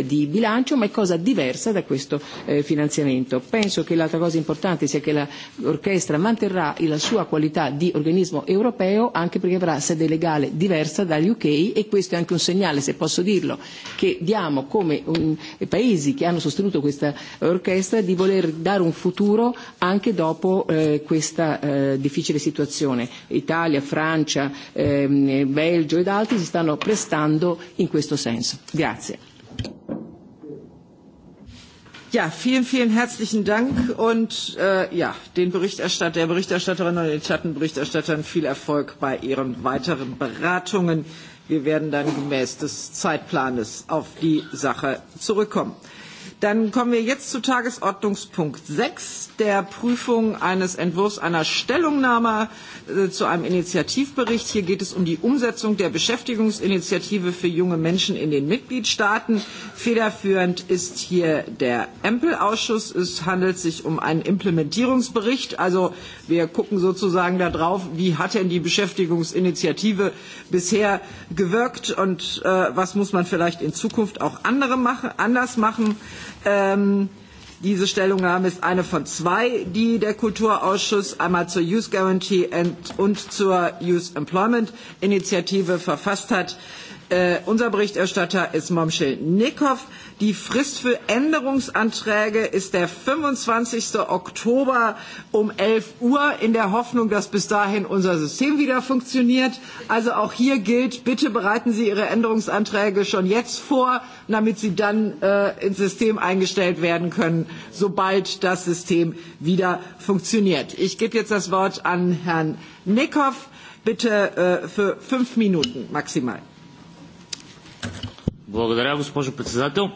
di bilancio, ma è cosa diversa da questo finanziamento. Penso che l'altra cosa importante sia che l'orchestra manterrà la sua qualità di organismo europeo europeo anche perché avrà sede legale diversa dagli UK e questo è anche un segnale, se posso dirlo, che diamo come paesi che hanno sostenuto questa orchestra di voler dare un futuro anche dopo questa difficile situazione. Italia, Francia, Belgio ed altri si stanno prestando in questo senso. Ja, vielen, vielen herzlichen Dank und ja, den Berichterstatter, der Berichterstatterin und den Schattenberichterstattern viel Erfolg bei ihren weiteren Beratungen. Wir werden dann gemäß des Zeitplanes auf die Sache zurückkommen. Dann kommen wir jetzt zu Tagesordnungspunkt 6, der Prüfung eines Entwurfs einer Stellungnahme zu einem Initiativbericht. Hier geht es um die Umsetzung der Beschäftigungsinitiative für junge Menschen in den Mitgliedstaaten. Federführend ist hier der ampel ausschuss Es handelt sich um einen Implementierungsbericht. Also wir gucken sozusagen darauf, wie hat denn die Beschäftigungsinitiative bisher gewirkt und was muss man vielleicht in Zukunft auch anders machen Diese Stellungnahme ist eine von zwei, die der Kulturausschuss einmal zur Youth Guarantee und zur Youth Employment Initiative verfasst hat. Unser Berichterstatter ist Momschel Nikov. Die Frist für Änderungsanträge ist der 25. Oktober um 11 Uhr in der Hoffnung, dass bis dahin unser System wieder funktioniert. Also auch hier gilt, bitte bereiten Sie Ihre Änderungsanträge schon jetzt vor, damit sie dann ins System eingestellt werden können, sobald das System wieder funktioniert. Ich gebe jetzt das Wort an Herrn Nekov bitte für fünf Minuten maximal. Благодаря, госпожо председател.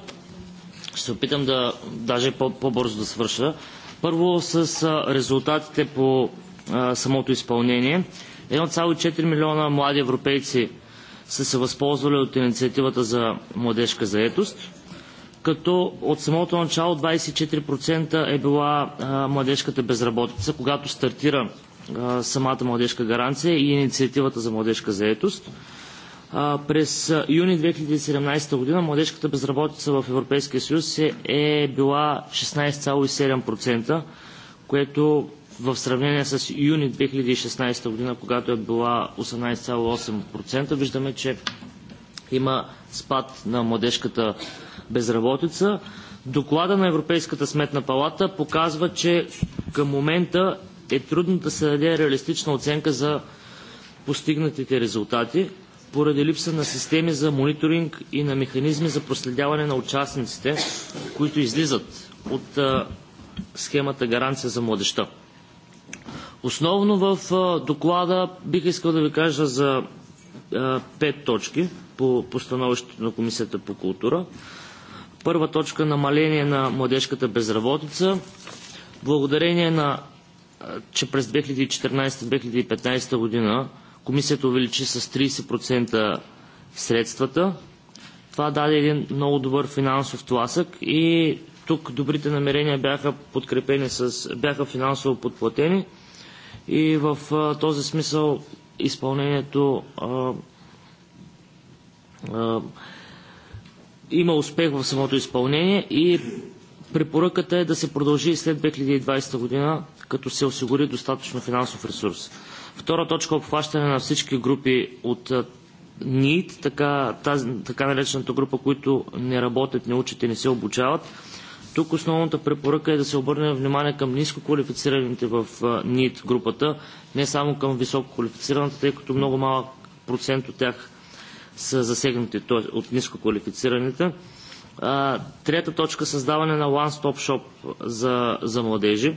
Ще се опитам да даже по-бързо да свърша. Първо с резултатите по самото изпълнение. 1,4 милиона млади европейци са се възползвали от инициативата за младежка заетост, като от самото начало 24% е била младежката безработица, когато стартира самата младежка гаранция и инициативата за младежка заетост. През юни 2017 година младежката безработица в Европейския съюз е била 16,7%, което в сравнение с юни 2016 година, когато е била 18,8%, виждаме, че има спад на младежката безработица. Доклада на Европейската сметна палата показва, че към момента е трудно да се даде реалистична оценка за постигнатите резултати поради липса на системи за мониторинг и на механизми за проследяване на участниците, които излизат от схемата гаранция за младеща. Основно в доклада бих искал да ви кажа за пет точки по постановището на Комисията по култура. Първа точка – намаление на младежката безработица. Благодарение на, че през 2014-2015 година Комисията увеличи с 30% средствата. Това даде един много добър финансов тласък и тук добрите намерения бяха подкрепени с, бяха финансово подплатени и в този смисъл изпълнението а, а, има успех в самото изпълнение и препоръката е да се продължи след 2020 година, като се осигури достатъчно финансов ресурс. Втора точка обхващане на всички групи от НИИТ, така, така наречената група, които не работят, не учат и не се обучават. Тук основната препоръка е да се обърне внимание към ниско квалифицираните в НИИТ групата, не само към високо квалифицираните, тъй като много малък процент от тях са засегнати от ниско квалифицираните. Трета точка – създаване на one-stop shop за, за младежи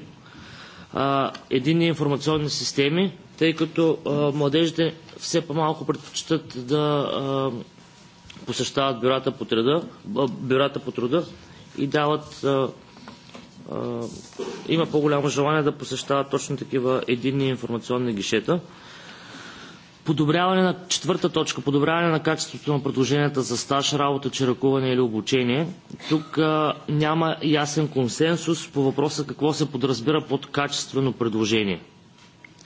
единни информационни системи, тъй като младежите все по-малко предпочитат да посещават бюрата по, труда, бюрата по труда и дават има по-голямо желание да посещават точно такива единни информационни гишета. Подобряване на четвърта точка. Подобряване на качеството на предложенията за стаж, работа, чиракуване или обучение. Тук а, няма ясен консенсус по въпроса какво се подразбира под качествено предложение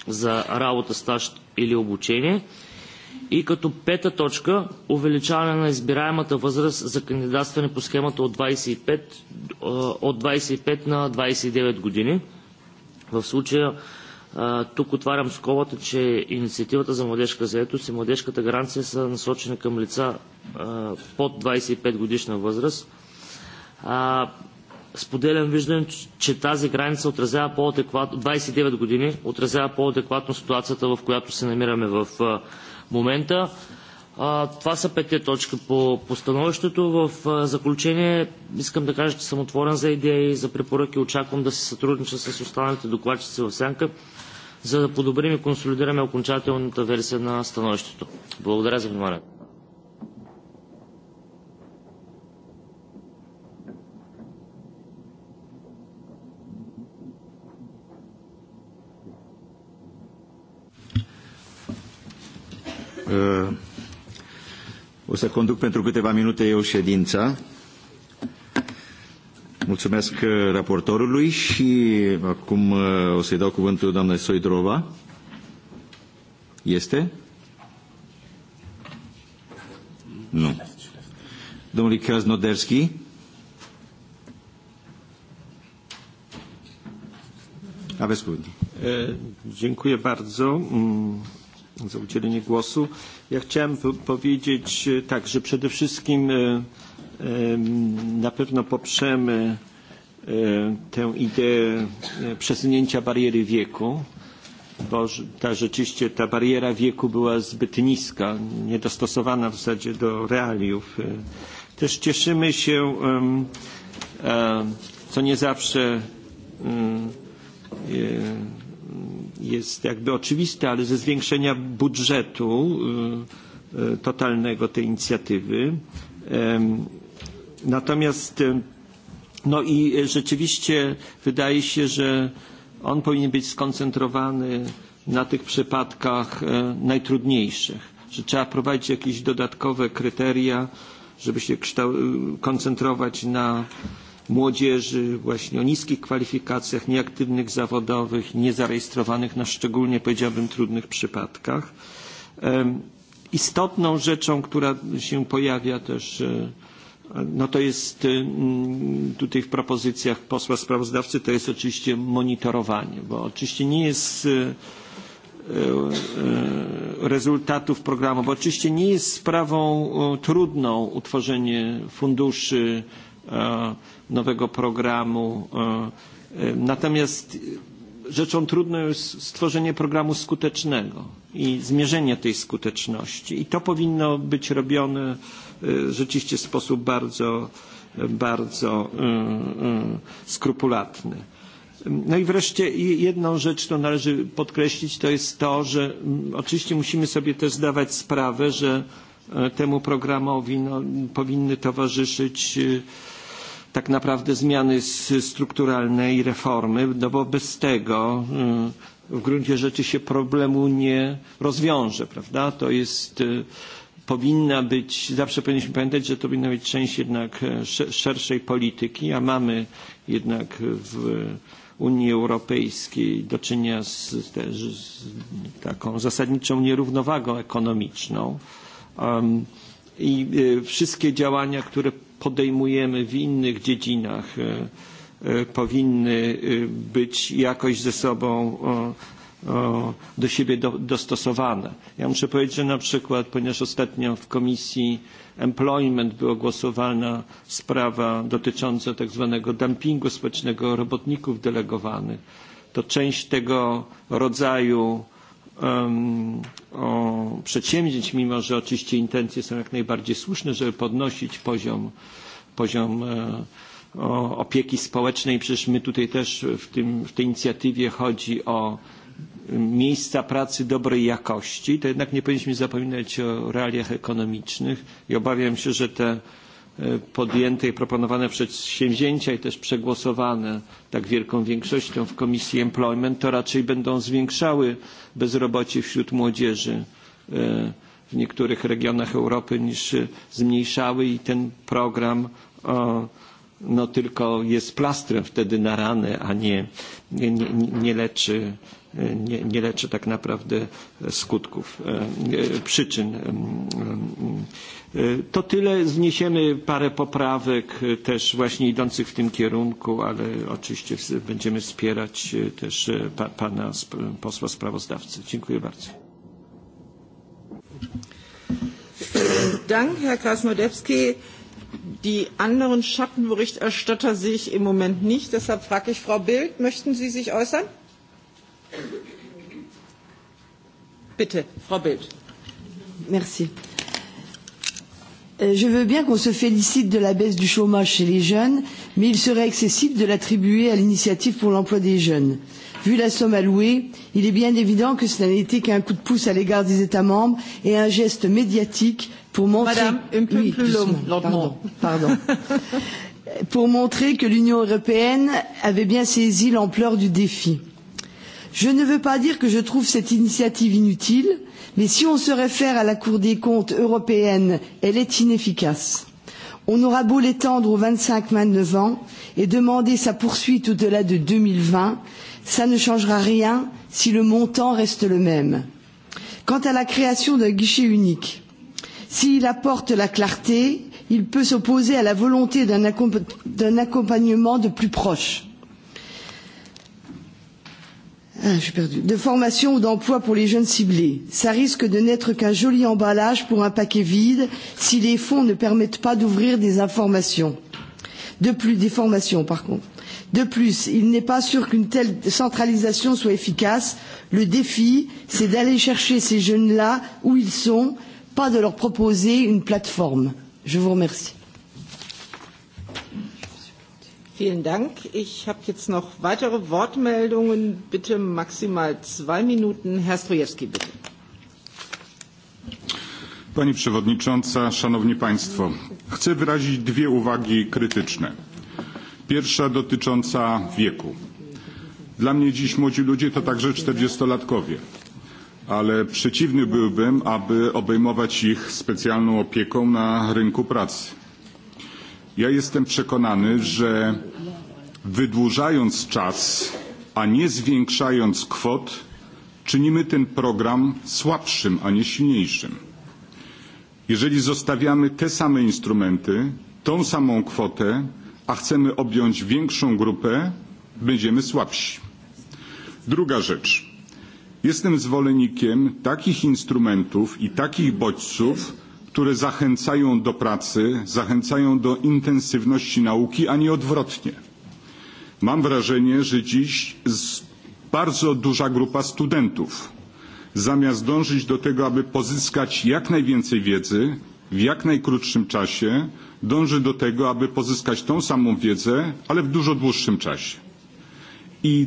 за работа, стаж или обучение. И като пета точка, увеличаване на избираемата възраст за кандидатстване по схемата от 25, от 25 на 29 години. В случая Тук отварям скобата, че инициативата за младежка заетост и младежката гаранция са насочени към лица под 25 годишна възраст. Споделям виждам, че тази граница отразява по-адекватно, 29 години, отразява по-адекватно ситуацията, в която се намираме в момента. Това са петте точки по постановището. В заключение искам да кажа, че съм отворен за идеи, за препоръки. Очаквам да се сътруднича с останалите докладчици в сянка за да подобрим и консолидираме окончателната версия на становището. Благодаря за вниманието. O să conduc pentru câteva minute eu ședința. Mulțumesc raportorului și acum o să-i dau cuvântul doamnei Soidrova. Este? Nu. Domnul Krasnoderski? Aveți cuvântul. Dziękuję bardzo za udzielenie głosu. Ja chciałem powiedzieć tak, że przede wszystkim na pewno poprzemy tę ideę przesunięcia bariery wieku, bo ta rzeczywiście ta bariera wieku była zbyt niska, niedostosowana w zasadzie do realiów. Też cieszymy się, co nie zawsze jest jakby oczywiste, ale ze zwiększenia budżetu totalnego tej inicjatywy Natomiast no i rzeczywiście wydaje się, że on powinien być skoncentrowany na tych przypadkach najtrudniejszych, że trzeba prowadzić jakieś dodatkowe kryteria, żeby się koncentrować na młodzieży właśnie o niskich kwalifikacjach, nieaktywnych zawodowych, niezarejestrowanych na szczególnie powiedziałbym trudnych przypadkach. Istotną rzeczą, która się pojawia też no to jest tutaj w propozycjach posła sprawozdawcy to jest oczywiście monitorowanie, bo oczywiście nie jest rezultatów programu, bo oczywiście nie jest sprawą trudną utworzenie funduszy nowego programu. Natomiast rzeczą trudną jest stworzenie programu skutecznego i zmierzenie tej skuteczności. I to powinno być robione rzeczywiście w sposób bardzo, bardzo skrupulatny. No i wreszcie jedną rzecz, którą należy podkreślić, to jest to, że oczywiście musimy sobie też zdawać sprawę, że temu programowi powinny towarzyszyć tak naprawdę zmiany strukturalne i reformy, no bo bez tego w gruncie rzeczy się problemu nie rozwiąże, prawda? To jest powinna być, zawsze powinniśmy pamiętać, że to powinna być część jednak szerszej polityki, a mamy jednak w Unii Europejskiej do czynienia z taką zasadniczą nierównowagą ekonomiczną i wszystkie działania, które podejmujemy w innych dziedzinach powinny być jakoś ze sobą do siebie dostosowane. Ja muszę powiedzieć, że na przykład, ponieważ ostatnio w Komisji Employment była głosowana sprawa dotycząca tak zwanego dumpingu społecznego robotników delegowanych, to część tego rodzaju przedsięwzięć, mimo że oczywiście intencje są jak najbardziej słuszne, żeby podnosić poziom opieki społecznej. Przecież my tutaj też w tej inicjatywie chodzi o miejsca pracy dobrej jakości, to jednak nie powinniśmy zapominać o realiach ekonomicznych i obawiam się, że te podjęte i proponowane przedsięwzięcia i też przegłosowane tak wielką większością w Komisji Employment to raczej będą zwiększały bezrobocie wśród młodzieży w niektórych regionach Europy niż zmniejszały i ten program tylko jest plastrem wtedy na rane, a nie leczy nie, nie leczy tak naprawdę skutków, przyczyn. To tyle. Zniesiemy parę poprawek też właśnie idących w tym kierunku, ale oczywiście będziemy wspierać też pana posła sprawozdawcy. Dziękuję bardzo. Dank, Herr Krasnodewski. Die anderen Schattenberichterstatter sehe ich im Moment nicht. Deshalb frage ich Frau Bild, möchten Sie sich äußern? Bitte, Frau Bild. Merci. Je veux bien qu'on se félicite de la baisse du chômage chez les jeunes, mais il serait excessif de l'attribuer à l'initiative pour l'emploi des jeunes. Vu la somme allouée, il est bien évident que ce n'a été qu'un coup de pouce à l'égard des États membres et un geste médiatique pour montrer un peu plus pour montrer que l'Union européenne avait bien saisi l'ampleur du défi je ne veux pas dire que je trouve cette initiative inutile mais si on se réfère à la cour des comptes européenne elle est inefficace. on aura beau l'étendre aux vingt cinq vingt neuf ans et demander sa poursuite au delà de deux mille vingt cela ne changera rien si le montant reste le même. quant à la création d'un guichet unique s'il apporte la clarté il peut s'opposer à la volonté d'un accompagnement de plus proche de formation ou d'emploi pour les jeunes ciblés. Ça risque de n'être qu'un joli emballage pour un paquet vide si les fonds ne permettent pas d'ouvrir des informations. De plus, des formations par contre. De plus, il n'est pas sûr qu'une telle centralisation soit efficace. Le défi, c'est d'aller chercher ces jeunes-là où ils sont, pas de leur proposer une plateforme. Je vous remercie. Vielen Dank. Ich habe jetzt noch weitere Wortmeldungen. Bitte maximal zwei Minuten. Herr Strojewski, bitte. Pani Przewodnicząca, Szanowni Państwo. Chcę wyrazić dwie uwagi krytyczne. Pierwsza dotycząca wieku. Dla mnie dziś młodzi ludzie to także czterdziestolatkowie, ale przeciwny byłbym, aby obejmować ich specjalną opieką na rynku pracy ja jestem przekonany że wydłużając czas a nie zwiększając kwot czynimy ten program słabszym a nie silniejszym. jeżeli zostawiamy te same instrumenty tą samą kwotę a chcemy objąć większą grupę będziemy słabsi. druga rzecz jestem zwolennikiem takich instrumentów i takich bodźców które zachęcają do pracy, zachęcają do intensywności nauki, a nie odwrotnie. Mam wrażenie, że dziś bardzo duża grupa studentów, zamiast dążyć do tego, aby pozyskać jak najwięcej wiedzy w jak najkrótszym czasie, dąży do tego, aby pozyskać tą samą wiedzę, ale w dużo dłuższym czasie. I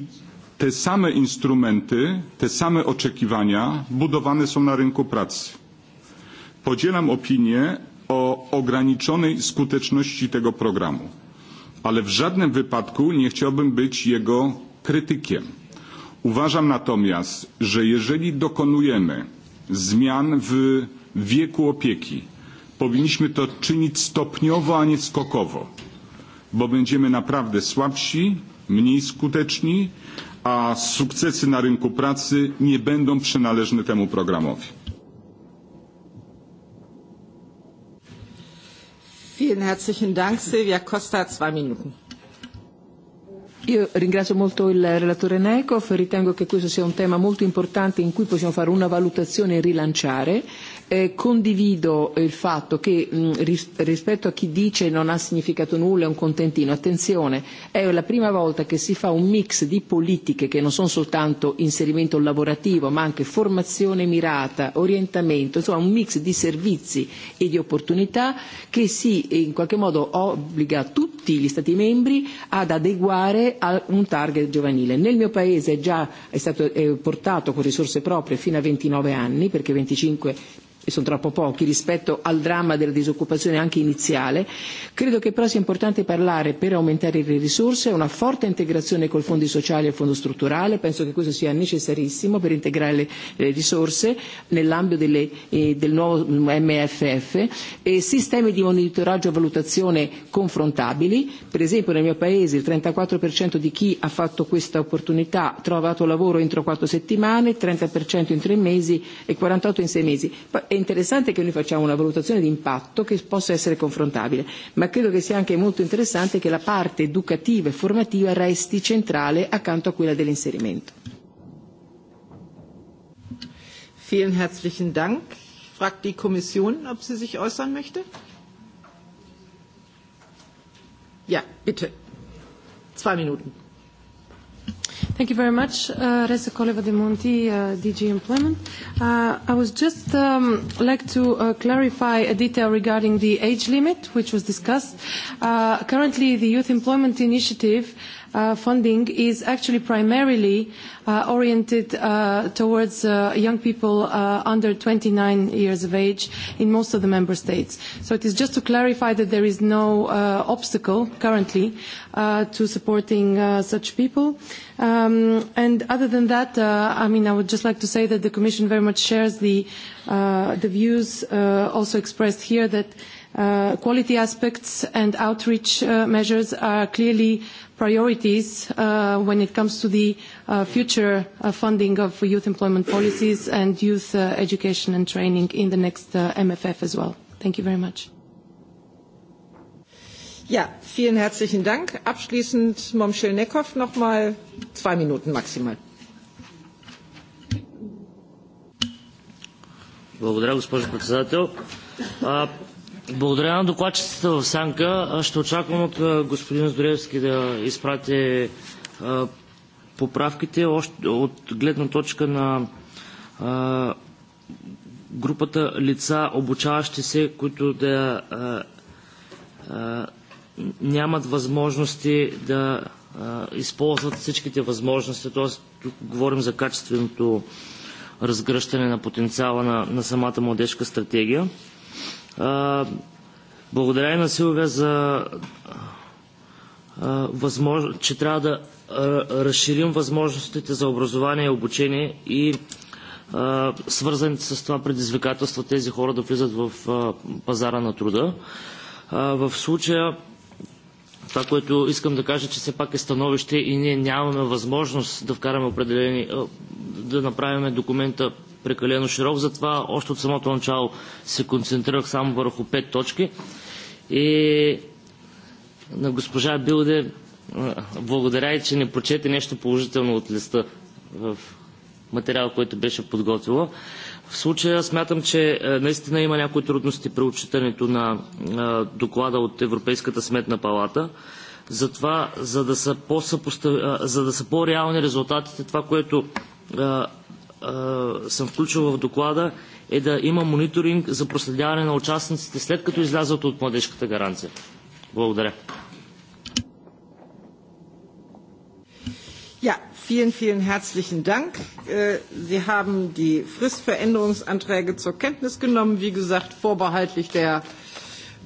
te same instrumenty, te same oczekiwania budowane są na rynku pracy Podzielam opinię o ograniczonej skuteczności tego programu, ale w żadnym wypadku nie chciałbym być jego krytykiem. Uważam natomiast, że jeżeli dokonujemy zmian w wieku opieki, powinniśmy to czynić stopniowo, a nie skokowo, bo będziemy naprawdę słabsi, mniej skuteczni, a sukcesy na rynku pracy nie będą przynależne temu programowi. Vielen Silvia Costa, Io ringrazio molto il relatore Nekov, ritengo che questo sia un tema molto importante in cui possiamo fare una valutazione e rilanciare Condivido il fatto che rispetto a chi dice non ha significato nulla, è un contentino, attenzione, è la prima volta che si fa un mix di politiche che non sono soltanto inserimento lavorativo ma anche formazione mirata, orientamento, insomma un mix di servizi e di opportunità che si in qualche modo obbliga tutti gli Stati membri ad adeguare a un target giovanile. Nel mio paese già è stato portato con risorse proprie fino a 29 anni perché 25 e sono troppo pochi rispetto al dramma della disoccupazione anche iniziale, credo che però sia importante parlare per aumentare le risorse una forte integrazione con i fondi sociali e il fondo strutturale, penso che questo sia necessarissimo per integrare le risorse nell'ambito del nuovo MFF, e sistemi di monitoraggio e valutazione confrontabili, per esempio nel mio paese il 34% di chi ha fatto questa opportunità ha trovato lavoro entro quattro settimane, il 30% in tre mesi e 48% in sei mesi interessante che noi facciamo una valutazione di impatto che possa essere confrontabile, ma credo che sia anche molto interessante che la parte educativa e formativa resti centrale accanto a quella dell'inserimento. Vielen herzlichen Dank. ob sie sich äußern möchte? Thank you very much. Reza Koleva de Monti, DG Employment. I would just like to clarify a detail regarding the age limit, which was discussed. Currently, the Youth Employment Initiative funding is actually primarily oriented towards young people under 29 years of age in most of the member states. So it is just to clarify that there is no obstacle currently to supporting such people. And other than that, I mean, I would just like to say that the Commission very much shares the views also expressed here that quality aspects and outreach measures are clearly priorities when it comes to the future funding of youth employment policies and youth education and training in the next MFF as well. Thank you very much. Ja, vielen herzlichen Dank. Abschließend Momschel Neckov noch mal zwei Minuten maximal. Благодаря, госпожо председател. Благодаря на докладчицата в Сянка. Ще очаквам от господин Здоревски да изпрати поправките от гледна точка на групата лица, обучаващи се, които да нямат възможности да използват всичките възможности. Т.е. тук говорим за качественото разгръщане на потенциала на, на самата младежка стратегия. Благодаря и на Силвия за възможност, че трябва да разширим възможностите за образование и обучение и свързаните с това предизвикателства тези хора да влизат в пазара на труда. В случая Това, което искам да кажа, че все пак е становище и ние нямаме възможност да вкараме определени, да направим документа прекалено широк, затова още от самото начало се концентрирах само върху пет точки. И на госпожа Билде благодаря и, че не прочете нещо положително от листа в материал, който беше подготвила. В случая смятам, че наистина има някои трудности при отчитането на доклада от Европейската сметна палата. Затова, за да са, по за да са по-реални резултатите, това, което съм включил в доклада, е да има мониторинг за проследяване на участниците след като излязат от младежката гаранция. Благодаря. Vielen, vielen herzlichen Dank. Sie haben die Fristveränderungsanträge zur Kenntnis genommen. Wie gesagt, vorbehaltlich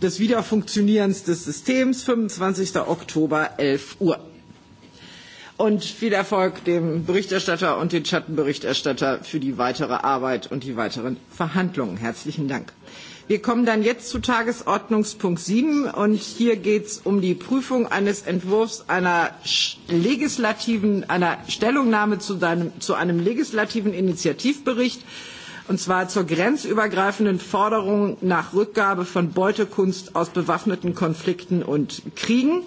des Wiederfunktionierens des Systems, 25. Oktober, 11 Uhr. Und viel Erfolg dem Berichterstatter und den Schattenberichterstatter für die weitere Arbeit und die weiteren Verhandlungen. Herzlichen Dank. Wir kommen dann jetzt zu Tagesordnungspunkt 7 und hier geht es um die Prüfung eines Entwurfs einer legislativen, einer Stellungnahme zu einem legislativen Initiativbericht und zwar zur grenzübergreifenden Forderung nach Rückgabe von Beutekunst aus bewaffneten Konflikten und Kriegen.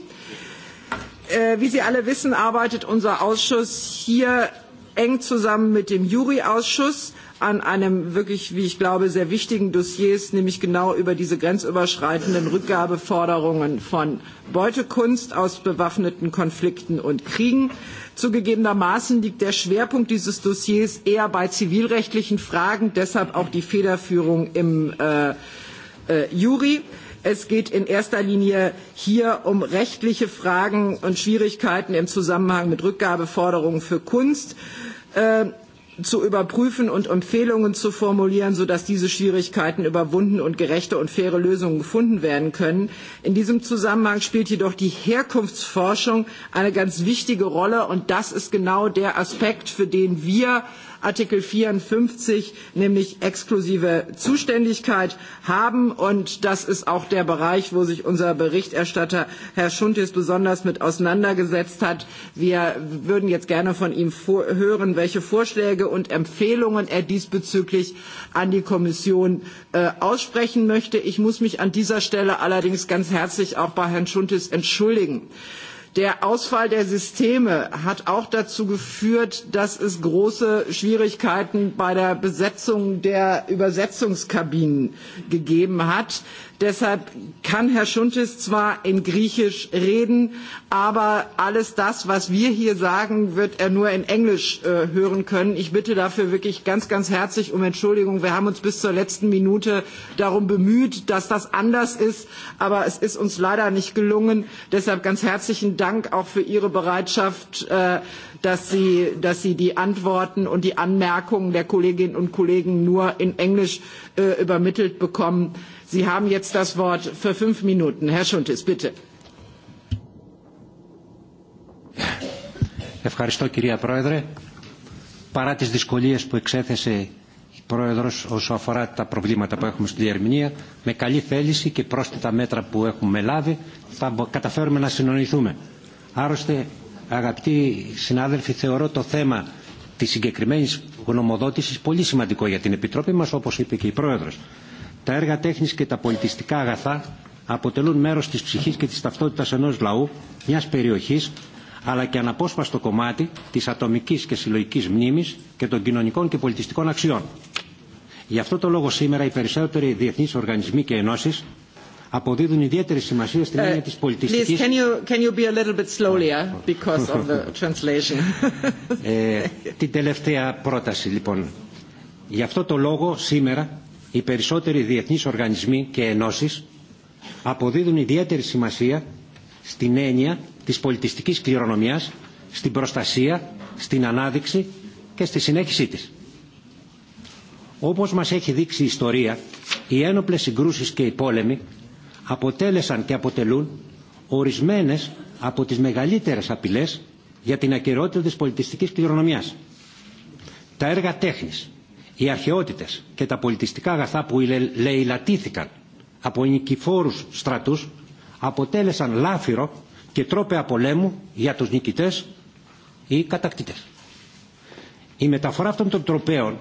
Wie Sie alle wissen, arbeitet unser Ausschuss hier eng zusammen mit dem Juri-Ausschuss an einem wirklich, wie ich glaube, sehr wichtigen Dossier, nämlich genau über diese grenzüberschreitenden Rückgabeforderungen von Beutekunst aus bewaffneten Konflikten und Kriegen. Zugegebenermaßen liegt der Schwerpunkt dieses Dossiers eher bei zivilrechtlichen Fragen, deshalb auch die Federführung im Juri. Es geht in erster Linie hier um rechtliche Fragen und Schwierigkeiten im Zusammenhang mit Rückgabeforderungen für Kunst zu überprüfen und Empfehlungen zu formulieren, sodass diese Schwierigkeiten überwunden und gerechte und faire Lösungen gefunden werden können. In diesem Zusammenhang spielt jedoch die Herkunftsforschung eine ganz wichtige Rolle, und das ist genau der Aspekt, für den wir Artikel 54, nämlich exklusive Zuständigkeit haben. Und das ist auch der Bereich, wo sich unser Berichterstatter Herr Schuntis besonders mit auseinandergesetzt hat. Wir würden jetzt gerne von ihm hören, welche Vorschläge und Empfehlungen er diesbezüglich an die Kommission aussprechen möchte. Ich muss mich an dieser Stelle allerdings ganz herzlich auch bei Herrn Schuntis entschuldigen Der Ausfall der Systeme hat auch dazu geführt, dass es große Schwierigkeiten bei der Besetzung der Übersetzungskabinen gegeben hat Deshalb kann Herr Schuntes zwar in Griechisch reden, aber alles das, was wir hier sagen, wird er nur in Englisch hören können. Ich bitte dafür wirklich ganz, ganz herzlich um Entschuldigung. Wir haben uns bis zur letzten Minute darum bemüht, dass das anders ist, aber es ist uns leider nicht gelungen. Deshalb ganz herzlichen Dank auch für Ihre Bereitschaft, dass sie die Antworten und die Anmerkungen der Kolleginnen und Kollegen nur in Englisch äh, übermittelt bekommen. Sie haben jetzt das Wort für fünf Minuten. Herr Schuntes, bitte. Ευχαριστώ κυρία Πρόεδρε. Παρά τις δυσκολίες που εξέθεσε η Πρόεδρος όσο αφορά τα προβλήματα που έχουμε στη διερμηνία, με καλή θέληση και πρόσθετα μέτρα που έχουμε λάβει θα καταφέρουμε να συνονιθούμε. Άρωστε αγαπητοί συνάδελφοι, θεωρώ το θέμα της συγκεκριμένης γνωμοδότησης πολύ σημαντικό για την Επιτροπή μας, όπως είπε και η Πρόεδρος. Τα έργα τέχνης και τα πολιτιστικά αγαθά αποτελούν μέρος της ψυχής και της ταυτότητας ενός λαού, μιας περιοχής, αλλά και αναπόσπαστο κομμάτι της ατομικής και συλλογικής μνήμης και των κοινωνικών και πολιτιστικών αξιών. Γι' αυτό το λόγο σήμερα οι περισσότεροι διεθνείς οργανισμοί και ενώσεις αποδίδουν ιδιαίτερη σημασία στην ε, έννοια της πολιτιστικής... Την τελευταία πρόταση λοιπόν. Γι' αυτό το λόγο σήμερα οι περισσότεροι διεθνείς οργανισμοί και ενώσεις αποδίδουν ιδιαίτερη σημασία στην έννοια της πολιτιστικής κληρονομιάς, στην προστασία, στην ανάδειξη και στη συνέχισή της. Όπως μας έχει δείξει η ιστορία, οι ένοπλες συγκρούσεις και οι πόλεμοι αποτέλεσαν και αποτελούν ορισμένες από τις μεγαλύτερες απειλές για την ακαιρότητα της πολιτιστικής κληρονομιάς. Τα έργα τέχνης, οι αρχαιότητες και τα πολιτιστικά αγαθά που λαιλατήθηκαν από νικηφόρους στρατούς αποτέλεσαν λάφυρο και τρόπε πολέμου για τους νικητές ή κατακτητές. Η μεταφορά αυτών των τροπέων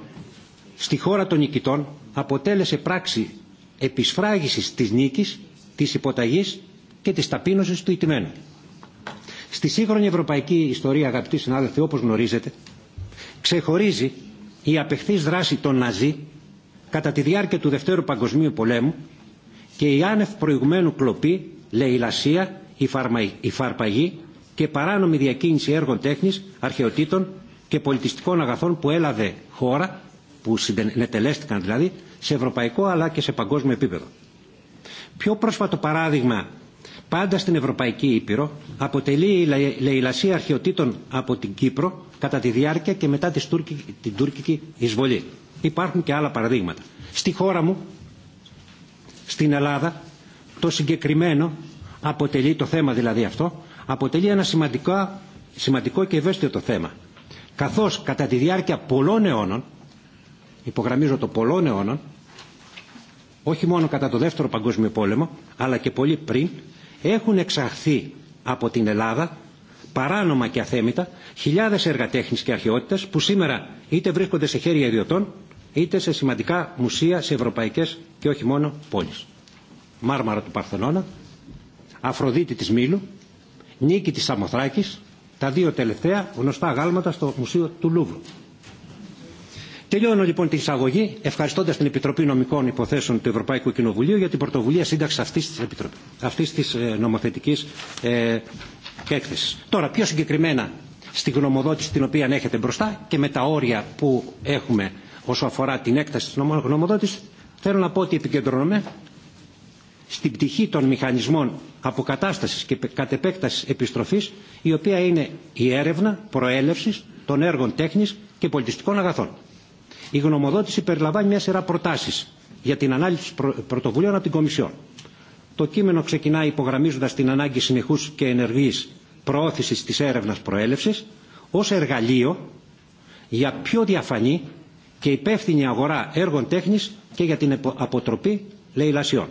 στη χώρα των νικητών αποτέλεσε πράξη επισφράγησης της νίκης της υποταγής και της ταπείνωσης του ιτημένου. Στη σύγχρονη ευρωπαϊκή ιστορία, αγαπητοί συνάδελφοι, όπως γνωρίζετε, ξεχωρίζει η απεχθής δράση των Ναζί κατά τη διάρκεια του Δευτέρου Παγκοσμίου Πολέμου και η άνευ προηγουμένου κλοπή, λαιλασία, φαρπαγή και παράνομη διακίνηση έργων τέχνης, αρχαιοτήτων και πολιτιστικών αγαθών που έλαβε χώρα, που συνετελέστηκαν δηλαδή, σε ευρωπαϊκό αλλά και σε παγκόσμιο επίπεδο. Πιο πρόσφατο παράδειγμα πάντα στην Ευρωπαϊκή Ήπειρο αποτελεί η λαιλασία αρχαιοτήτων από την Κύπρο κατά τη διάρκεια και μετά την τουρκική εισβολή. Υπάρχουν και άλλα παραδείγματα. Στη χώρα μου, στην Ελλάδα, το συγκεκριμένο αποτελεί, το θέμα δηλαδή αυτό, αποτελεί ένα σημαντικό, σημαντικό και ευαίσθητο θέμα. Καθώς κατά τη διάρκεια πολλών αιώνων, υπογραμμίζω το πολλών αιώνων, όχι μόνο κατά το δεύτερο παγκόσμιο πόλεμο αλλά και πολύ πριν έχουν εξαχθεί από την Ελλάδα παράνομα και αθέμητα χιλιάδες εργατέχνε και αρχαιότητε που σήμερα είτε βρίσκονται σε χέρια ιδιωτών είτε σε σημαντικά μουσεία σε ευρωπαϊκές και όχι μόνο πόλεις. Μάρμαρα του Παρθενώνα, Αφροδίτη της Μήλου, Νίκη τη Σαμοθράκης, τα δύο τελευταία γνωστά γάλματα στο Μουσείο του Λούβρου. Τελειώνω λοιπόν την εισαγωγή ευχαριστώντα την Επιτροπή Νομικών Υποθέσεων του Ευρωπαϊκού Κοινοβουλίου για την πρωτοβουλία σύνταξη αυτή τη ε, νομοθετική ε, έκθεση. Τώρα, πιο συγκεκριμένα στη γνωμοδότηση την οποία έχετε μπροστά και με τα όρια που έχουμε όσο αφορά την έκταση της γνωμοδότησης, θέλω να πω ότι επικεντρώνομαι στην πτυχή των μηχανισμών αποκατάστασης και κατ' επέκταση επιστροφής, η οποία είναι η έρευνα προέλευσης των έργων τέχνης και πολιτιστικών αγαθών. Η γνωμοδότηση περιλαμβάνει μια σειρά προτάσει για την ανάλυση πρωτοβουλίων από την Κομισιόν. Το κείμενο ξεκινά υπογραμμίζοντα την ανάγκη συνεχού και ενεργή προώθηση τη έρευνα προέλευση ω εργαλείο για πιο διαφανή και υπεύθυνη αγορά έργων τέχνης και για την αποτροπή λαιλασιών.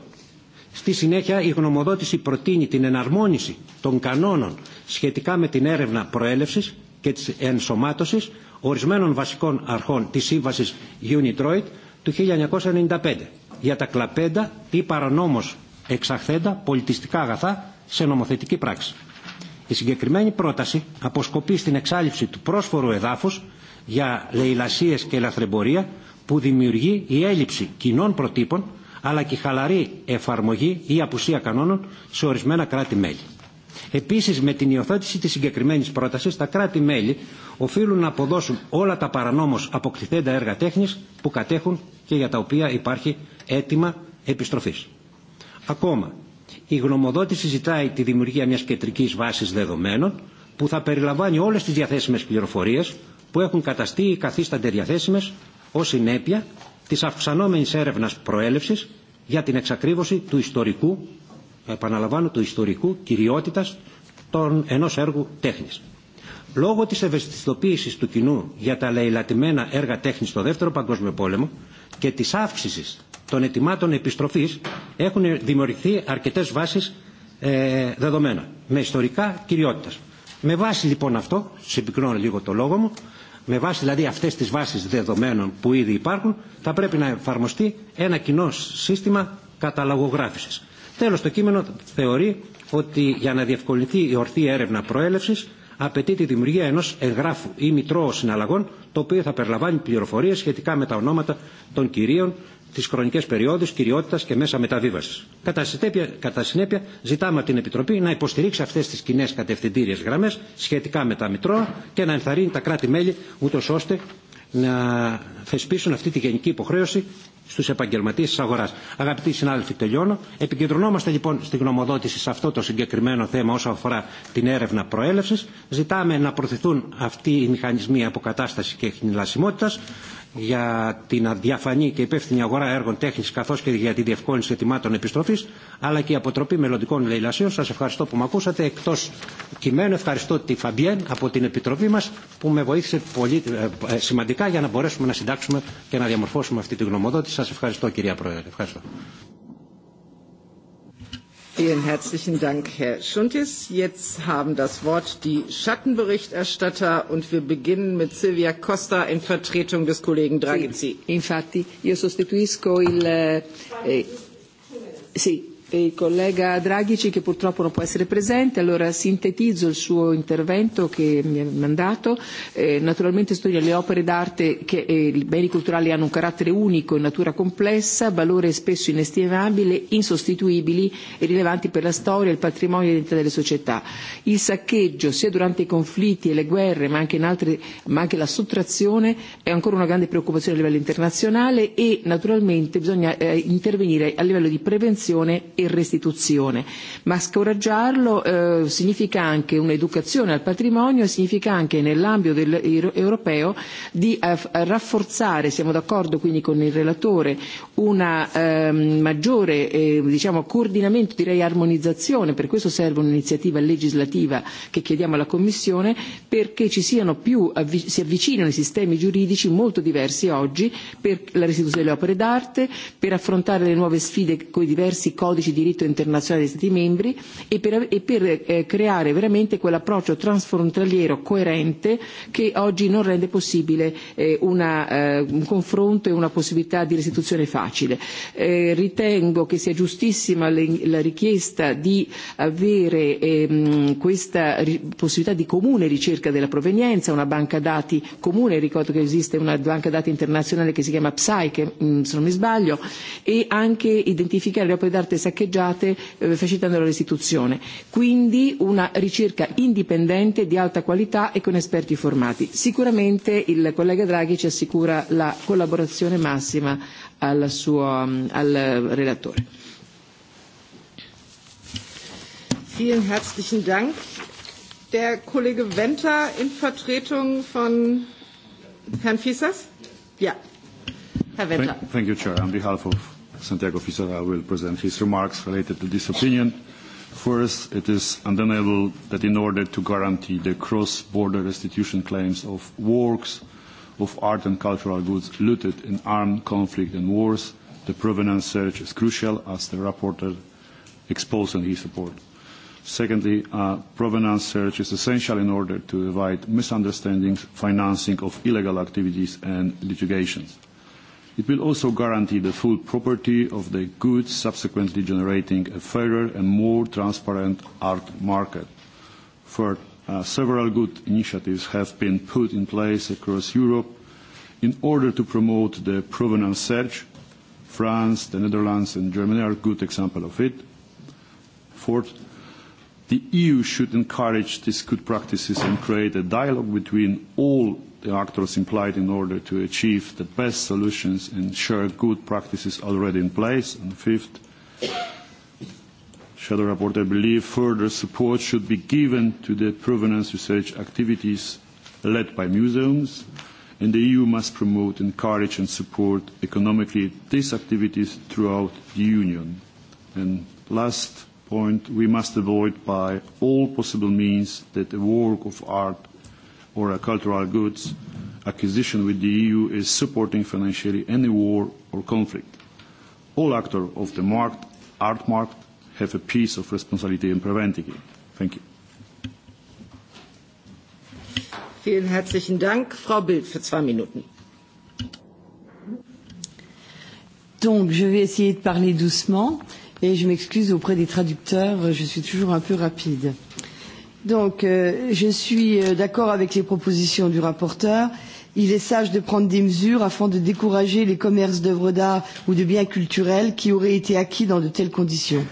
Στη συνέχεια η γνωμοδότηση προτείνει την εναρμόνιση των κανόνων σχετικά με την έρευνα προέλευση και τη ενσωμάτωση ορισμένων βασικών αρχών της σύμβασης Unitroid του 1995 για τα κλαπέντα ή παρανόμως εξαχθέντα πολιτιστικά αγαθά σε νομοθετική πράξη. Η συγκεκριμένη πρόταση αποσκοπεί στην εξάλληψη του πρόσφορου εδάφους για λαιλασίες και ελαθρεμπορία που δημιουργεί η έλλειψη κοινών προτύπων αλλά και χαλαρή εφαρμογή ή απουσία κανόνων σε ορισμένα κράτη-μέλη. Επίσης με την υιοθέτηση της συγκεκριμένης πρότασης τα κράτη-μέλη οφείλουν να αποδώσουν όλα τα παρανόμως αποκτηθέντα έργα τέχνης που κατέχουν και για τα οποία υπάρχει αίτημα επιστροφής. Ακόμα, η γνωμοδότηση ζητάει τη δημιουργία μιας κεντρικής βάσης δεδομένων που θα περιλαμβάνει όλες τις διαθέσιμες πληροφορίες που έχουν καταστεί ή καθίστανται διαθέσιμες ως συνέπεια της αυξανόμενης έρευνας προέλευσης για την εξακρίβωση του ιστορικού επαναλαμβάνω του ιστορικού κυριότητας των, ενός έργου τέχνης. Λόγω της ευαισθητοποίησης του κοινού για τα λαιλατημένα έργα τέχνης στο Δεύτερο Παγκόσμιο Πόλεμο και της αύξησης των ετοιμάτων επιστροφής έχουν δημιουργηθεί αρκετές βάσεις ε, δεδομένα με ιστορικά κυριότητας. Με βάση λοιπόν αυτό, συμπυκνώνω λίγο το λόγο μου, με βάση δηλαδή αυτές τις βάσεις δεδομένων που ήδη υπάρχουν, θα πρέπει να εφαρμοστεί ένα κοινό σύστημα καταλαγογράφησης Τέλος, το κείμενο θεωρεί ότι για να διευκολυνθεί η ορθή έρευνα προέλευσης απαιτεί τη δημιουργία ενός εγγράφου ή μητρώου συναλλαγών το οποίο θα περιλαμβάνει πληροφορίες σχετικά με τα ονόματα των κυρίων τι χρονικέ περιόδου κυριότητα και μέσα μεταβίβαση. Κατά συνέπεια, ζητάμε από την Επιτροπή να υποστηρίξει αυτέ τι κοινέ κατευθυντήριε γραμμέ σχετικά με τα Μητρώα και να ενθαρρύνει τα κράτη-μέλη, ούτω ώστε να θεσπίσουν αυτή τη γενική υποχρέωση στους επαγγελματίες της αγοράς. Αγαπητοί συνάδελφοι, τελειώνω. Επικεντρωνόμαστε λοιπόν στη γνωμοδότηση σε αυτό το συγκεκριμένο θέμα όσο αφορά την έρευνα προέλευσης. Ζητάμε να προωθηθούν αυτοί οι μηχανισμοί αποκατάστασης και χνηλασιμότητας για την αδιαφανή και υπεύθυνη αγορά έργων τέχνης καθώς και για τη διευκόλυνση ετοιμάτων επιστροφής αλλά και η αποτροπή μελλοντικών λαϊλασίων. Σας ευχαριστώ που με ακούσατε. Εκτός κειμένου ευχαριστώ τη Φαμπιέν από την Επιτροπή μας που με βοήθησε πολύ ε, ε, σημαντικά για να μπορέσουμε να συντάξουμε και να διαμορφώσουμε αυτή τη γνωμοδότηση. Σα ευχαριστώ κυρία Πρόεδρε. Ευχαριστώ. Vielen herzlichen Dank, Herr Schuntis. Jetzt haben das Wort die Schattenberichterstatter und wir beginnen mit Silvia Costa in Vertretung des Kollegen Draghi. Infatti, io sostituisco il. Sì, il collega Draghici che purtroppo non può essere presente, allora sintetizzo il suo intervento che mi ha mandato. Naturalmente studia le opere d'arte che i beni culturali hanno un carattere unico in natura complessa, valore spesso inestimabile, insostituibili e rilevanti per la storia e il patrimonio e l'identità delle società. Il saccheggio, sia durante i conflitti e le guerre, ma anche in altre ma anche la sottrazione è ancora una grande preoccupazione a livello internazionale e naturalmente bisogna intervenire a livello di prevenzione e restituzione, ma scoraggiarlo significa anche un'educazione al patrimonio e significa anche nell'ambito europeo di rafforzare, siamo d'accordo quindi con il relatore, un maggiore coordinamento, direi armonizzazione, per questo serve un'iniziativa legislativa che chiediamo alla Commissione perché ci siano più si avvicinano i sistemi giuridici molto diversi oggi per la restituzione delle opere d'arte, per affrontare le nuove sfide con i diversi codici di diritto internazionale degli Stati membri e per creare veramente quell'approccio transfrontaliero coerente che oggi non rende possibile un confronto e una possibilità di restituzione facile. Ritengo che sia giustissima la richiesta di avere questa possibilità di comune ricerca della provenienza, una banca dati comune, ricordo che esiste una banca dati internazionale che si chiama PSAI, se non mi sbaglio, e anche identificare le opere d'arte saccheggiate facilitando la restituzione. Quindi una ricerca indipendente di alta qualità e con esperti formati. Sicuramente il collega Draghi ci assicura la collaborazione massima al suo, al relatore. Vielen herzlichen Dank. Der Kollege Wenter in Vertretung von Herrn Fiesers? Ja. Herr Wenter. Thank you, Chair. On behalf of Santiago Fisara will present his remarks related to this opinion. First, it is undeniable that in order to guarantee the cross-border restitution claims of works of art and cultural goods looted in armed conflict and wars, the provenance search is crucial, as the rapporteur exposed in his report. Secondly, provenance search is essential in order to avoid misunderstandings, financing of illegal activities and litigations. It will also guarantee the full property of the goods, subsequently generating a fairer and more transparent art market. For several good initiatives have been put in place across Europe in order to promote the provenance search. France, the Netherlands and Germany are good examples of it. Fourth, the EU should encourage these good practices and create a dialogue between all the actors implied in order to achieve the best solutions and share good practices already in place. And fifth, Shadow Rapporteur believe further support should be given to the provenance research activities led by museums, and the EU must promote, encourage and support economically these activities throughout the Union. And last point, we must avoid by all possible means that the work of art or cultural goods acquisition with the EU is supporting financially any war or conflict. All actors of the market, art market, have a piece of responsibility in preventing it. Thank you. Vielen herzlichen Dank. Frau Bild für zwei Minuten. Donc, je vais essayer de parler doucement et je m'excuse auprès des traducteurs, je suis toujours un peu rapide. Donc, je suis d'accord avec les propositions du rapporteur. Il est sage de prendre des mesures afin de décourager les commerces d'œuvres d'art ou de biens culturels qui auraient été acquis dans de telles conditions.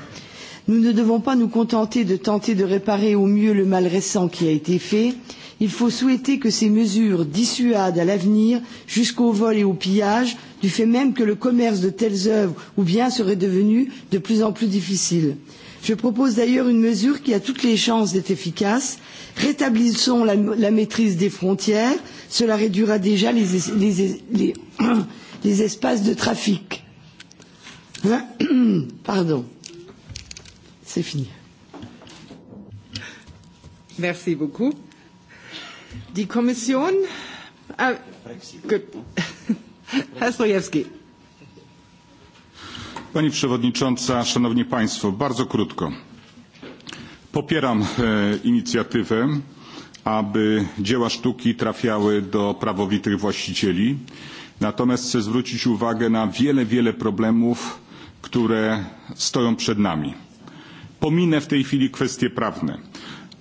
Nous ne devons pas nous contenter de tenter de réparer au mieux le mal récent qui a été fait. Il faut souhaiter que ces mesures dissuadent à l'avenir jusqu'au vol et au pillage, du fait même que le commerce de telles œuvres ou biens serait devenu de plus en plus difficile. Je propose d'ailleurs une mesure qui a toutes les chances d'être efficace. Rétablissons la maîtrise des frontières. Cela réduira déjà les espaces de trafic. Pardon. C'est fini. Merci beaucoup. Die Kommission. Pani Przewodnicząca, Szanowni Państwo, bardzo krótko. Popieram inicjatywę, aby dzieła sztuki trafiały do prawowitych właścicieli. Natomiast chcę zwrócić uwagę na wiele, wiele problemów, które stoją przed nami. Pominę w tej chwili kwestie prawne,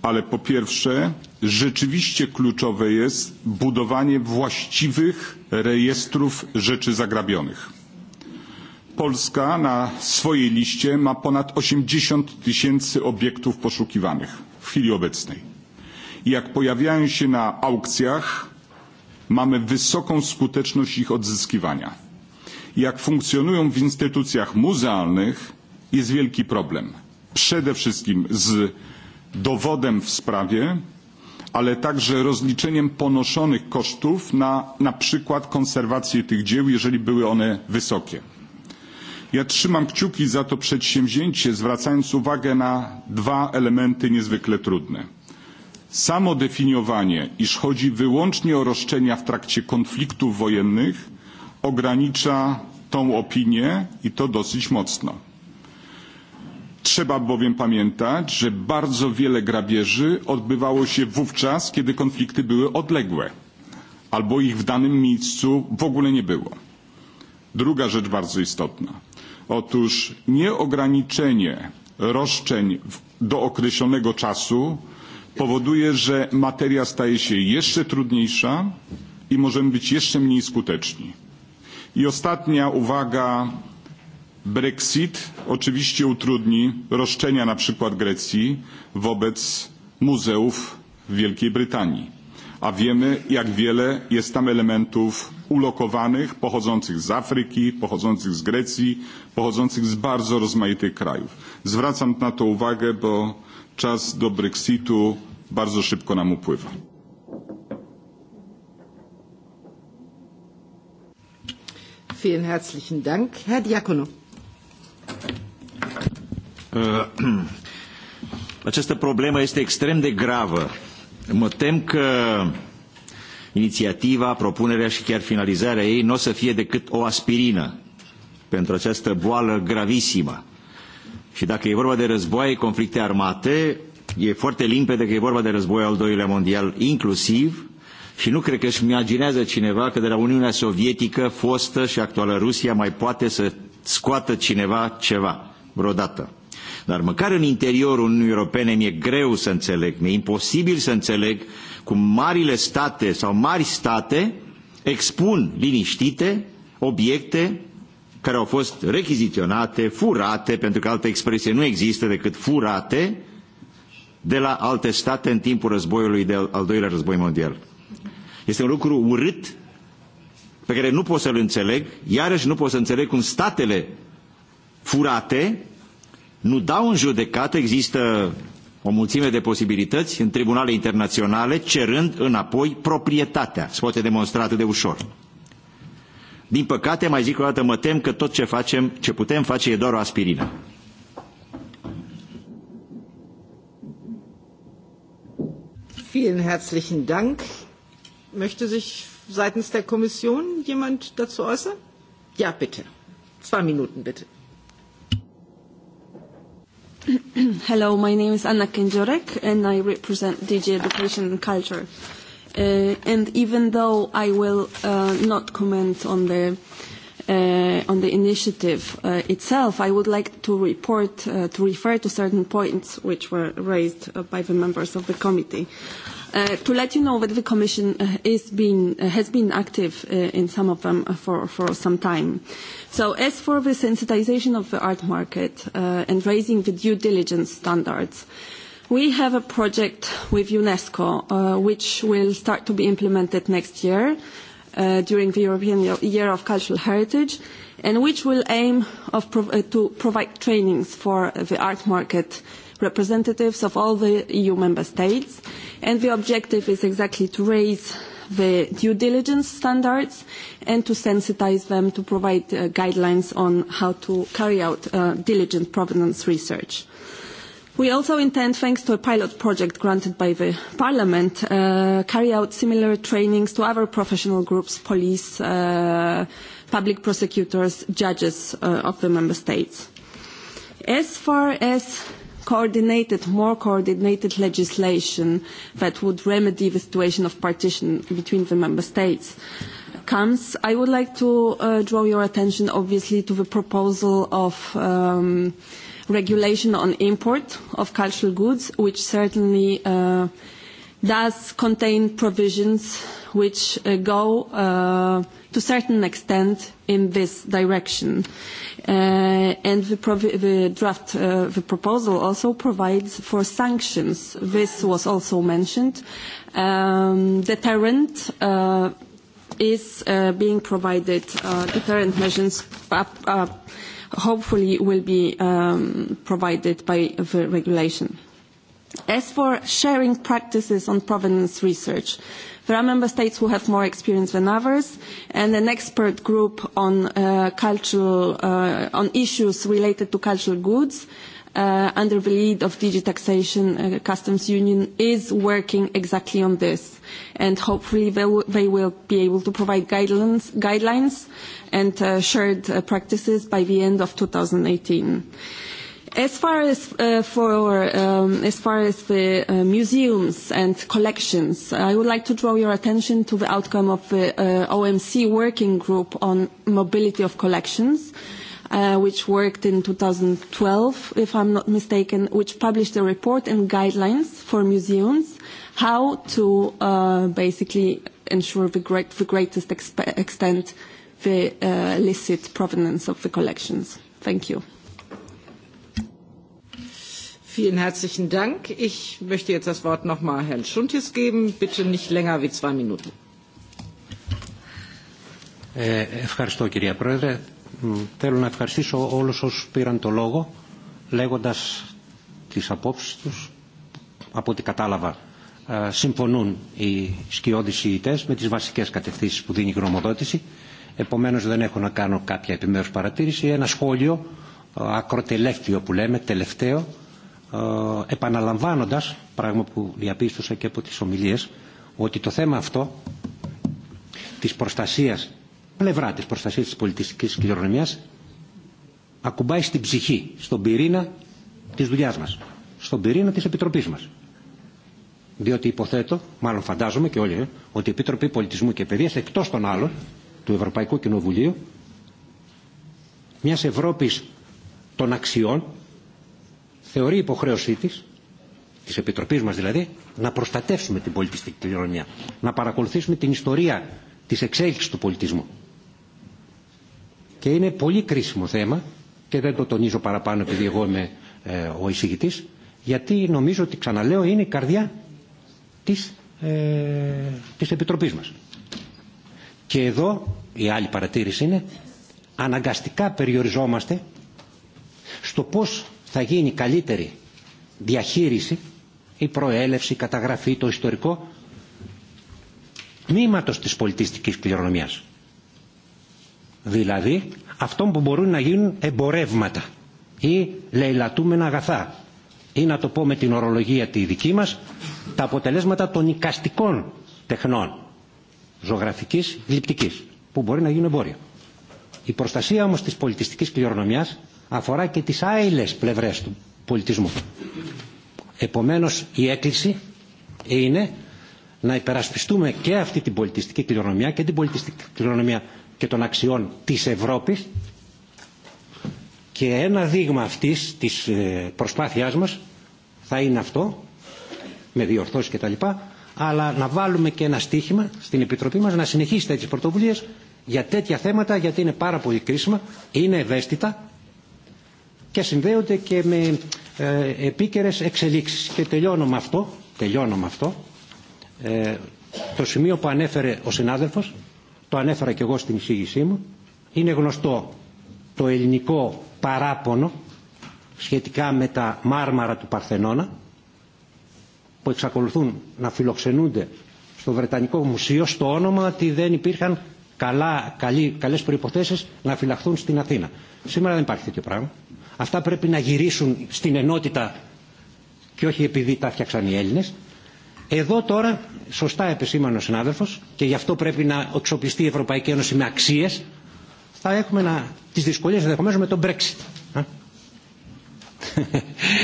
ale po pierwsze rzeczywiście kluczowe jest budowanie właściwych rejestrów rzeczy zagrabionych. Polska na swojej liście ma ponad 80 tysięcy obiektów poszukiwanych w chwili obecnej. I jak pojawiają się na aukcjach, mamy wysoką skuteczność ich odzyskiwania. Jak funkcjonują w instytucjach muzealnych, jest wielki problem. Przede wszystkim z dowodem w sprawie, ale także rozliczeniem ponoszonych kosztów na na przykład konserwację tych dzieł, jeżeli były one wysokie. Ja trzymam kciuki za to przedsięwzięcie, zwracając uwagę na dwa elementy niezwykle trudne. Samo definiowanie, iż chodzi wyłącznie o roszczenia w trakcie konfliktów wojennych, ogranicza tą opinię i to dosyć mocno. Trzeba bowiem pamiętać, że bardzo wiele grabieży odbywało się wówczas, kiedy konflikty były odległe albo ich w danym miejscu w ogóle nie było. Druga rzecz bardzo istotna. Otóż nieograniczenie roszczeń do określonego czasu powoduje, że materia staje się jeszcze trudniejsza i możemy być jeszcze mniej skuteczni. I ostatnia uwaga. Brexit oczywiście utrudni roszczenia na przykład Grecji wobec muzeów w Wielkiej Brytanii a wiemy, jak wiele jest tam elementów ulokowanych, pochodzących z Afryki, pochodzących z Grecji, pochodzących z bardzo rozmaitych krajów. Zwracam na to uwagę, bo czas do Brexitu bardzo szybko nam upływa. Vielen herzlichen Dank. Herr Diakono. problemă este mă tem că inițiativa, propunerea și chiar finalizarea ei nu o să fie decât o aspirină pentru această boală gravisimă. Și dacă e vorba de războaie, conflicte armate, e foarte limpede că e vorba de război al doilea mondial inclusiv și nu cred că își imaginează cineva că de la Uniunea Sovietică, fostă și actuală Rusia, mai poate să scoată cineva ceva vreodată. Dar măcar în interiorul Uniunii Europene mi-e greu să înțeleg, mi-e imposibil să înțeleg cum marile state sau mari state expun liniștite obiecte care au fost rechiziționate, furate, pentru că altă expresie nu există decât furate, de la alte state în timpul războiului de al doilea război mondial. Este un lucru urât pe care nu pot să-l înțeleg, iarăși nu pot să înțeleg cum statele furate nu dau în judecată, există o mulțime de posibilități în tribunale internaționale cerând înapoi proprietatea. Se poate demonstra de ușor. Din păcate, mai zic o dată, mă tem că tot ce facem, ce putem face e doar o aspirină. Vielen herzlichen Dank. Möchte sich seitens der Kommission jemand dazu äußern? Ja, bitte. Zwei Minuten, bitte. Hello, my name is Anna Kędziorek and I represent DG Education and Culture. And even though I will not comment on the on the initiative itself, I would like to report to refer to certain points which were raised by the members of the committee. To let you know that the Commission has been active in some of them for some time. So as for the sensitisation of the art market and raising the due diligence standards, we have a project with UNESCO which will start to be implemented next year during the European Year of Cultural Heritage and which will aim to provide trainings for the art market representatives of all the EU member states, and the objective is exactly to raise the due diligence standards and to sensitise them to provide guidelines on how to carry out diligent provenance research. We also intend, thanks to a pilot project granted by the Parliament, to carry out similar trainings to other professional groups, police, public prosecutors, judges of the Member States. As far as coordinated, more coordinated legislation that would remedy the situation of partition between the member states comes. I would like to draw your attention, obviously, to the proposal of regulation on import of cultural goods, which certainly does contain provisions which go to a certain extent in this direction and the draft the proposal also provides for sanctions this was also mentioned deterrent is being provided deterrent measures hopefully will be provided by the regulation as for sharing practices on provenance research There are member states who have more experience than others, and an expert group on cultural on issues related to cultural goods under the lead of Digitaxation Taxation Customs Union is working exactly on this and hopefully they will be able to provide guidelines and shared practices by the end of 2018. As far as for as far as the museums and collections, I would like to draw your attention to the outcome of the OMC working group on mobility of collections, which worked in 2012, if I'm not mistaken, which published a report and guidelines for museums how to basically ensure the greatest extent the illicit provenance of the collections. Thank you. Ευχαριστώ κυρία Πρόεδρε. Θέλω να ευχαριστήσω όλους όσους πήραν το λόγο λέγοντας τις απόψεις τους από ό,τι κατάλαβα ε, συμφωνούν οι σκιώδεις ηγητές με τις βασικές κατευθύνσεις που δίνει η γνωμοδότηση επομένως δεν έχω να κάνω κάποια επιμέρους παρατήρηση ένα σχόλιο ε, ακροτελεύτιο που λέμε τελευταίο ε, επαναλαμβάνοντας, πράγμα που διαπίστωσα και από τις ομιλίες, ότι το θέμα αυτό της προστασίας, πλευρά της προστασίας της πολιτιστικής κληρονομιάς, ακουμπάει στην ψυχή, στον πυρήνα της δουλειάς μας, στον πυρήνα της Επιτροπής μας. Διότι υποθέτω, μάλλον φαντάζομαι και όλοι, ε, ότι η Επιτροπή Πολιτισμού και Παιδείας, εκτός των άλλων, του Ευρωπαϊκού Κοινοβουλίου, μιας Ευρώπης των αξιών, θεωρεί υποχρέωσή της, της Επιτροπής μας δηλαδή, να προστατεύσουμε την πολιτιστική κληρονομιά, να παρακολουθήσουμε την ιστορία της εξέλιξης του πολιτισμού. Και είναι πολύ κρίσιμο θέμα και δεν το τονίζω παραπάνω επειδή εγώ είμαι ε, ο εισηγητής, γιατί νομίζω ότι ξαναλέω είναι η καρδιά της, ε, της Επιτροπής μας. Και εδώ η άλλη παρατήρηση είναι αναγκαστικά περιοριζόμαστε στο πώς θα γίνει καλύτερη διαχείριση η προέλευση, η καταγραφή, το ιστορικό μήματος της πολιτιστικής κληρονομιάς. Δηλαδή αυτό που μπορούν να γίνουν εμπορεύματα ή λαιλατούμενα αγαθά ή να το πω με την ορολογία τη δική μας τα αποτελέσματα των οικαστικών τεχνών ζωγραφικής, γλυπτικής που μπορεί να γίνουν εμπόρια. Η προστασία όμως της πολιτιστικής κληρονομιάς αφορά και τις άειλες πλευρές του πολιτισμού. Επομένως η έκκληση είναι να υπερασπιστούμε και αυτή την πολιτιστική κληρονομιά και την πολιτιστική κληρονομιά και των αξιών της Ευρώπης και ένα δείγμα αυτής της ε, προσπάθειάς μας θα είναι αυτό με διορθώσεις και τα λοιπά αλλά να βάλουμε και ένα στίχημα στην Επιτροπή μας να συνεχίσει τέτοιες πρωτοβουλίες για τέτοια θέματα γιατί είναι πάρα πολύ κρίσιμα, είναι ευαίσθητα και συνδέονται και με ε, επίκαιρες εξελίξεις. Και τελειώνω με αυτό, τελειώνω με αυτό ε, το σημείο που ανέφερε ο συνάδελφος, το ανέφερα και εγώ στην εισήγησή μου, είναι γνωστό το ελληνικό παράπονο σχετικά με τα μάρμαρα του Παρθενώνα που εξακολουθούν να φιλοξενούνται στο Βρετανικό Μουσείο στο όνομα ότι δεν υπήρχαν καλά, καλή, καλές προϋποθέσεις να φυλαχθούν στην Αθήνα. Σήμερα δεν υπάρχει τέτοιο πράγμα. Αυτά πρέπει να γυρίσουν στην ενότητα και όχι επειδή τα φτιάξαν οι Έλληνες. Εδώ τώρα, σωστά επισήμανε ο συνάδελφος, και γι' αυτό πρέπει να εξοπλιστεί η Ευρωπαϊκή Ένωση με αξίες, θα έχουμε να, τις δυσκολίες ενδεχομένω με τον Brexit.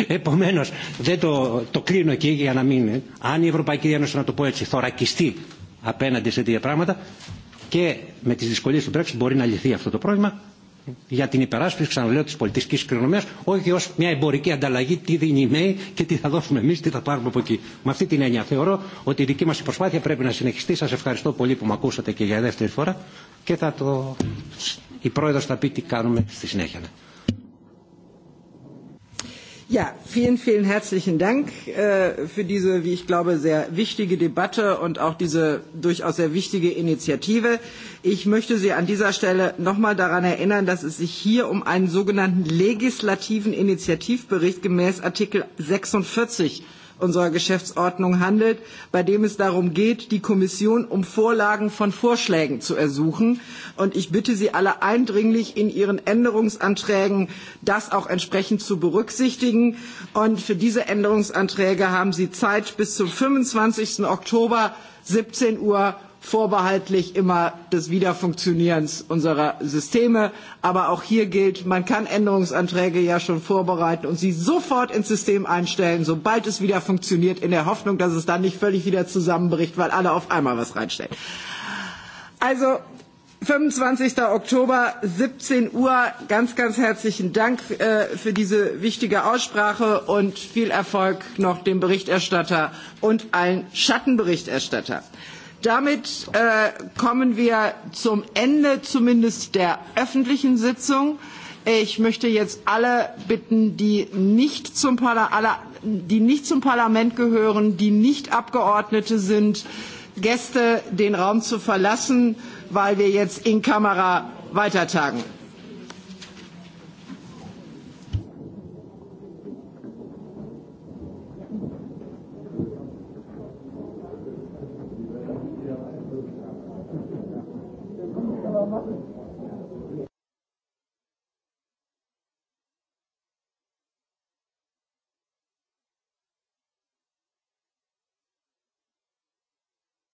Επομένως, δεν το, το κλείνω εκεί για να μην... Αν η Ευρωπαϊκή Ένωση, να το πω έτσι, θωρακιστεί απέναντι σε τέτοια πράγματα και με τις δυσκολίες του Brexit μπορεί να λυθεί αυτό το πρόβλημα για την υπεράσπιση, ξαναλέω, τη πολιτιστική κληρονομιά, όχι ω μια εμπορική ανταλλαγή, τι δίνει η ΜΕΗ και τι θα δώσουμε εμεί, τι θα πάρουμε από εκεί. Με αυτή την έννοια θεωρώ ότι η δική μα προσπάθεια πρέπει να συνεχιστεί. Σα ευχαριστώ πολύ που με ακούσατε και για δεύτερη φορά και θα το... η πρόεδρο θα πει τι κάνουμε στη συνέχεια. Ja, vielen, vielen herzlichen Dank für diese, wie ich glaube, sehr wichtige Debatte und auch diese durchaus sehr wichtige Initiative. Ich möchte Sie an dieser Stelle noch einmal daran erinnern, dass es sich hier um einen sogenannten legislativen Initiativbericht gemäß Artikel 46 unserer Geschäftsordnung handelt, bei dem es darum geht, die Kommission um Vorlagen von Vorschlägen zu ersuchen. Und ich bitte Sie alle eindringlich, in Ihren Änderungsanträgen das auch entsprechend zu berücksichtigen. Und für diese Änderungsanträge haben Sie Zeit bis zum 25. Oktober 17 Uhr vorbehaltlich immer des Wiederfunktionierens unserer Systeme. Aber auch hier gilt, man kann Änderungsanträge ja schon vorbereiten und sie sofort ins System einstellen, sobald es wieder funktioniert, in der Hoffnung, dass es dann nicht völlig wieder zusammenbricht, weil alle auf einmal was reinstellen. Also 25. Oktober, 17 Uhr. Ganz, ganz herzlichen Dank für diese wichtige Aussprache und viel Erfolg noch dem Berichterstatter und allen Schattenberichterstattern damit kommen wir zum ende zumindest der öffentlichen sitzung. ich möchte jetzt alle bitten die nicht zum parlament gehören die nicht abgeordnete sind gäste den raum zu verlassen weil wir jetzt in kamera weitertagen.